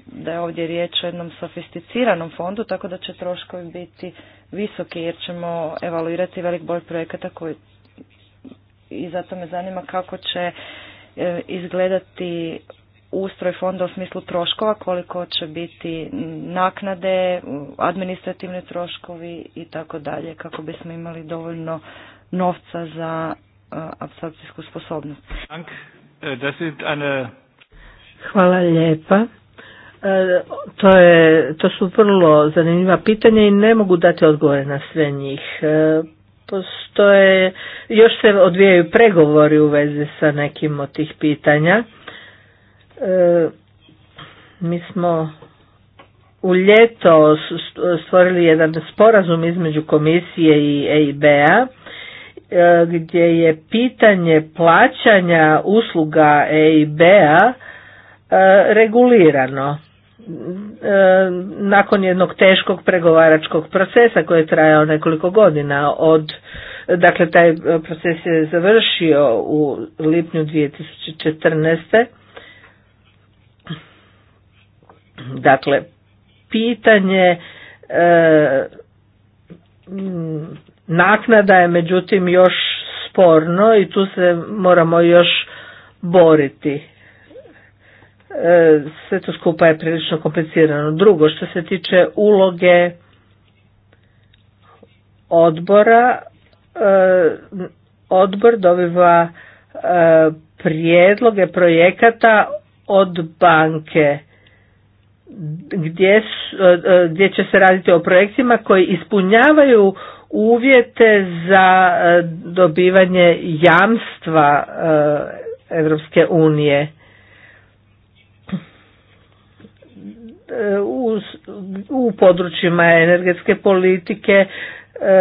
da je ovdje riječ o jednom sofisticiranom fondu, tako da će troškovi biti visoki jer ćemo evaluirati velik broj projekata koji i zato me zanima kako će e, izgledati ustroj fonda u smislu troškova, koliko će biti naknade, administrativni troškovi i tako dalje, kako bismo imali dovoljno novca za e, apsorpcijsku sposobnost. E, Hvala lijepa. E, to, je, to su vrlo zanimljiva pitanja i ne mogu dati odgovore na sve njih. Postoje, još se odvijaju pregovori u vezi sa nekim od tih pitanja. Mi smo u ljeto stvorili jedan sporazum između komisije i EIB-a E, gdje je pitanje plaćanja usluga EIB-a e, regulirano e, nakon jednog teškog pregovaračkog procesa koji je trajao nekoliko godina od dakle taj proces je završio u lipnju 2014. Dakle pitanje Naknada je međutim još sporno i tu se moramo još boriti. E, sve to skupa je prilično komplicirano. Drugo, što se tiče uloge odbora, e, odbor dobiva e, prijedloge projekata od banke gdje, će se raditi o projektima koji ispunjavaju uvjete za e, dobivanje jamstva Europske unije. E, u, područjima energetske politike, e,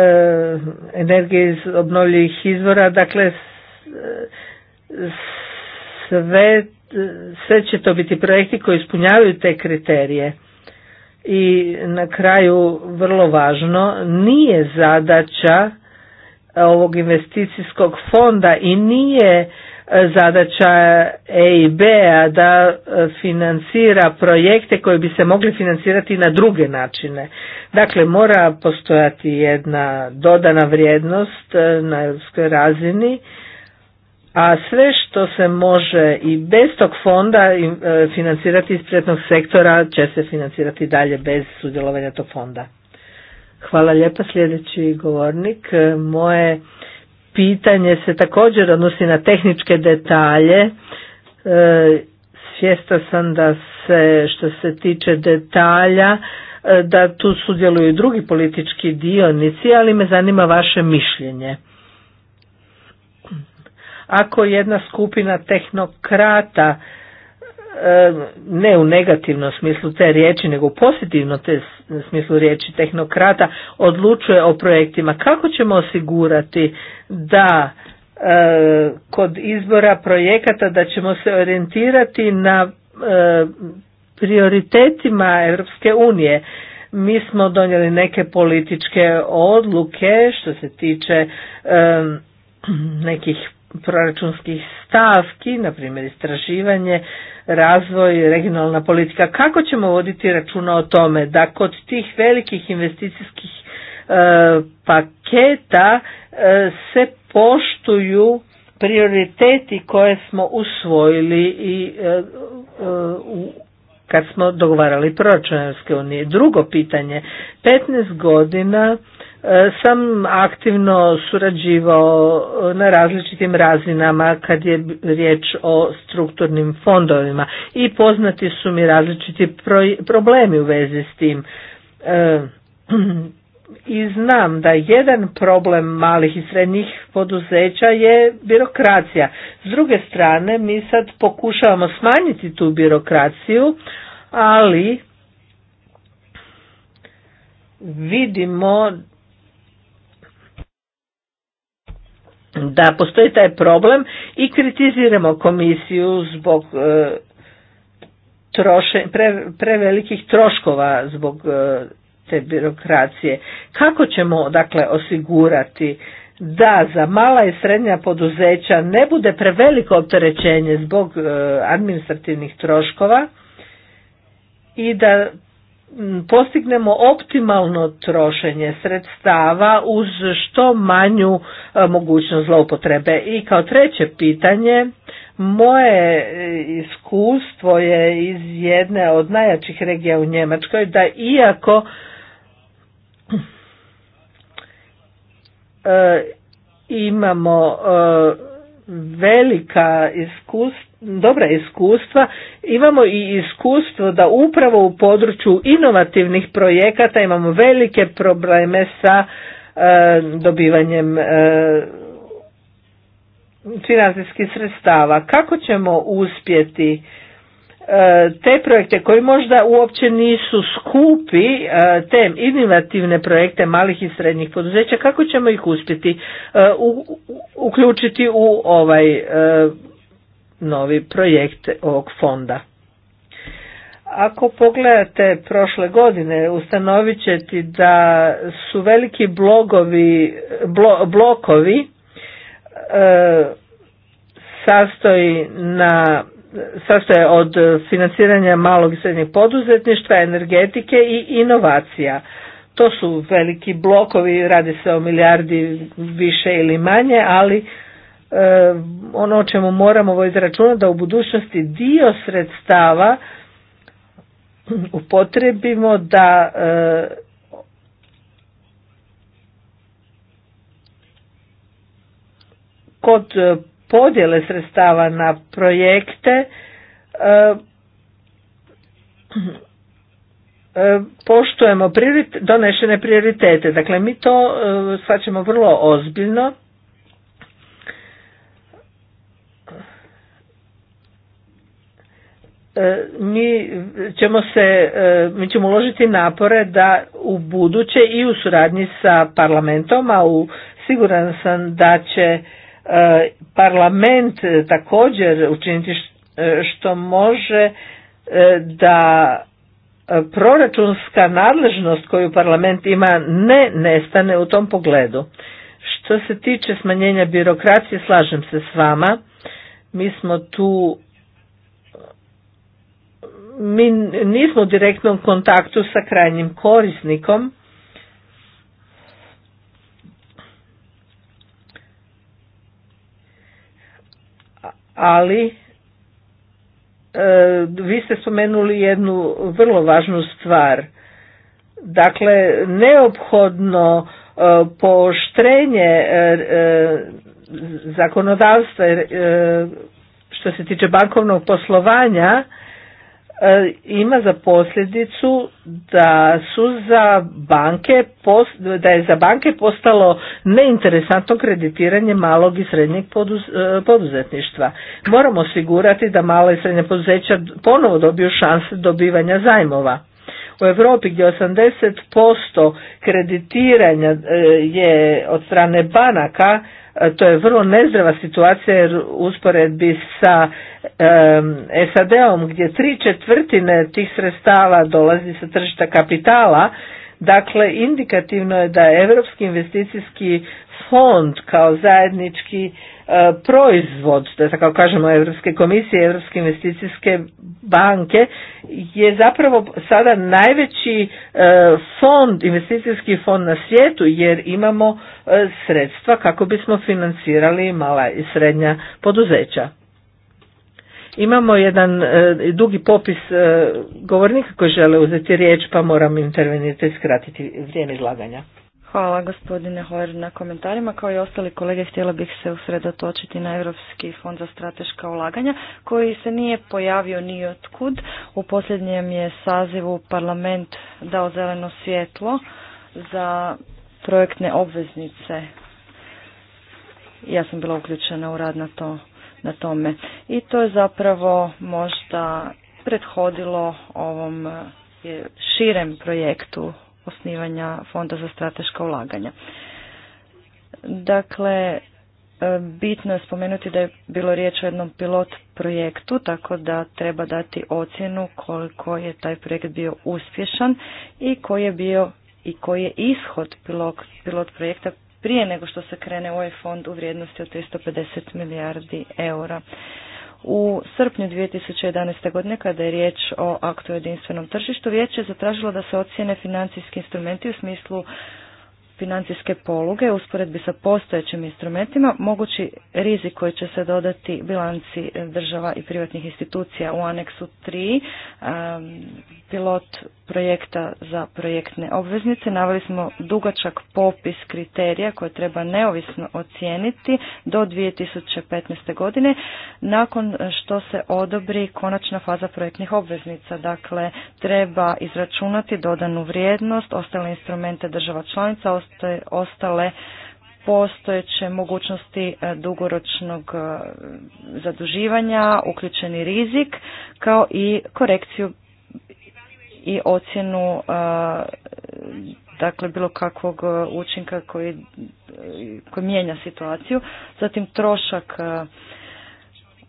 energije iz obnovljivih izvora, dakle sve, sve će to biti projekti koji ispunjavaju te kriterije. I na kraju vrlo važno, nije zadaća e, ovog investicijskog fonda i nije e, zadaća EIB-a da e, financira projekte koji bi se mogli financirati na druge načine. Dakle, mora postojati jedna dodana vrijednost na europskoj razini a sve što se može i bez tog fonda e, financirati iz privatnog sektora će se financirati dalje bez sudjelovanja tog fonda. Hvala lijepa sljedeći govornik. E, moje pitanje se također odnosi na tehničke detalje. E, Svjesta sam da se što se tiče detalja da tu sudjeluju drugi politički dionici, ali me zanima vaše mišljenje ako jedna skupina tehnokrata e, ne u negativnom smislu te riječi, nego u pozitivnom te smislu riječi tehnokrata odlučuje o projektima. Kako ćemo osigurati da e, kod izbora projekata da ćemo se orijentirati na e, prioritetima Europske unije? Mi smo donijeli neke političke odluke što se tiče e, nekih proračunskih stavki, na primjer istraživanje, razvoj, regionalna politika. Kako ćemo voditi računa o tome da kod tih velikih investicijskih e, paketa e, se poštuju prioriteti koje smo usvojili i e, u, kad smo dogovarali proračun Europske unije. Drugo pitanje, 15 godina E, sam aktivno surađivao e, na različitim razinama kad je riječ o strukturnim fondovima i poznati su mi različiti problemi u vezi s tim. E, *clears throat* I znam da jedan problem malih i srednjih poduzeća je birokracija. S druge strane, mi sad pokušavamo smanjiti tu birokraciju, ali vidimo da postoji taj problem i kritiziramo komisiju zbog e, prevelikih troškova zbog e, te birokracije. Kako ćemo dakle osigurati da za mala i srednja poduzeća ne bude preveliko opterećenje zbog e, administrativnih troškova i da postignemo optimalno trošenje sredstava uz što manju e, mogućnost zloupotrebe. I kao treće pitanje, moje e, iskustvo je iz jedne od najjačih regija u Njemačkoj da iako e, imamo velika iskustva, dobra iskustva, imamo i iskustvo da upravo u području inovativnih projekata imamo velike probleme sa e, dobivanjem e, financijskih sredstava. Kako ćemo uspjeti E, te projekte koji možda uopće nisu skupi, e, te inovativne projekte malih i srednjih poduzeća, kako ćemo ih uspjeti e, uključiti u ovaj novi projekt ovog fonda. Ako pogledate prošle godine, ustanovit ćete da su veliki blogovi, blokovi sastoji na sastoje od financiranja malog i srednjeg poduzetništva, energetike i inovacija. To su veliki blokovi, radi se o milijardi više ili manje, ali e, ono o čemu moramo voditi računa da u budućnosti dio sredstava upotrebimo da e, kod podjele sredstava na projekte e, e, poštujemo priorite, donešene prioritete. Dakle, mi to e, shvaćamo vrlo ozbiljno. mi ćemo se mi ćemo uložiti napore da u buduće i u suradnji sa parlamentom a u siguran sam da će E, parlament e, također učiniti e, što može da proračunska nadležnost koju parlament ima ne nestane u tom pogledu. Što se tiče smanjenja birokracije, slažem se s vama. Mi smo tu mi nismo u direktnom kontaktu sa krajnjim korisnikom ali e, vi ste spomenuli jednu vrlo važnu stvar. Dakle, neophodno e, pooštrenje e, zakonodavstva što se tiče bankovnog poslovanja E, ima za posljedicu da su za banke da je za banke postalo neinteresantno kreditiranje malog i srednjeg e, poduzetništva. Moramo osigurati da mala i srednja poduzeća ponovo dobiju šanse dobivanja zajmova. U Europi gdje 80% kreditiranja e, je od strane banaka E, to je vrlo nezdrava situacija jer usporedbi sa e, SAD-om gdje tri četvrtine tih sredstava dolazi sa tržišta kapitala, dakle indikativno je da Europski investicijski fond kao zajednički e, proizvod, da tako kažemo, Europske komisije, Europske investicijske banke, je zapravo sada najveći e, fond, investicijski fond na svijetu, jer imamo e, sredstva kako bismo financirali mala i srednja poduzeća. Imamo jedan dugi popis govornika koji žele uzeti riječ, pa moram intervenirati i skratiti vrijeme izlaganja. Hvala gospodine Hoer na komentarima. Kao i ostali kolege htjela bih se usredotočiti na Europski fond za strateška ulaganja koji se nije pojavio ni otkud. U posljednjem je sazivu parlament dao zeleno svjetlo za projektne obveznice. Ja sam bila uključena u rad na, to, na tome. I to je zapravo možda prethodilo ovom širem projektu osnivanja Fonda za strateška ulaganja. Dakle, e, bitno je spomenuti da je bilo riječ o jednom pilot projektu, tako da treba dati ocjenu koliko je taj projekt bio uspješan i koji je bio i koji je ishod pilot, pilot projekta prije nego što se krene ovaj fond u vrijednosti od 350 milijardi eura. U srpnju 2011. godine, kada je riječ o aktu o jedinstvenom tržištu, vijeće je zatražilo da se ocjene financijski instrumenti u smislu financijske poluge usporedbi sa postojećim instrumentima, mogući rizik koji će se dodati bilanci država i privatnih institucija u aneksu 3, pilot projekta za projektne obveznice. Naveli smo dugačak popis kriterija koje treba neovisno ocijeniti do 2015. godine nakon što se odobri konačna faza projektnih obveznica. Dakle, treba izračunati dodanu vrijednost, ostale instrumente država članica, ostale postojeće mogućnosti e, dugoročnog e, zaduživanja, uključeni rizik, kao i korekciju i ocjenu e, dakle bilo kakvog e, učinka koji, e, koji mijenja situaciju. Zatim trošak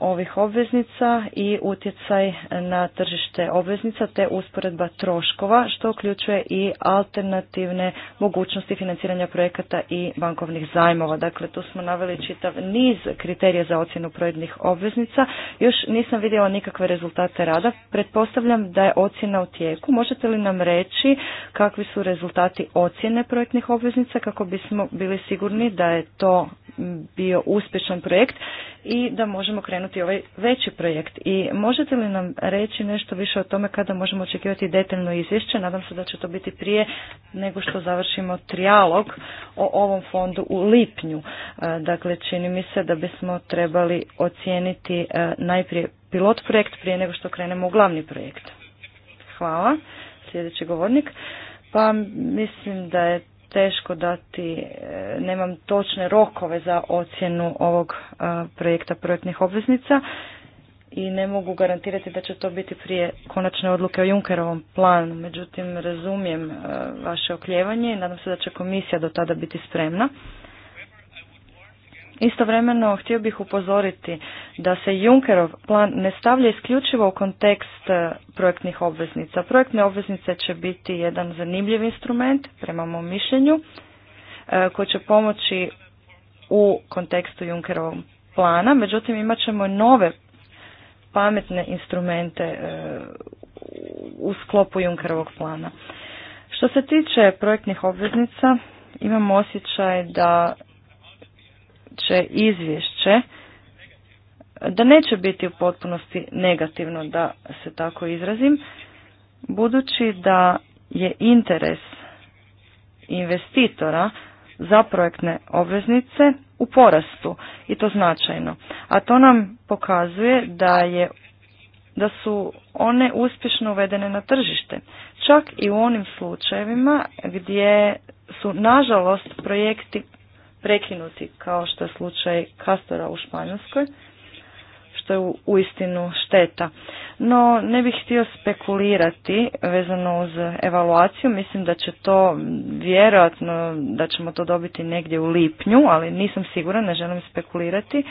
ovih obveznica i utjecaj na tržište obveznica te usporedba troškova što uključuje i alternativne mogućnosti financiranja projekata i bankovnih zajmova. Dakle, tu smo naveli čitav niz kriterija za ocjenu projektnih obveznica. Još nisam vidjela nikakve rezultate rada. Pretpostavljam da je ocjena u tijeku. Možete li nam reći kakvi su rezultati ocjene projektnih obveznica kako bismo bili sigurni da je to bio uspješan projekt i da možemo krenuti ovaj veći projekt i možete li nam reći nešto više o tome kada možemo očekivati detaljno izvješće? Nadam se da će to biti prije nego što završimo trijalog o ovom fondu u lipnju. E, dakle, čini mi se da bismo trebali ocijeniti e, najprije pilot projekt prije nego što krenemo u glavni projekt. Hvala. Sljedeći govornik. Pa mislim da je teško dati, e, nemam točne rokove za ocjenu ovog e, projekta projektnih obveznica i ne mogu garantirati da će to biti prije konačne odluke o Junkerovom planu. Međutim, razumijem e, vaše okljevanje i nadam se da će komisija do tada biti spremna. Istovremeno htio bih upozoriti da se Junckerov plan ne stavlja isključivo u kontekst e, projektnih obveznica. Projektne obveznice će biti jedan zanimljiv instrument, prema mom mišljenju, e, koji će pomoći u kontekstu Junkerovog plana, međutim imat ćemo nove pametne instrumente e, u sklopu Junkerovog plana. Što se tiče projektnih obveznica, imam osjećaj da će izvješće da neće biti u potpunosti negativno, da se tako izrazim, budući da je interes investitora za projektne obveznice u porastu i to značajno. A to nam pokazuje da je da su one uspješno uvedene na tržište. Čak i u onim slučajevima gdje su nažalost projekti prekinuti kao što je slučaj Kastora u Španjolskoj, što je uistinu šteta. No, ne bih htio spekulirati vezano uz evaluaciju, mislim da će to vjerojatno da ćemo to dobiti negdje u lipnju, ali nisam sigura, ne želim spekulirati.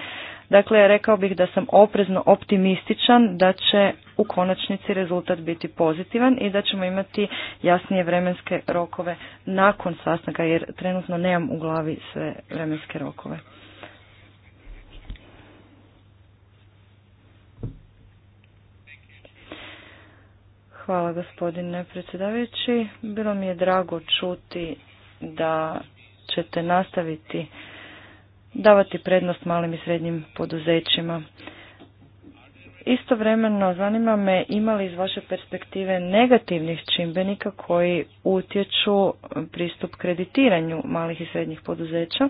Dakle, rekao bih da sam oprezno optimističan da će u konačnici rezultat biti pozitivan i da ćemo imati jasnije vremenske rokove nakon sastanka, jer trenutno nemam u glavi sve vremenske rokove. Hvala gospodine predsjedavajući. Bilo mi je drago čuti da ćete nastaviti davati prednost malim i srednjim poduzećima. Istovremeno zanima me ima li iz vaše perspektive negativnih čimbenika koji utječu pristup kreditiranju malih i srednjih poduzeća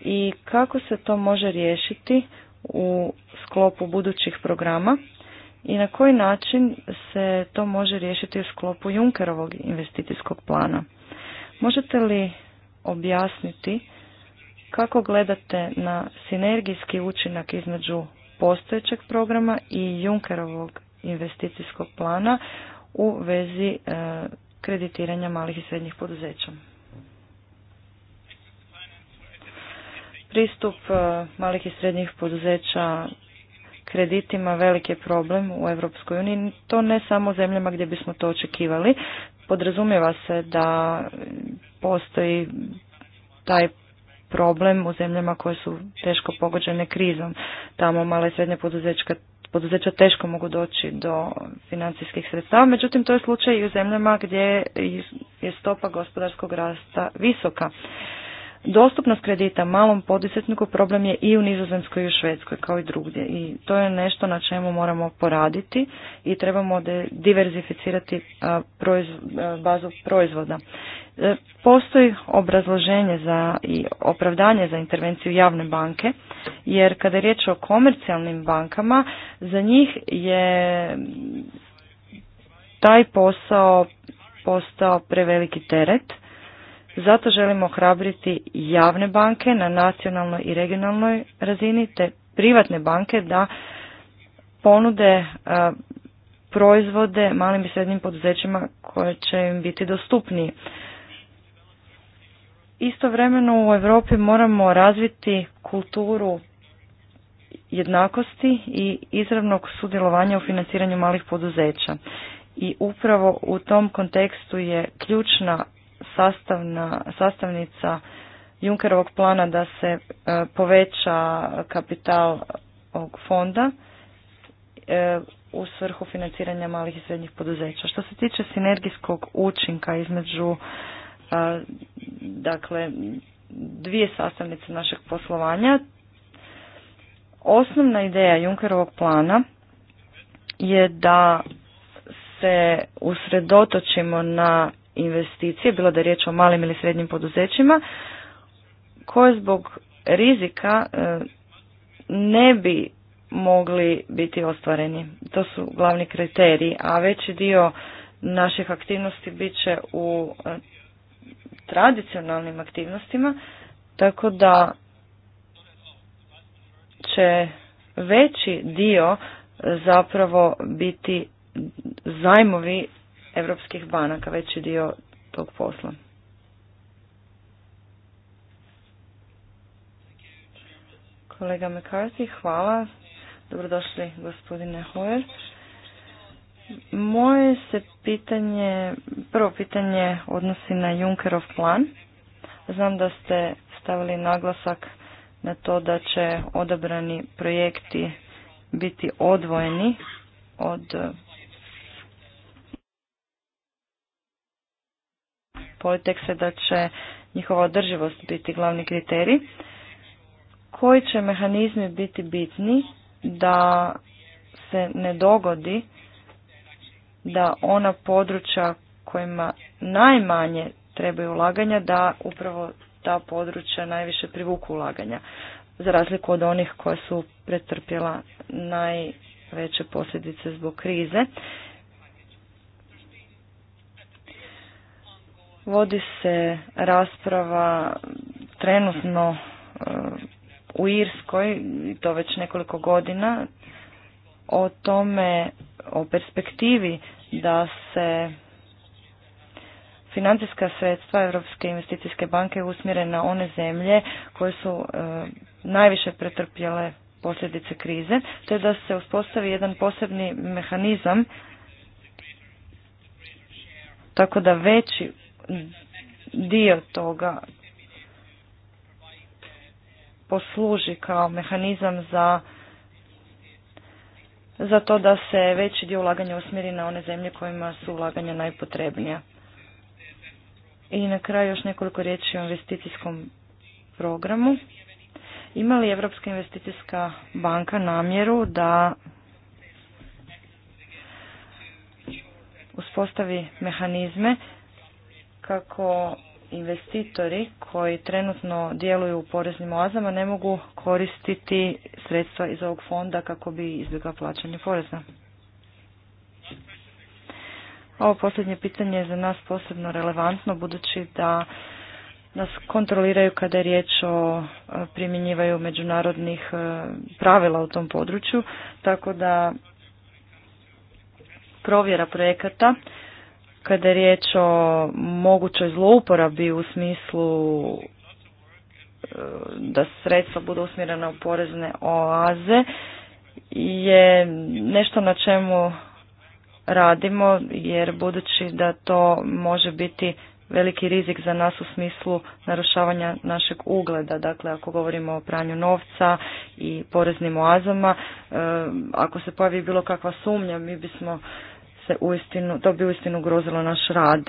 i kako se to može riješiti u sklopu budućih programa i na koji način se to može riješiti u sklopu Junkerovog investicijskog plana. Možete li objasniti kako gledate na sinergijski učinak između postojećeg programa i Junkerovog investicijskog plana u vezi e, kreditiranja malih i srednjih poduzeća? Pristup e, malih i srednjih poduzeća kreditima veliki je problem u Europskoj uniji. To ne samo u zemljama gdje bismo to očekivali. Podrazumijeva se da postoji taj problem u zemljama koje su teško pogođene krizom. Tamo male i srednja poduzeća, poduzeća teško mogu doći do financijskih sredstava, međutim to je slučaj i u zemljama gdje je stopa gospodarskog rasta visoka. Dostupnost kredita malom poduzetniku problem je i u Nizozemskoj i u Švedskoj kao i drugdje i to je nešto na čemu moramo poraditi i trebamo diverzificirati bazu proizvoda. E, postoji obrazloženje za i opravdanje za intervenciju javne banke jer kada je riječ o komercijalnim bankama za njih je taj posao postao preveliki teret zato želimo ohrabriti javne banke na nacionalnoj i regionalnoj razini te privatne banke da ponude e, proizvode malim i srednjim poduzećima koje će im biti dostupniji. Istovremeno u Europi moramo razviti kulturu jednakosti i izravnog sudjelovanja u financiranju malih poduzeća. I upravo u tom kontekstu je ključna sastavna, sastavnica Junkerovog plana da se e, poveća kapital ovog fonda e, u svrhu financiranja malih i srednjih poduzeća. Što se tiče sinergijskog učinka između e, dakle dvije sastavnice našeg poslovanja, osnovna ideja Junkerovog plana je da se usredotočimo na investicije, bilo da je riječ o malim ili srednjim poduzećima, koje zbog rizika e, ne bi mogli biti ostvareni. To su glavni kriteriji, a veći dio naših aktivnosti bit će u e, tradicionalnim aktivnostima, tako da će veći dio zapravo biti zajmovi europskih banaka, veći dio tog posla. Kolega McCarthy, hvala. Dobrodošli gospodine Hoyer. Moje se pitanje, prvo pitanje odnosi na Junckerov plan. Znam da ste stavili naglasak na to da će odabrani projekti biti odvojeni od se da će njihova održivost biti glavni kriterij. Koji će mehanizmi biti bitni da se ne dogodi da ona područja kojima najmanje trebaju ulaganja, da upravo ta područja najviše privuku ulaganja, za razliku od onih koja su pretrpjela najveće posljedice zbog krize. Vodi se rasprava trenutno e, u Irskoj, i to već nekoliko godina, o tome, o perspektivi da se financijska sredstva Europske investicijske banke usmjere na one zemlje koje su e, najviše pretrpjele posljedice krize, te da se uspostavi jedan posebni mehanizam tako da veći dio toga posluži kao mehanizam za za to da se veći dio ulaganja usmjeri na one zemlje kojima su ulaganja najpotrebnija. I na kraju još nekoliko riječi o investicijskom programu. Ima li Europska investicijska banka namjeru da uspostavi mehanizme kako investitori koji trenutno djeluju u poreznim oazama ne mogu koristiti sredstva iz ovog fonda kako bi izbjegla plaćanje poreza. Ovo posljednje pitanje je za nas posebno relevantno budući da nas kontroliraju kada je riječ o e, primjenjivaju međunarodnih e, pravila u tom području, tako da provjera projekata kada je riječ o mogućoj zlouporabi u smislu e, da sredstva budu usmjerena u porezne oaze je nešto na čemu radimo jer budući da to može biti veliki rizik za nas u smislu narušavanja našeg ugleda. Dakle, ako govorimo o pranju novca i poreznim oazama, e, ako se pojavi bilo kakva sumnja, mi bismo se uistinu, to bi uistinu grozilo naš rad.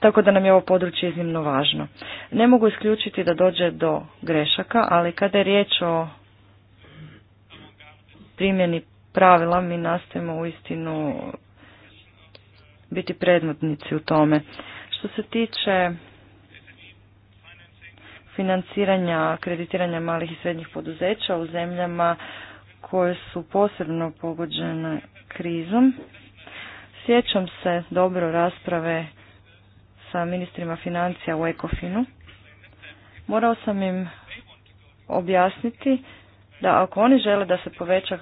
Tako da nam je ovo područje iznimno važno. Ne mogu isključiti da dođe do grešaka, ali kada je riječ o primjeni pravila, mi nastojimo uistinu biti predmetnici u tome. Što se tiče financiranja, kreditiranja malih i srednjih poduzeća u zemljama koje su posebno pogođene krizom. Sjećam se dobro rasprave sa ministrima financija u Ekofinu. Morao sam im objasniti da ako oni žele da se poveća e,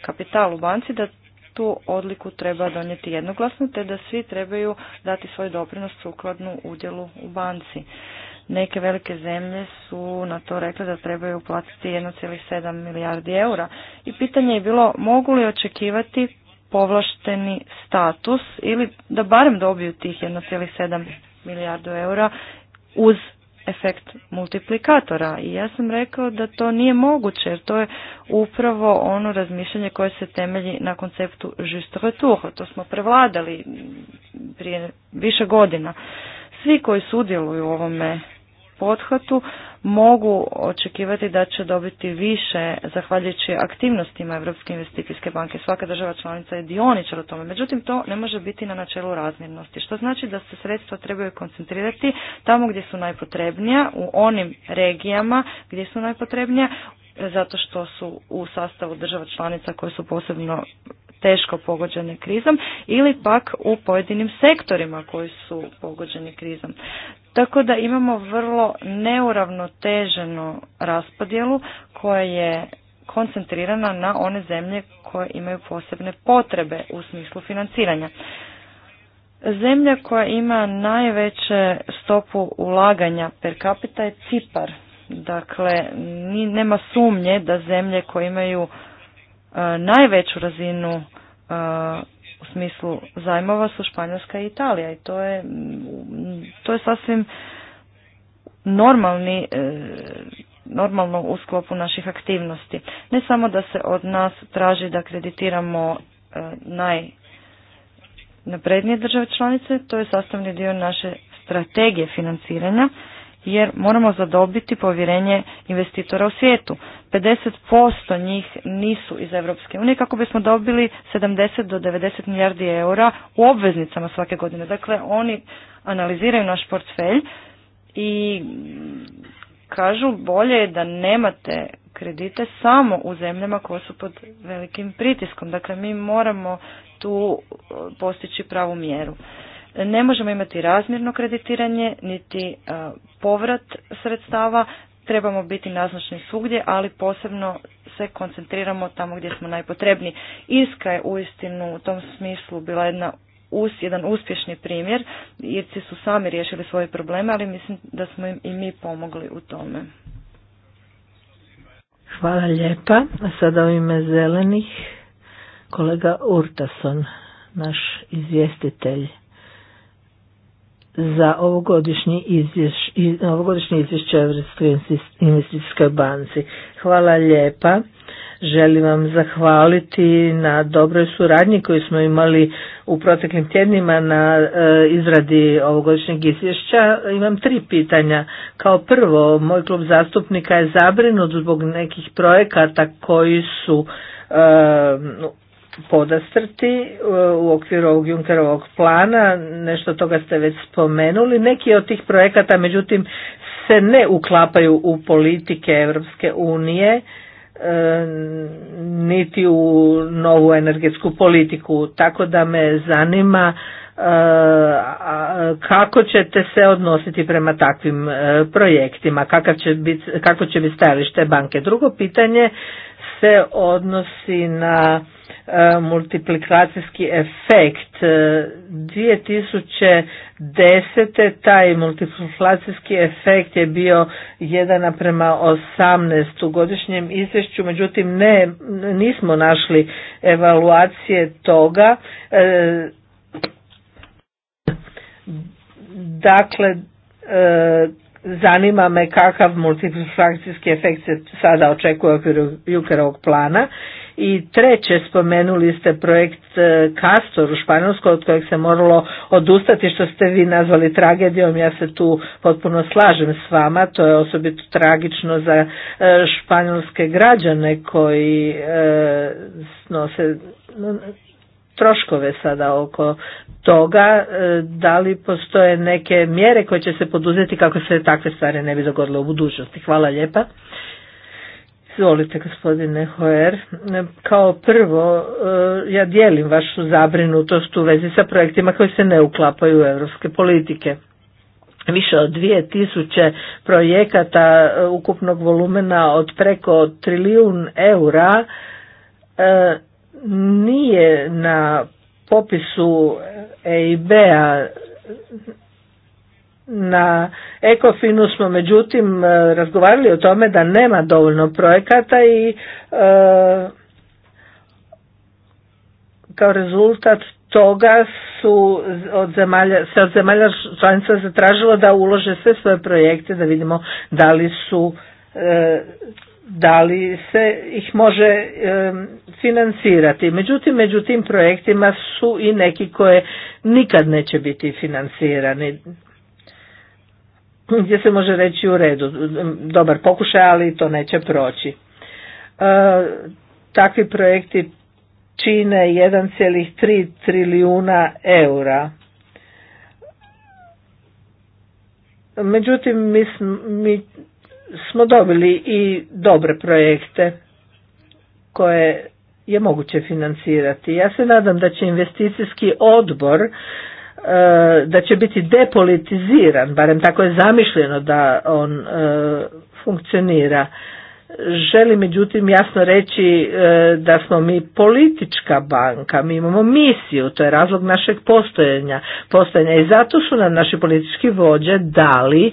kapital u banci, da tu odliku treba donijeti jednoglasno, te da svi trebaju dati svoj doprinos sukladnu udjelu u banci. Neke velike zemlje su na to rekle da trebaju uplatiti 1,7 milijardi eura. I pitanje je bilo mogu li očekivati povlašteni status ili da barem dobiju tih 1,7 milijardu eura uz efekt multiplikatora i ja sam rekao da to nije moguće jer to je upravo ono razmišljanje koje se temelji na konceptu juste retour. To smo prevladali prije više godina. Svi koji sudjeluju u ovome pothvatu mogu očekivati da će dobiti više zahvaljujući aktivnostima Europske investicijske banke. Svaka država članica je dioničar u tome. Međutim, to ne može biti na načelu razmjernosti, što znači da se sredstva trebaju koncentrirati tamo gdje su najpotrebnija, u onim regijama gdje su najpotrebnija, zato što su u sastavu država članica koje su posebno teško pogođene krizom ili pak u pojedinim sektorima koji su pogođeni krizom. Tako da imamo vrlo neuravnoteženu raspodjelu koja je koncentrirana na one zemlje koje imaju posebne potrebe u smislu financiranja. Zemlja koja ima najveće stopu ulaganja per capita je Cipar. Dakle, nema sumnje da zemlje koje imaju e, najveću razinu e, u smislu zajmova su Španjolska i Italija i to je, mm, to je sasvim normalni, e, normalno u sklopu naših aktivnosti. Ne samo da se od nas traži da kreditiramo e, naj naprednije države članice, to je sastavni dio naše strategije financiranja jer moramo zadobiti povjerenje investitora u svijetu. 50% njih nisu iz Europske unije kako bismo dobili 70 do 90 milijardi eura u obveznicama svake godine. Dakle, oni analiziraju naš portfelj i kažu bolje je da nemate kredite samo u zemljama koje su pod velikim pritiskom. Dakle, mi moramo tu e, postići pravu mjeru. Ne možemo imati razmjerno kreditiranje niti e, povrat sredstava, trebamo biti naznačni svugdje, ali posebno se koncentriramo tamo gdje smo najpotrebni. Irska je uistinu u tom smislu bila jedna us, jedan uspješni primjer. Irci su sami riješili svoje probleme, ali mislim da smo im i mi pomogli u tome. Hvala lijepa. A sada u ime zelenih kolega Urtason, naš izvjestitelj za ovogodišnje izvješće, ovogodišnje izvješće Evropskoj investicijskoj banci. Hvala lijepa. Želim vam zahvaliti na dobroj suradnji koju smo imali u proteklim tjednima na e, izradi ovogodišnjeg izvješća. Imam tri pitanja. Kao prvo, moj klub zastupnika je zabrinut zbog nekih projekata koji su e, podastrti e, u okviru ovog Junkerovog plana, nešto toga ste već spomenuli. Neki od tih projekata međutim se ne uklapaju u politike Europske unije e, niti u novu energetsku politiku, tako da me zanima e, kako ćete se odnositi prema takvim projektima, kakav će biti, kako će biti stajalište banke. Drugo pitanje se odnosi na e, multiplikacijski efekt. 2010. E, taj multiplikacijski efekt je bio 1 naprema 18 u godišnjem izvješću, međutim ne, nismo našli evaluacije toga. E, dakle, zanima me kakav multifrakcijski efekt se sada očekuje u okviru Jukerovog plana. I treće, spomenuli ste projekt e, Castor u Španjolskoj od kojeg se moralo odustati što ste vi nazvali tragedijom. Ja se tu potpuno slažem s vama. To je osobito tragično za e, španjolske građane koji e, snose troškove sada oko toga e, da li postoje neke mjere koje će se poduzeti kako se takve stvari ne bi dogodile u budućnosti. Hvala lijepa. Izvolite gospodine Hoer. Kao prvo, e, ja dijelim vašu zabrinutost u vezi sa projektima koji se ne uklapaju u europske politike. Više od 2000 projekata e, ukupnog volumena od preko trilijun eura nije na popisu EIB-a na Ekofinu smo međutim e, razgovarali o tome da nema dovoljno projekata i e, kao rezultat toga su od zemalja, se od zemalja članica zatražilo da ulože sve svoje projekte da vidimo da li su e, da li se ih može financirati. Međutim, među tim projektima su i neki koje nikad neće biti financirani. Gdje se može reći u redu, dobar pokušaj, ali to neće proći. E, takvi projekti čine 1,3 trilijuna eura. Međutim, mi, mi smo dobili i dobre projekte koje je moguće financirati. Ja se nadam da će investicijski odbor e, da će biti depolitiziran, barem tako je zamišljeno da on e, funkcionira. Želim međutim jasno reći e, da smo mi politička banka, mi imamo misiju, to je razlog našeg postojanja, postojanja i zato su nam naši politički vođe dali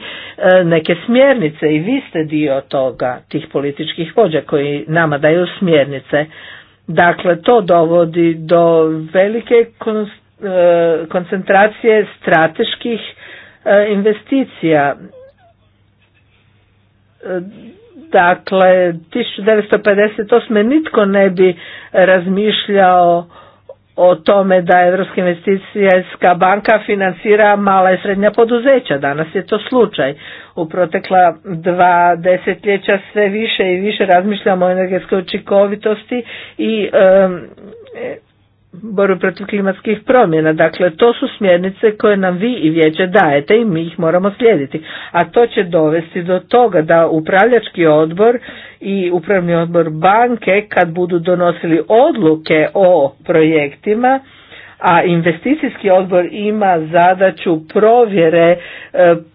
e, neke smjernice i vi ste dio toga, tih političkih vođa koji nama daju smjernice. Dakle, to dovodi do velike e, koncentracije strateških investicija Dakle, 1958. nitko ne bi razmišljao o tome da Europska investicijska banka financira mala i srednja poduzeća. Danas je to slučaj. U protekla dva desetljeća sve više i više razmišljamo o energetskoj učinkovitosti i borbu protiv klimatskih promjena. Dakle, to su smjernice koje nam vi i vijeće dajete i mi ih moramo slijediti. A to će dovesti do toga da upravljački odbor i upravni odbor banke kad budu donosili odluke o projektima, a investicijski odbor ima zadaću provjere e,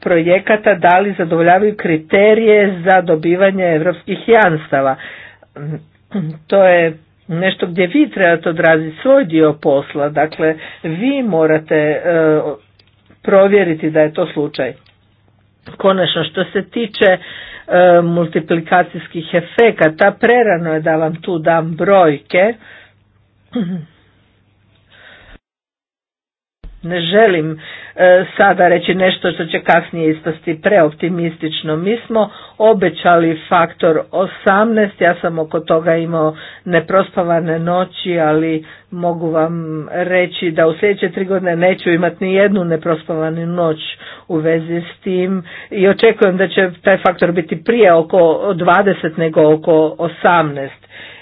projekata da li zadovoljavaju kriterije za dobivanje europskih jamstava. To je nešto gdje vi trebate odraziti svoj dio posla, dakle vi morate e, provjeriti da je to slučaj. Konačno što se tiče e, multiplikacijskih efekata, prerano je da vam tu dam brojke. Ne želim E, sada reći nešto što će kasnije ispasti preoptimistično. Mi smo obećali faktor 18, ja sam oko toga imao neprospavane noći, ali mogu vam reći da u sljedeće tri godine neću imati ni jednu neprospavanu noć u vezi s tim i očekujem da će taj faktor biti prije oko 20 nego oko 18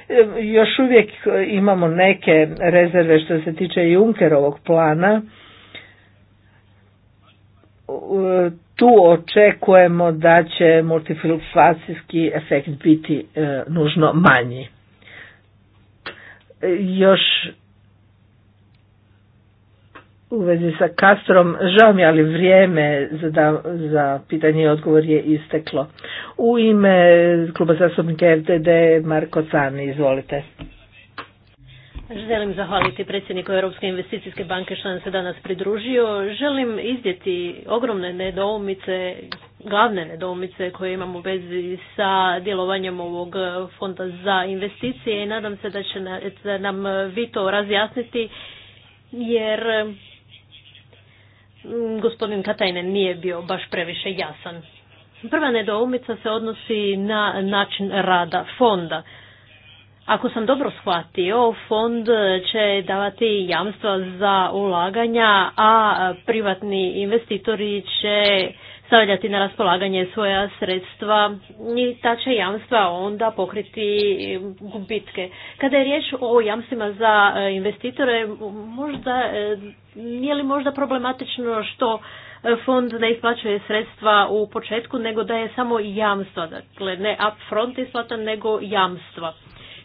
e, još uvijek imamo neke rezerve što se tiče Junkerovog plana tu očekujemo da će multifluksacijski efekt biti e, nužno manji. E, još u vezi sa Kastrom, žao mi ali vrijeme za, za pitanje i odgovor je isteklo. U ime kluba zastupnika FDD Marko Cani, izvolite. Želim zahvaliti predsjedniku Europske investicijske banke što nam se danas pridružio. Želim izdjeti ogromne nedoumice, glavne nedoumice koje imamo u vezi sa djelovanjem ovog fonda za investicije i nadam se da će nam vi to razjasniti jer mm, gospodin Katajnen nije bio baš previše jasan. Prva nedoumica se odnosi na način rada fonda. Ako sam dobro shvatio, fond će davati jamstva za ulaganja, a privatni investitori će stavljati na raspolaganje svoja sredstva i ta će jamstva onda pokriti gubitke. Kada je riječ o jamstvima za e, investitore, možda, e, nije li možda problematično što e, fond ne isplaćuje sredstva u početku, nego da je samo jamstva, dakle ne upfront isplata, nego jamstva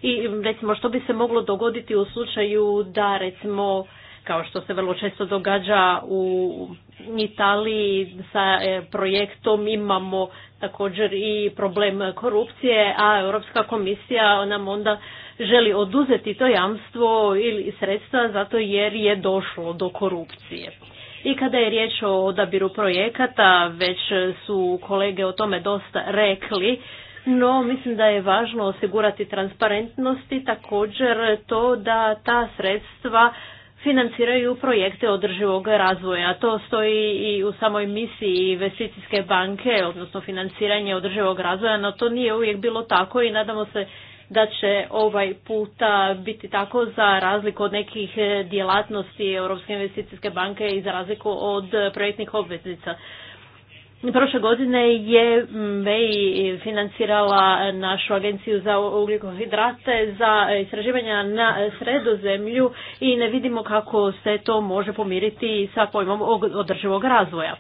i recimo što bi se moglo dogoditi u slučaju da recimo kao što se vrlo često događa u Italiji sa e, projektom imamo također i problem korupcije, a Europska komisija nam onda želi oduzeti to jamstvo ili sredstva zato jer je došlo do korupcije. I kada je riječ o odabiru projekata, već su kolege o tome dosta rekli, no mislim da je važno osigurati transparentnost i također to da ta sredstva financiraju projekte održivog razvoja. To stoji i u samoj misiji investicijske banke, odnosno financiranje održivog razvoja, no to nije uvijek bilo tako i nadamo se da će ovaj puta biti tako za razliku od nekih djelatnosti Europske investicijske banke i za razliku od projektnih obveznica. Prošle godine je MEI financirala našu agenciju za ugljikohidrate za istraživanja na sredozemlju i ne vidimo kako se to može pomiriti sa pojmom održivog razvoja.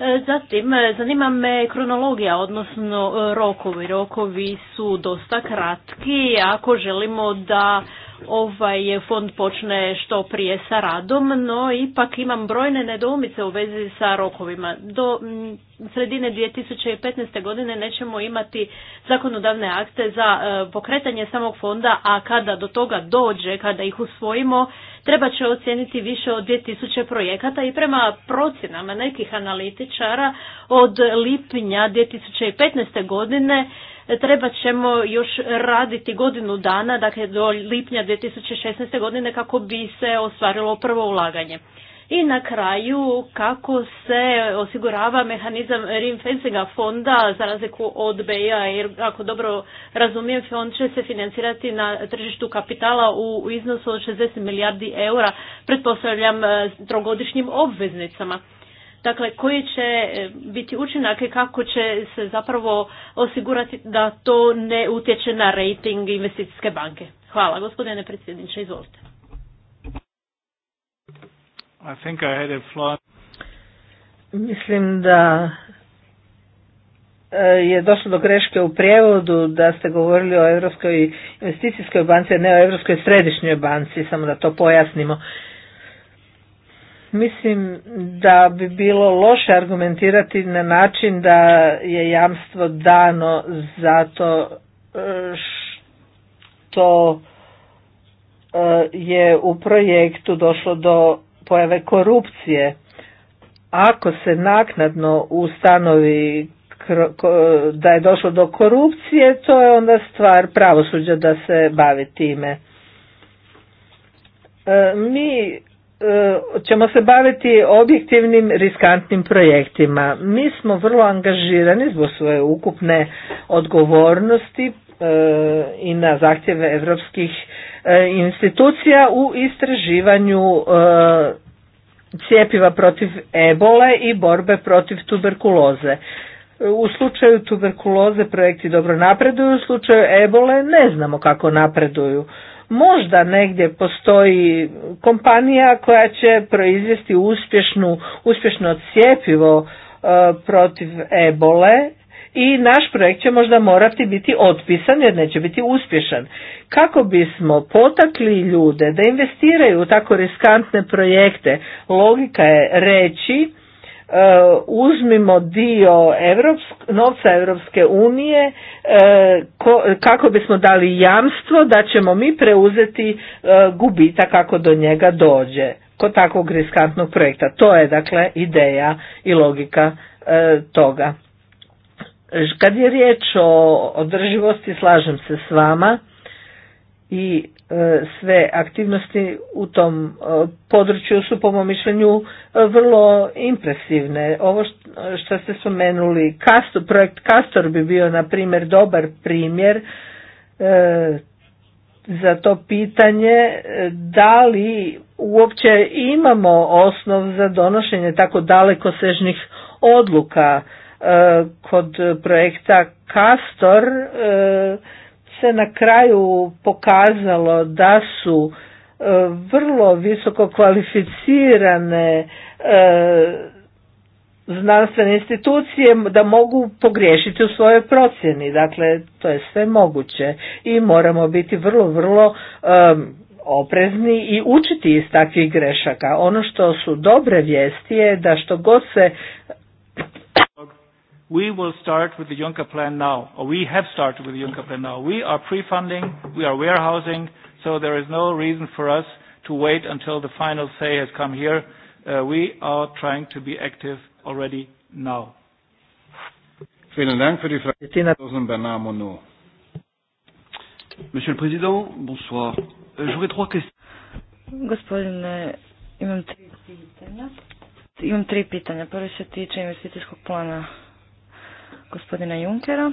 E, zatim, zanima me kronologija, odnosno rokovi. Rokovi su dosta kratki ako želimo da ovaj fond počne što prije sa radom, no ipak imam brojne nedoumice u vezi sa rokovima. Do sredine 2015. godine nećemo imati zakonodavne akte za e, pokretanje samog fonda, a kada do toga dođe, kada ih usvojimo, treba će ocijeniti više od 2000 projekata i prema procjenama nekih analitičara od lipnja 2015. godine Trebati ćemo još raditi godinu dana, dakle do lipnja 2016. godine kako bi se ostvarilo prvo ulaganje. I na kraju kako se osigurava mehanizam reinfencinga fonda za razliku od BIA jer ako dobro razumijem fond će se financirati na tržištu kapitala u iznosu od 60 milijardi eura, pretpostavljam trogodišnjim obveznicama. Dakle, koji će e, biti učinak i kako će se zapravo osigurati da to ne utječe na rating investicijske banke? Hvala, gospodine predsjedniče, izvolite. I think I had a Mislim da e, je došlo do greške u prijevodu da ste govorili o Europskoj investicijskoj banci, a ne o Europskoj središnjoj banci, samo da to pojasnimo. Mislim da bi bilo loše argumentirati na način da je jamstvo dano zato e, što e, je u projektu došlo do pojave korupcije. Ako se naknadno ustanovi da je došlo do korupcije, to je onda stvar pravosuđa da se bavi time. E, mi E, ćemo se baviti objektivnim riskantnim projektima. Mi smo vrlo angažirani zbog svoje ukupne odgovornosti e, i na zahtjeve evropskih e, institucija u istraživanju cijepiva protiv ebole i borbe protiv tuberkuloze. U slučaju tuberkuloze projekti dobro napreduju, u slučaju ebole ne znamo kako napreduju. Možda negdje postoji kompanija koja će proizvesti uspješnu, uspješno cjepivo e, protiv ebole i naš projekt će možda morati biti otpisan jer neće biti uspješan. Kako bismo potakli ljude da investiraju u tako riskantne projekte, logika je reći Uh, uzmimo dio Evropsk, novca Europske unije uh, kako bismo dali jamstvo da ćemo mi preuzeti uh, gubita kako do njega dođe kod takvog riskantnog projekta. To je dakle ideja i logika toga. Kad je riječ o održivosti, slažem se s vama i E, sve aktivnosti u tom e, području su po mom mišljenju e, vrlo impresivne. Ovo što ste spomenuli, projekt Kastor bi bio na primjer dobar primjer za to pitanje da li uopće imamo osnov za donošenje tako dalekosežnih odluka kod projekta Kastor se na kraju pokazalo da su e, vrlo visoko kvalificirane e, znanstvene institucije da mogu pogriješiti u svojoj procjeni. Dakle, to je sve moguće i moramo biti vrlo, vrlo e, oprezni i učiti iz takvih grešaka. Ono što su dobre vijesti je da što god se we will start with the Juncker plan now, or we have started with the Juncker plan now. We are pre-funding, we are warehousing, so there is no reason for us to wait until the final say has come here. Uh, we are trying to be active already now. Vielen Dank bonsoir. Euh, questions. Gospodine, imam tri pitanja. Imam se tiče investicijskog plana gospodina Junkera.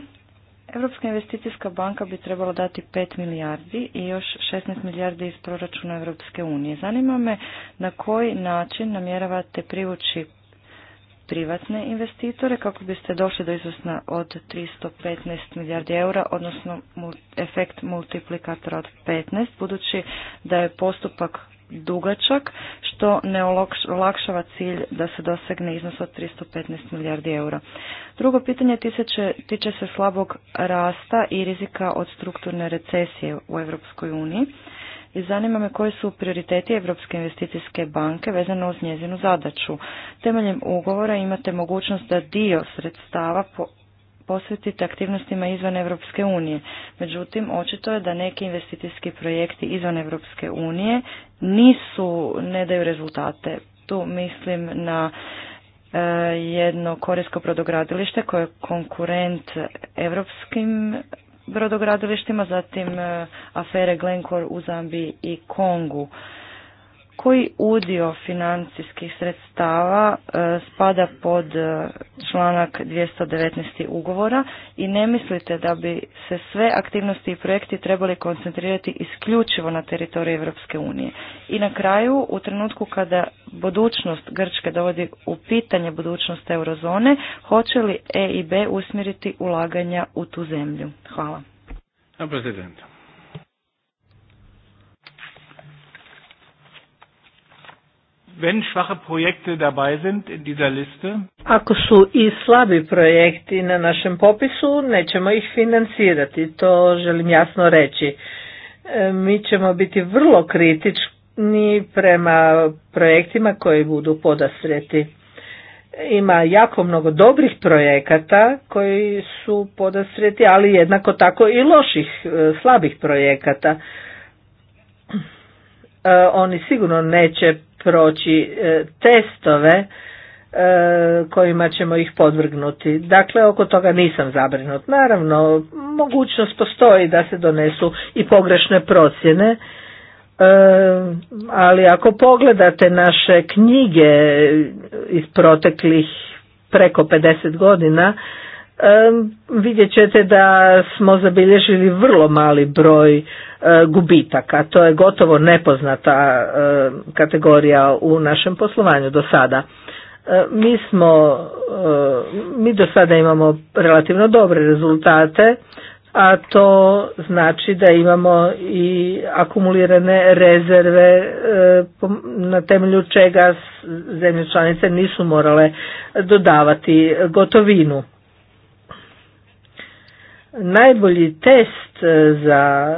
Europska investicijska banka bi trebala dati 5 milijardi i još 16 milijardi iz proračuna Europske unije. Zanima me na koji način namjeravate privući privatne investitore kako biste došli do izvrsna od 315 milijardi eura, odnosno efekt multiplikatora od 15, budući da je postupak dugačak, što ne olakšava cilj da se dosegne iznos od 315 milijardi eura. Drugo pitanje tiče se slabog rasta i rizika od strukturne recesije u Europskoj uniji i zanima me koji su prioriteti Europske investicijske banke vezano uz njezinu zadaću. Temeljem ugovora imate mogućnost da dio sredstava po posvetiti aktivnostima izvan Europske unije. Međutim, očito je da neki investicijski projekti izvan Europske unije nisu, ne daju rezultate. Tu mislim na e, jedno korejsko brodogradilište koje je konkurent europskim brodogradilištima, zatim e, afere Glencore u Zambiji i Kongu koji udio financijskih sredstava e, spada pod e, članak 219. ugovora i ne mislite da bi se sve aktivnosti i projekti trebali koncentrirati isključivo na teritoriju Europske unije. I na kraju, u trenutku kada budućnost Grčke dovodi u pitanje budućnost eurozone, hoće li EIB usmjeriti ulaganja u tu zemlju? Hvala. wenn schwache Projekte dabei sind in dieser Liste, ako su i slabi projekti na našem popisu, nećemo ih financirati, to želim jasno reći. E, mi ćemo biti vrlo kritični prema projektima koji budu podastreti. Ima jako mnogo dobrih projekata koji su podastreti, ali jednako tako i loših, e, slabih projekata. E, oni sigurno neće proći e, testove e, kojima ćemo ih podvrgnuti. Dakle, oko toga nisam zabrinut. Naravno, mogućnost postoji da se donesu i pogrešne procjene, e, ali ako pogledate naše knjige iz proteklih preko 50 godina, vidjet ćete da smo zabilježili vrlo mali broj e, gubitaka. To je gotovo nepoznata e, kategorija u našem poslovanju do sada. E, mi smo, mi do sada imamo relativno dobre rezultate, a to znači da imamo i akumulirane rezerve na temelju čega zemlje članice nisu morale dodavati gotovinu najbolji test e, za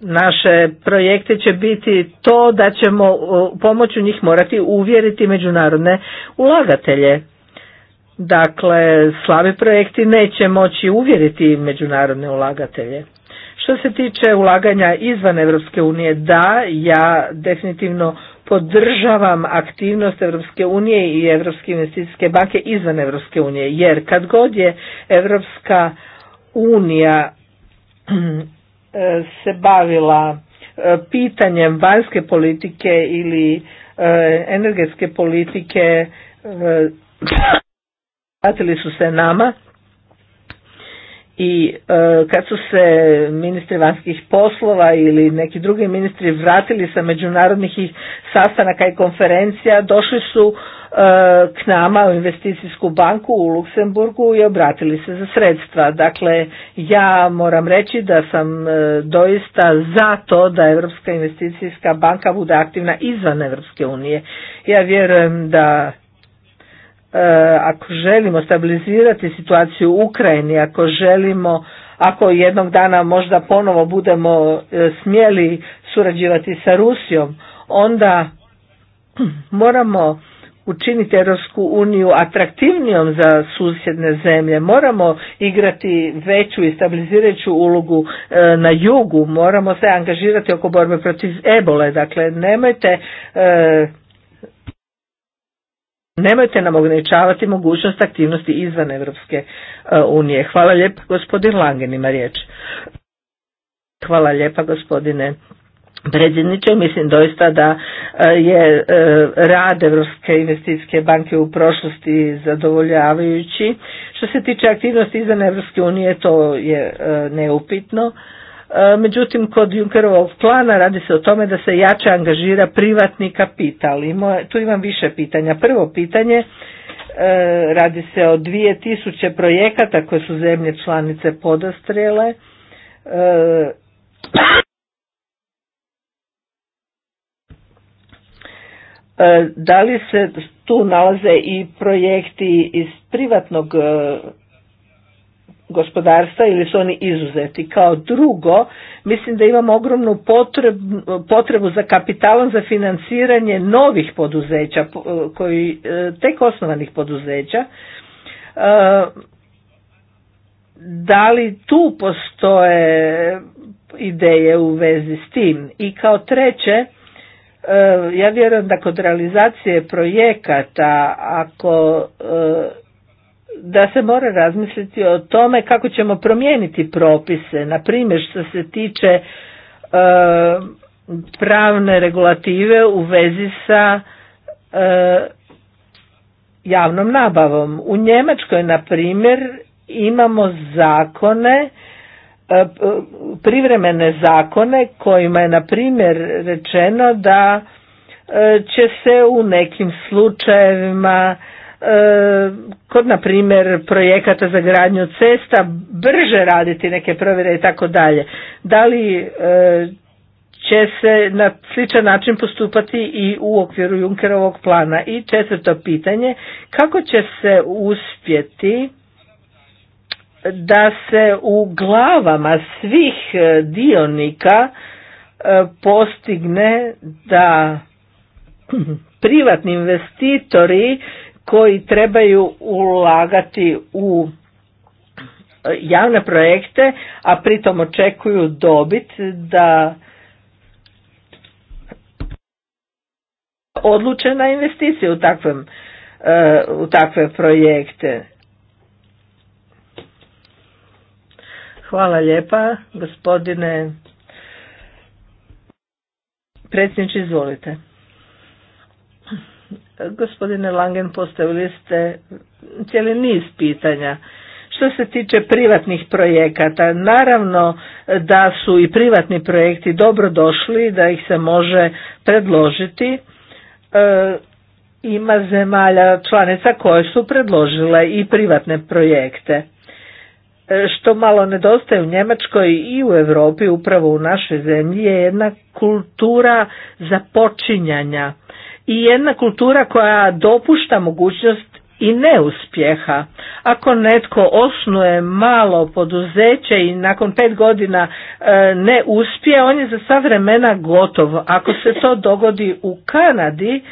naše projekte će biti to da ćemo e, pomoću njih morati uvjeriti međunarodne ulagatelje. Dakle, slabi projekti neće moći uvjeriti međunarodne ulagatelje. Što se tiče ulaganja izvan Europske unije, da, ja definitivno podržavam aktivnost Europske unije i Europske investicijske banke izvan Europske unije, jer kad god je Europska unija *clears throat* e, se bavila e, pitanjem vanjske politike ili e, energetske politike vratili su se nama i kad su se ministri vanjskih poslova ili neki drugi ministri vratili sa međunarodnih sastanaka i konferencija došli su Eh, k nama u investicijsku banku u Luksemburgu i obratili se za sredstva. Dakle, ja moram reći da sam eh, doista za to da Europska investicijska banka bude aktivna izvan Evropske unije. Ja vjerujem da eh, ako želimo stabilizirati situaciju u Ukrajini, ako želimo ako jednog dana možda ponovo budemo smjeli surađivati sa Rusijom, onda *clears throat* moramo učiniti Europsku uniju atraktivnijom za susjedne zemlje. Moramo igrati veću i stabilizirajuću ulogu e, na jugu, moramo se angažirati oko borbe protiv ebole, dakle nemojte e, Nemojte nam ograničavati mogućnost aktivnosti izvan Europske e, unije. Hvala lijepa gospodin Langen ima riječ. Hvala lijepa gospodine predsjedniče, mislim doista da e, je e, rad Europske investicijske banke u prošlosti zadovoljavajući. Što se tiče aktivnosti izvan Europske unije, to je e, neupitno. Međutim, kod Junckerovog plana radi se o tome da se jače angažira privatni kapital. tu imam više pitanja. Prvo pitanje, radi se o 2000 projekata koje su zemlje članice podastrele E, da li se tu nalaze i projekti iz privatnog e, gospodarstva ili su oni izuzeti. Kao drugo, mislim da imamo ogromnu potrebu, za kapitalom za financiranje novih poduzeća, e, koji, tek osnovanih poduzeća. Da li tu postoje ideje u vezi s tim? I kao treće, E, ja vjerujem da kod realizacije projekata ako e, da se mora razmisliti o tome kako ćemo promijeniti propise, na primjer što se tiče e, pravne regulative u vezi sa javnom nabavom. U Njemačkoj, na primjer, imamo zakone E, e, privremene zakone kojima je na primjer rečeno da e, će se u nekim slučajevima kod na primjer projekata za gradnju cesta brže raditi neke provjere i tako dalje. Da li će se na sličan način postupati i u okviru Junkerovog plana? I četvrto pitanje, kako će se uspjeti da se u glavama svih e, dionika e, postigne da *clears throat* privatni investitori koji trebaju ulagati u e, javne projekte, a pritom očekuju dobit da odluče na investicije u u takve projekte. Hvala lijepa, gospodine predsjedniče, izvolite. Gospodine Langen, postavili ste cijeli niz pitanja. Što se tiče privatnih projekata, naravno da su i privatni projekti dobro došli, da ih se može predložiti. E, ima zemalja članica koje su predložile i privatne projekte. E, što malo nedostaje u Njemačkoj i u Europi, upravo u našoj zemlji, je jedna kultura započinjanja i jedna kultura koja dopušta mogućnost i neuspjeha. Ako netko osnuje malo poduzeće i nakon pet godina e, ne uspije, on je za sva vremena gotov. Ako se to dogodi u Kanadi,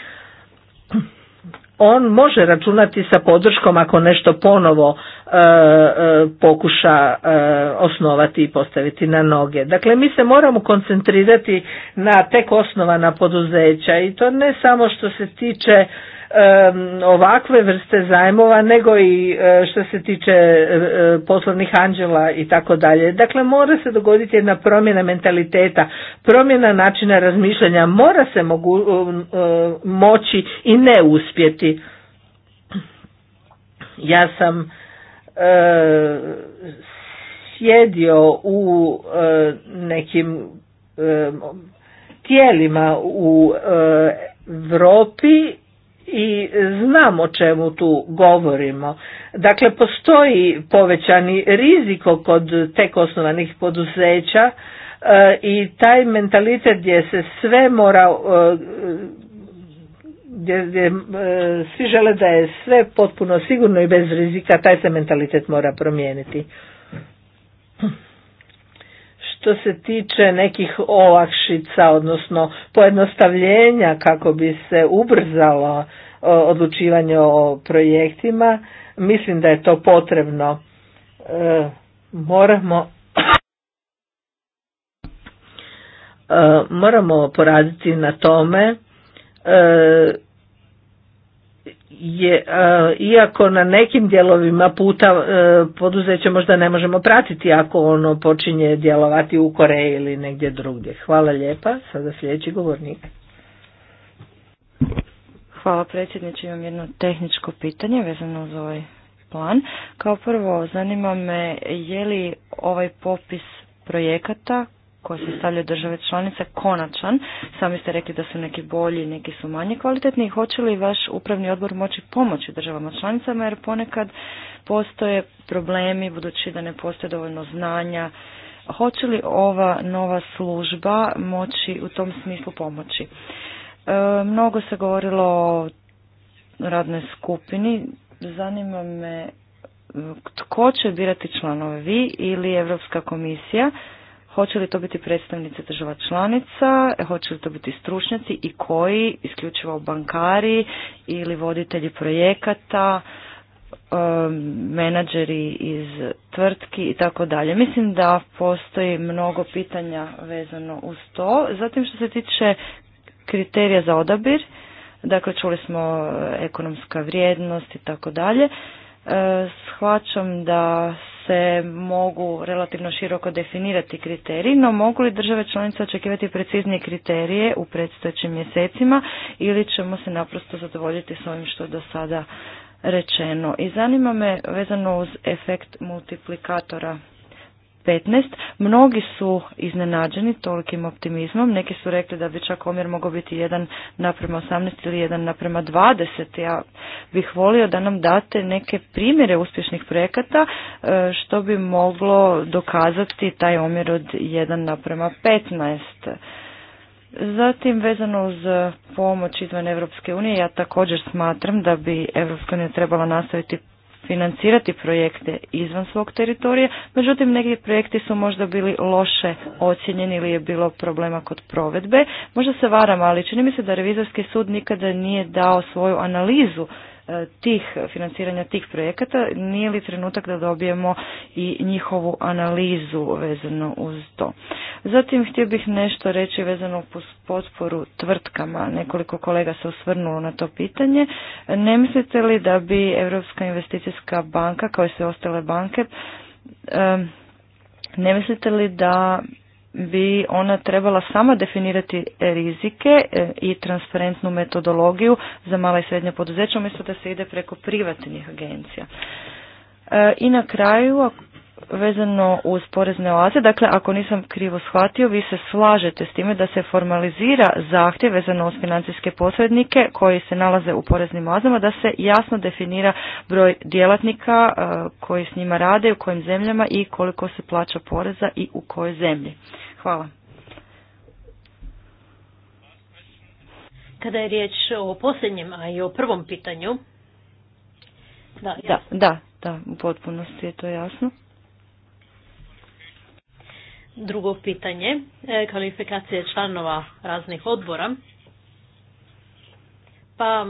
on može računati sa podrškom ako nešto ponovo e, e, pokuša e, osnovati i postaviti na noge. Dakle, mi se moramo koncentrirati na tek osnovana poduzeća i to ne samo što se tiče ovakve vrste zajmova nego i e, što se tiče e, e, poslovnih anđela i tako dalje. Dakle, mora se dogoditi jedna promjena mentaliteta, promjena načina razmišljanja, mora se mogu, moći i ne uspjeti. Ja sam e, sjedio u nekim tijelima u Europi i znam o čemu tu govorimo. Dakle, postoji povećani riziko kod tek osnovanih poduzeća e, i taj mentalitet gdje se sve mora e, gdje, gdje e, svi žele da je sve potpuno sigurno i bez rizika, taj se mentalitet mora promijeniti što se tiče nekih olakšica, odnosno pojednostavljenja kako bi se ubrzalo e, odlučivanje o projektima, mislim da je to potrebno. E, moramo e, moramo poraditi na tome je, e, iako na nekim dijelovima puta e, poduzeće možda ne možemo pratiti ako ono počinje djelovati u Koreji ili negdje drugdje. Hvala lijepa. Sada sljedeći govornik. Hvala predsjedniče, imam jedno tehničko pitanje vezano za ovaj plan. Kao prvo, zanima me je li ovaj popis projekata koje se stavljaju države članice konačan. Sami ste rekli da su neki bolji, neki su manje kvalitetni. Hoće li vaš upravni odbor moći pomoći državama članicama jer ponekad postoje problemi budući da ne postoje dovoljno znanja. Hoće li ova nova služba moći u tom smislu pomoći? E, mnogo se govorilo o radnoj skupini. Zanima me e, tko će birati članove, vi ili Europska komisija? Hoće li to biti predstavnice država članica, e, hoće li to biti stručnjaci i koji, isključivo bankari ili voditelji projekata, menadžeri iz tvrtki i tako dalje. Mislim da postoji mnogo pitanja vezano uz to. Zatim što se tiče kriterija za odabir, dakle čuli smo e, ekonomska vrijednost i tako dalje shvaćam da se mogu relativno široko definirati kriteriji, no mogu li države članice očekivati preciznije kriterije u predstojećim mjesecima ili ćemo se naprosto zadovoljiti s ovim što je do sada rečeno. I zanima me vezano uz efekt multiplikatora 15. Mnogi su iznenađeni tolikim optimizmom. Neki su rekli da bi čak omjer mogao biti 1 naprema 18 ili 1 naprema 20. Ja bih volio da nam date neke primjere uspješnih projekata e, što bi moglo dokazati taj omjer od 1 naprema 15. Zatim vezano uz pomoć izvan Evropske unije, ja također smatram da bi Europska unija trebala nastaviti financirati projekte izvan svog teritorija, međutim neki projekti su možda bili loše ocjenjeni ili je bilo problema kod provedbe. Možda se varam, ali čini mi se da revizorski sud nikada nije dao svoju analizu tih financiranja tih projekata, nije li trenutak da dobijemo i njihovu analizu vezano uz to. Zatim htio bih nešto reći vezano uz potporu tvrtkama. Nekoliko kolega se osvrnulo na to pitanje. Ne mislite li da bi Europska investicijska banka kao i sve ostale banke ne mislite li da bi ona trebala sama definirati rizike e, i transparentnu metodologiju za mala i srednja poduzeća, umjesto da se ide preko privatnih agencija. E, I na kraju, vezano uz porezne oaze, dakle ako nisam krivo shvatio, vi se slažete s time da se formalizira zahtjev vezano uz financijske posrednike koji se nalaze u poreznim oazama, da se jasno definira broj djelatnika e, koji s njima rade, u kojim zemljama i koliko se plaća poreza i u kojoj zemlji. Hvala. Kada je riječ o posljednjem, a i o prvom pitanju. Da, da, da, da, u potpunosti je to jasno. Drugo pitanje, e, kvalifikacije članova raznih odbora. Pa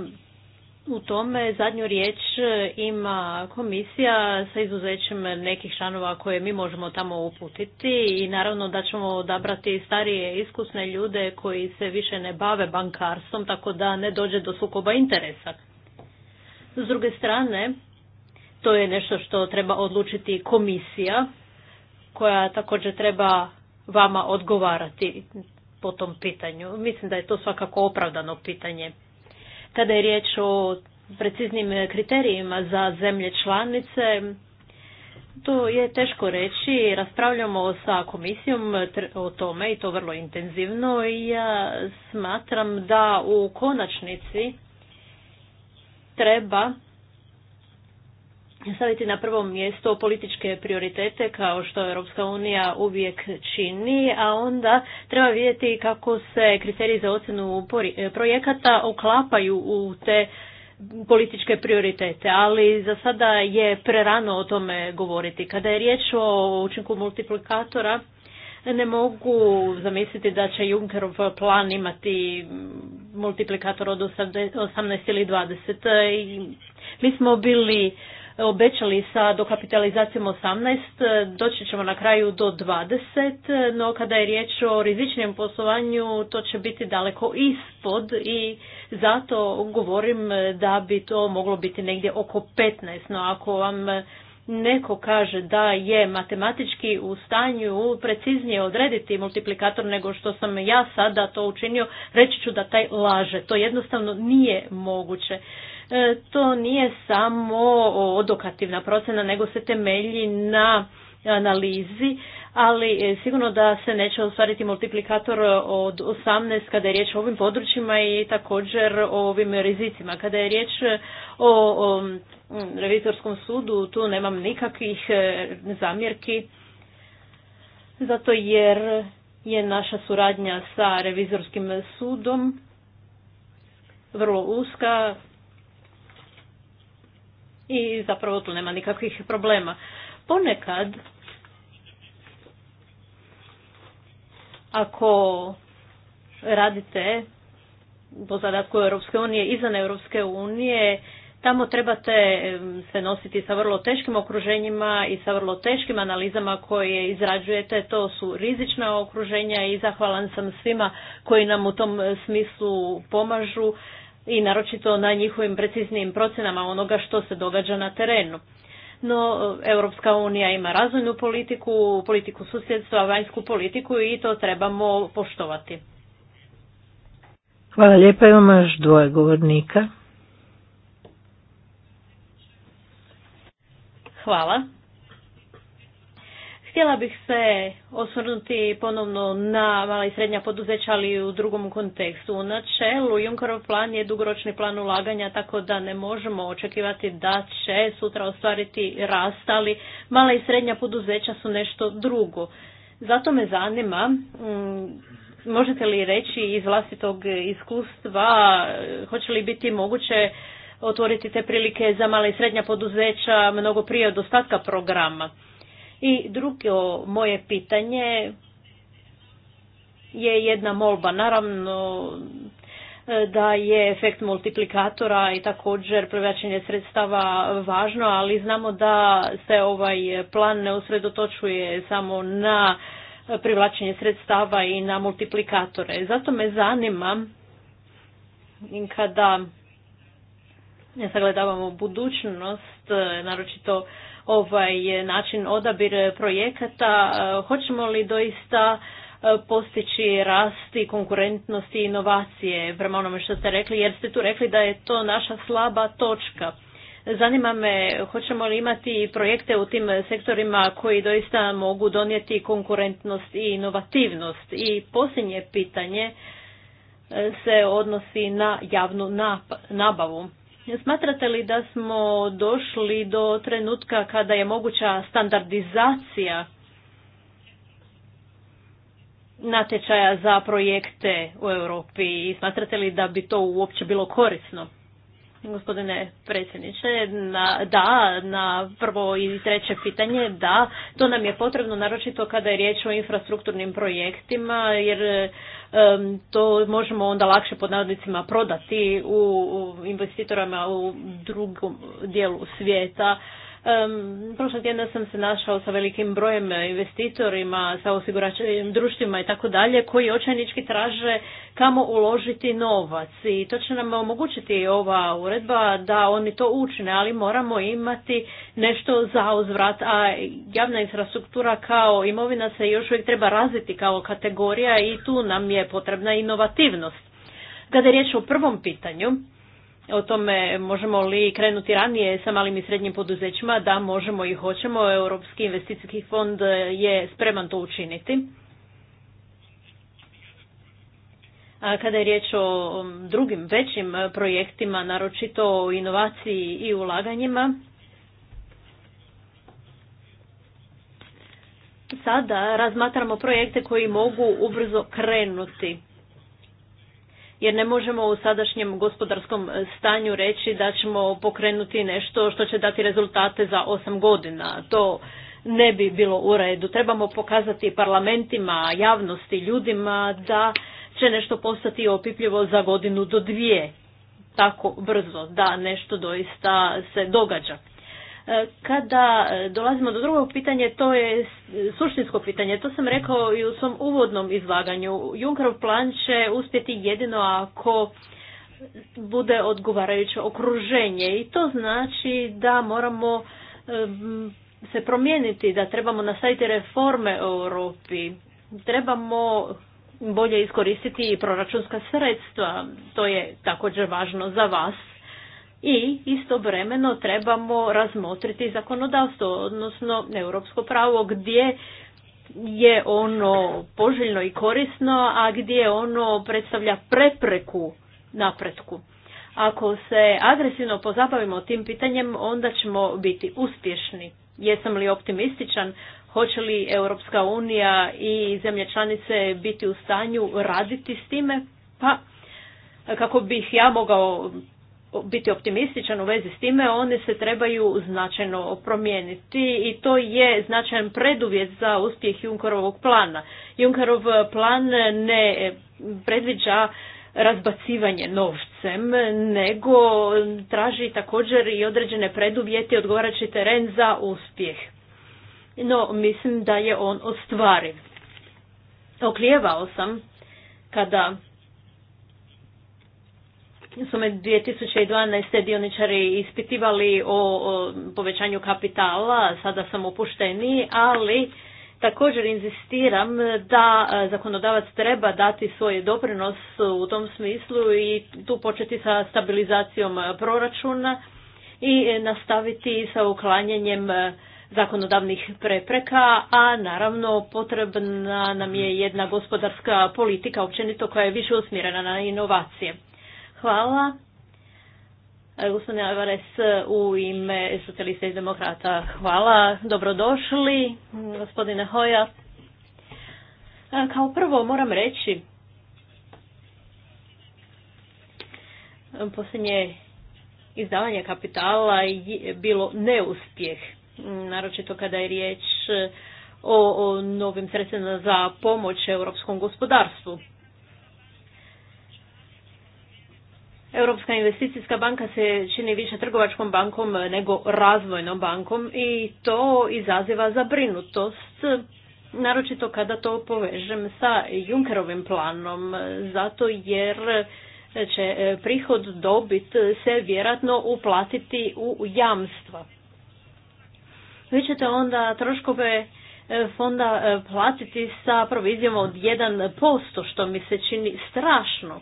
u tome zadnju riječ e, ima komisija sa izuzećem nekih članova koje mi možemo tamo uputiti i naravno da ćemo odabrati starije iskusne ljude koji se više ne bave bankarstvom tako da ne dođe do sukoba interesa. S druge strane, to je nešto što treba odlučiti komisija koja također treba vama odgovarati po tom pitanju. Mislim da je to svakako opravdano pitanje. Kada je riječ o preciznim kriterijima za zemlje članice, to je teško reći. Raspravljamo sa komisijom o tome i to vrlo intenzivno i ja smatram da u konačnici treba staviti na prvo mjesto političke prioritete kao što Europska unija uvijek čini, a onda treba vidjeti kako se kriteriji za ocjenu e, projekata uklapaju u te političke prioritete, ali za sada je prerano o tome govoriti. Kada je riječ o učinku multiplikatora, ne mogu zamisliti da će Junckerov plan imati multiplikator od 18 ili 20. Mi smo bili obećali sa dokapitalizacijom 18, doći ćemo na kraju do 20, no kada je riječ o rizičnijem poslovanju to će biti daleko ispod i zato govorim da bi to moglo biti negdje oko 15, no ako vam neko kaže da je matematički u stanju preciznije odrediti multiplikator nego što sam ja sada to učinio, reći ću da taj laže. To jednostavno nije moguće. E, to nije samo odokativna procjena, nego se temelji na analizi, ali e, sigurno da se neće ostvariti multiplikator od 18 kada je riječ o ovim područjima i također o ovim rizicima. Kada je riječ o, o revizorskom sudu, tu nemam nikakvih e, zamjerki, zato jer je naša suradnja sa revizorskim sudom vrlo uska, i zapravo tu nema nikakvih problema. Ponekad, ako radite po zadatku Europske unije, izvan Europske unije, tamo trebate se nositi sa vrlo teškim okruženjima i sa vrlo teškim analizama koje izrađujete. To su rizična okruženja i zahvalan sam svima koji nam u tom smislu pomažu i naročito na njihovim preciznijim procenama onoga što se događa na terenu. No, Europska unija ima razvojnu politiku, politiku susjedstva, vanjsku politiku i to trebamo poštovati. Hvala lijepa, imamo još dvoje govornika. Hvala. Htjela bih se osvrnuti ponovno na mala i srednja poduzeća, ali u drugom kontekstu. U načelu Junkerov plan je dugoročni plan ulaganja, tako da ne možemo očekivati da će sutra ostvariti rast, ali mala i srednja poduzeća su nešto drugo. Zato me zanima, mm, možete li reći iz vlastitog iskustva, hoće li biti moguće otvoriti te prilike za mala i srednja poduzeća mnogo prije od ostatka programa? I drugo moje pitanje je jedna molba. Naravno e, da je efekt multiplikatora i također privlačenje sredstava važno, ali znamo da se ovaj plan ne usredotočuje samo na privlačenje sredstava i na multiplikatore. Zato me zanima kada ne sagledavamo budućnost, naročito ovaj eh, način odabir eh, projekata, eh, hoćemo li doista postići rast i konkurentnost i inovacije prema onome što ste rekli, jer ste tu rekli da je to naša slaba točka. Zanima me, hoćemo li imati projekte u tim sektorima koji doista mogu donijeti konkurentnost i inovativnost? I posljednje pitanje se odnosi na javnu nabavu. Smatrate li da smo došli do trenutka kada je moguća standardizacija natječaja za projekte u Europi i smatrate li da bi to uopće bilo korisno? Gospodine predsjedniče, na, da, na prvo i treće pitanje, da, to nam je potrebno, naročito kada je riječ o infrastrukturnim projektima, jer to možemo onda lakše pod navodnicima prodati u, u investitorama u drugom dijelu svijeta Um, prošle tjedna sam se našao sa velikim brojem investitorima, sa osiguračnim društvima i tako dalje, koji očajnički traže kamo uložiti novac. I to će nam omogućiti ova uredba da oni to učine, ali moramo imati nešto za uzvrat, a javna infrastruktura kao imovina se još uvijek treba razviti kao kategorija i tu nam je potrebna inovativnost. Kada je riječ o prvom pitanju, o tome možemo li krenuti ranije sa malim i srednjim poduzećima, da možemo i hoćemo. Europski investicijski fond je spreman to učiniti. A kada je riječ o drugim većim projektima, naročito o inovaciji i ulaganjima, sada razmatramo projekte koji mogu ubrzo krenuti jer ne možemo u sadašnjem gospodarskom stanju reći da ćemo pokrenuti nešto što će dati rezultate za osam godina. To ne bi bilo u redu. Trebamo pokazati parlamentima, javnosti, ljudima da će nešto postati opipljivo za godinu do dvije. Tako brzo da nešto doista se događa. Kada e, dolazimo do drugog pitanja, to je suštinsko pitanje. To sam rekao i u svom uvodnom izlaganju. Junkerov plan će uspjeti jedino ako bude odgovarajuće okruženje i to znači da moramo se promijeniti, da trebamo nastaviti reforme u Europi, trebamo bolje iskoristiti i proračunska sredstva, to je također važno za vas i istovremeno trebamo razmotriti zakonodavstvo, odnosno europsko pravo gdje je ono poželjno i korisno, a gdje ono predstavlja prepreku napretku. Ako se agresivno pozabavimo tim pitanjem, onda ćemo biti uspješni. Jesam li optimističan? Hoće li Europska unija i zemlje članice biti u stanju raditi s time? Pa, kako bih ja mogao biti optimističan u vezi s time, one se trebaju značajno promijeniti i to je značajan preduvjet za uspjeh Junkerovog plana. Junkerov plan ne predviđa razbacivanje novcem, nego traži također i određene preduvjete odgovarajući teren za uspjeh. No, mislim da je on ostvariv. Oklijevao sam kada su me 2012. dioničari ispitivali o, povećanju kapitala, sada sam opušteni, ali također inzistiram da e, zakonodavac treba dati svoj doprinos u tom smislu i tu početi sa stabilizacijom e, proračuna i e, nastaviti sa uklanjanjem zakonodavnih prepreka, a naravno potrebna nam je jedna gospodarska politika općenito koja je više usmjerena na inovacije. Hvala. E, gospodine Alvarez, u ime socijalista i demokrata, hvala. Dobrodošli, gospodine Hoja. E, kao prvo moram reći, posljednje izdavanje kapitala je bilo neuspjeh, naročito kada je riječ o, o novim sredstvima za pomoć europskom gospodarstvu. Europska investicijska banka se čini više trgovačkom bankom nego razvojnom bankom i to izaziva zabrinutost, naročito kada to povežem sa Junkerovim planom, zato jer će e, prihod dobit se vjerojatno uplatiti u jamstva. Vi ćete onda troškove e, fonda e, platiti sa provizijom od 1%, što mi se čini strašno.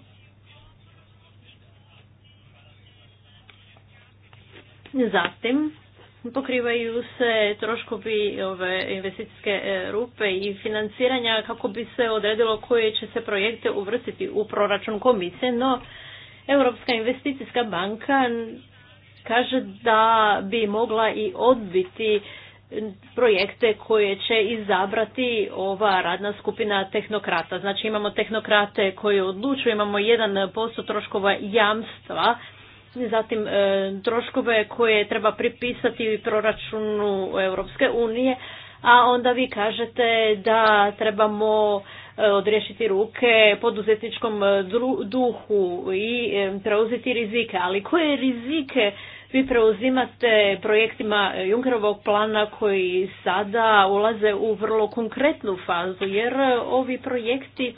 Zatim, pokrivaju se troškovi ove investicijske e, rupe i financiranja kako bi se odredilo koje će se projekte uvrstiti u proračun komisije, no Europska investicijska banka kaže da bi mogla i odbiti projekte koje će izabrati ova radna skupina tehnokrata. Znači imamo tehnokrate koji odlučuju, imamo 1% troškova jamstva zatim e, troškove koje treba pripisati proračunu Europske unije, a onda vi kažete da trebamo e, odriješiti ruke poduzetničkom e, duhu i preuzeti rizike. Ali koje rizike vi preuzimate projektima Junkerovog plana koji sada ulaze u vrlo konkretnu fazu, jer ovi projekti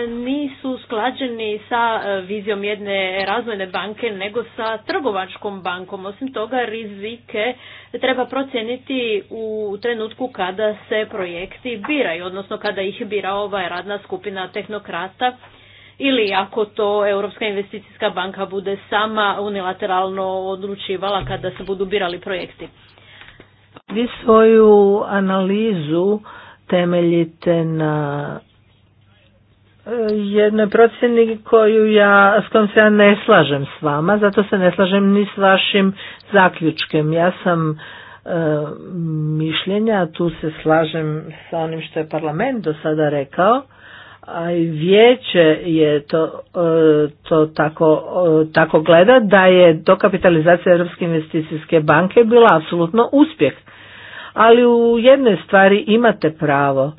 nisu sklađeni sa e, vizijom jedne razvojne banke nego sa trgovačkom bankom. Osim toga rizike treba procijeniti u trenutku kada se projekti biraju, odnosno kada ih bira ova radna skupina tehnokrata ili ako to Europska investicijska banka bude sama unilateralno odlučivala kada se budu birali projekti. Vi svoju analizu temeljite na jednoj procjeni koju ja, s kojom se ja ne slažem s vama, zato se ne slažem ni s vašim zaključkem. Ja sam e, mišljenja, tu se slažem sa onim što je parlament do sada rekao, a i vijeće je to, e, to tako, e, tako gleda da je dokapitalizacija Europske investicijske banke bila apsolutno uspjeh. Ali u jednoj stvari imate pravo,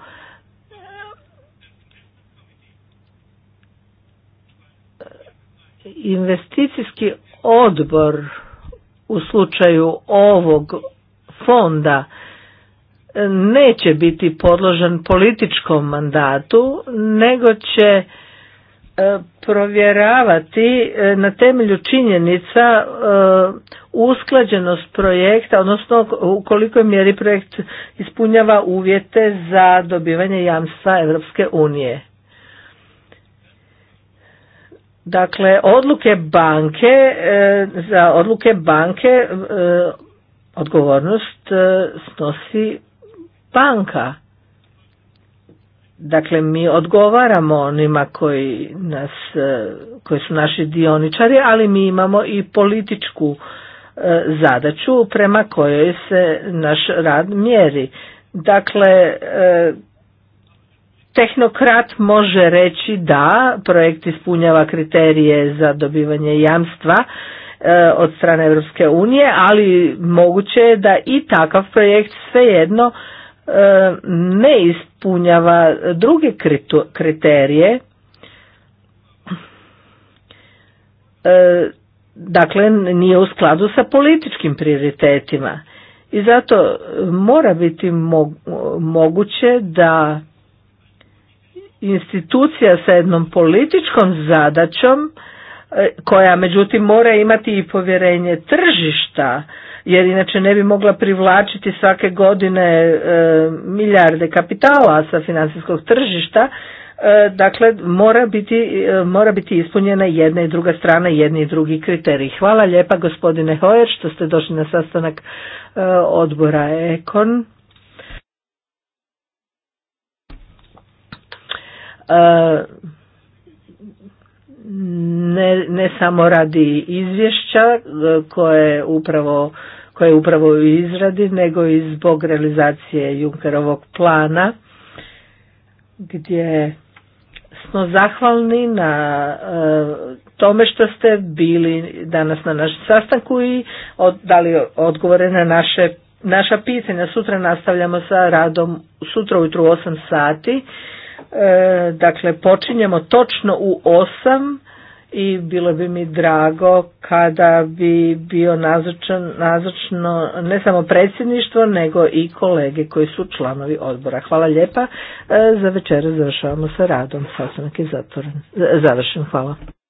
investicijski odbor u slučaju ovog fonda neće biti podložen političkom mandatu, nego će e, provjeravati e, na temelju činjenica e, usklađenost projekta, odnosno u kolikoj mjeri projekt ispunjava uvjete za dobivanje jamstva Europske unije. Dakle, odluke banke, e, za odluke banke e, odgovornost e, snosi banka. Dakle, mi odgovaramo onima koji, nas, koji su naši dioničari, ali mi imamo i političku zadaću prema kojoj se naš rad mjeri. Dakle, tehnokrat može reći da projekt ispunjava kriterije za dobivanje jamstva e, od strane Europske unije, ali moguće je da i takav projekt svejedno e, ne ispunjava druge kriterije. E, dakle, nije u skladu sa političkim prioritetima. I zato mora biti moguće da institucija sa jednom političkom zadaćom e, koja međutim mora imati i povjerenje tržišta jer inače ne bi mogla privlačiti svake godine e, milijarde kapitala sa financijskog tržišta e, dakle mora biti, mora biti ispunjena jedna i druga strana jedni i drugi kriteriji. hvala lijepa gospodine Hojer što ste došli na sastanak odbora Ekon E, ne, ne samo radi izvješća e, koje upravo koje upravo u izradi, nego i zbog realizacije Junkerovog plana, gdje smo zahvalni na e, tome što ste bili danas na našem sastanku i dali odgovore na naše, naša pitanja. Sutra nastavljamo sa radom, sutra ujutru u 8 sati. E, dakle, počinjemo točno u osam i bilo bi mi drago kada bi bio nazočan, nazočno ne samo predsjedništvo nego i kolege koji su članovi odbora. Hvala lijepa. E, za večer završavamo sa radom. Sastanak je zatvoren. Završen. Hvala.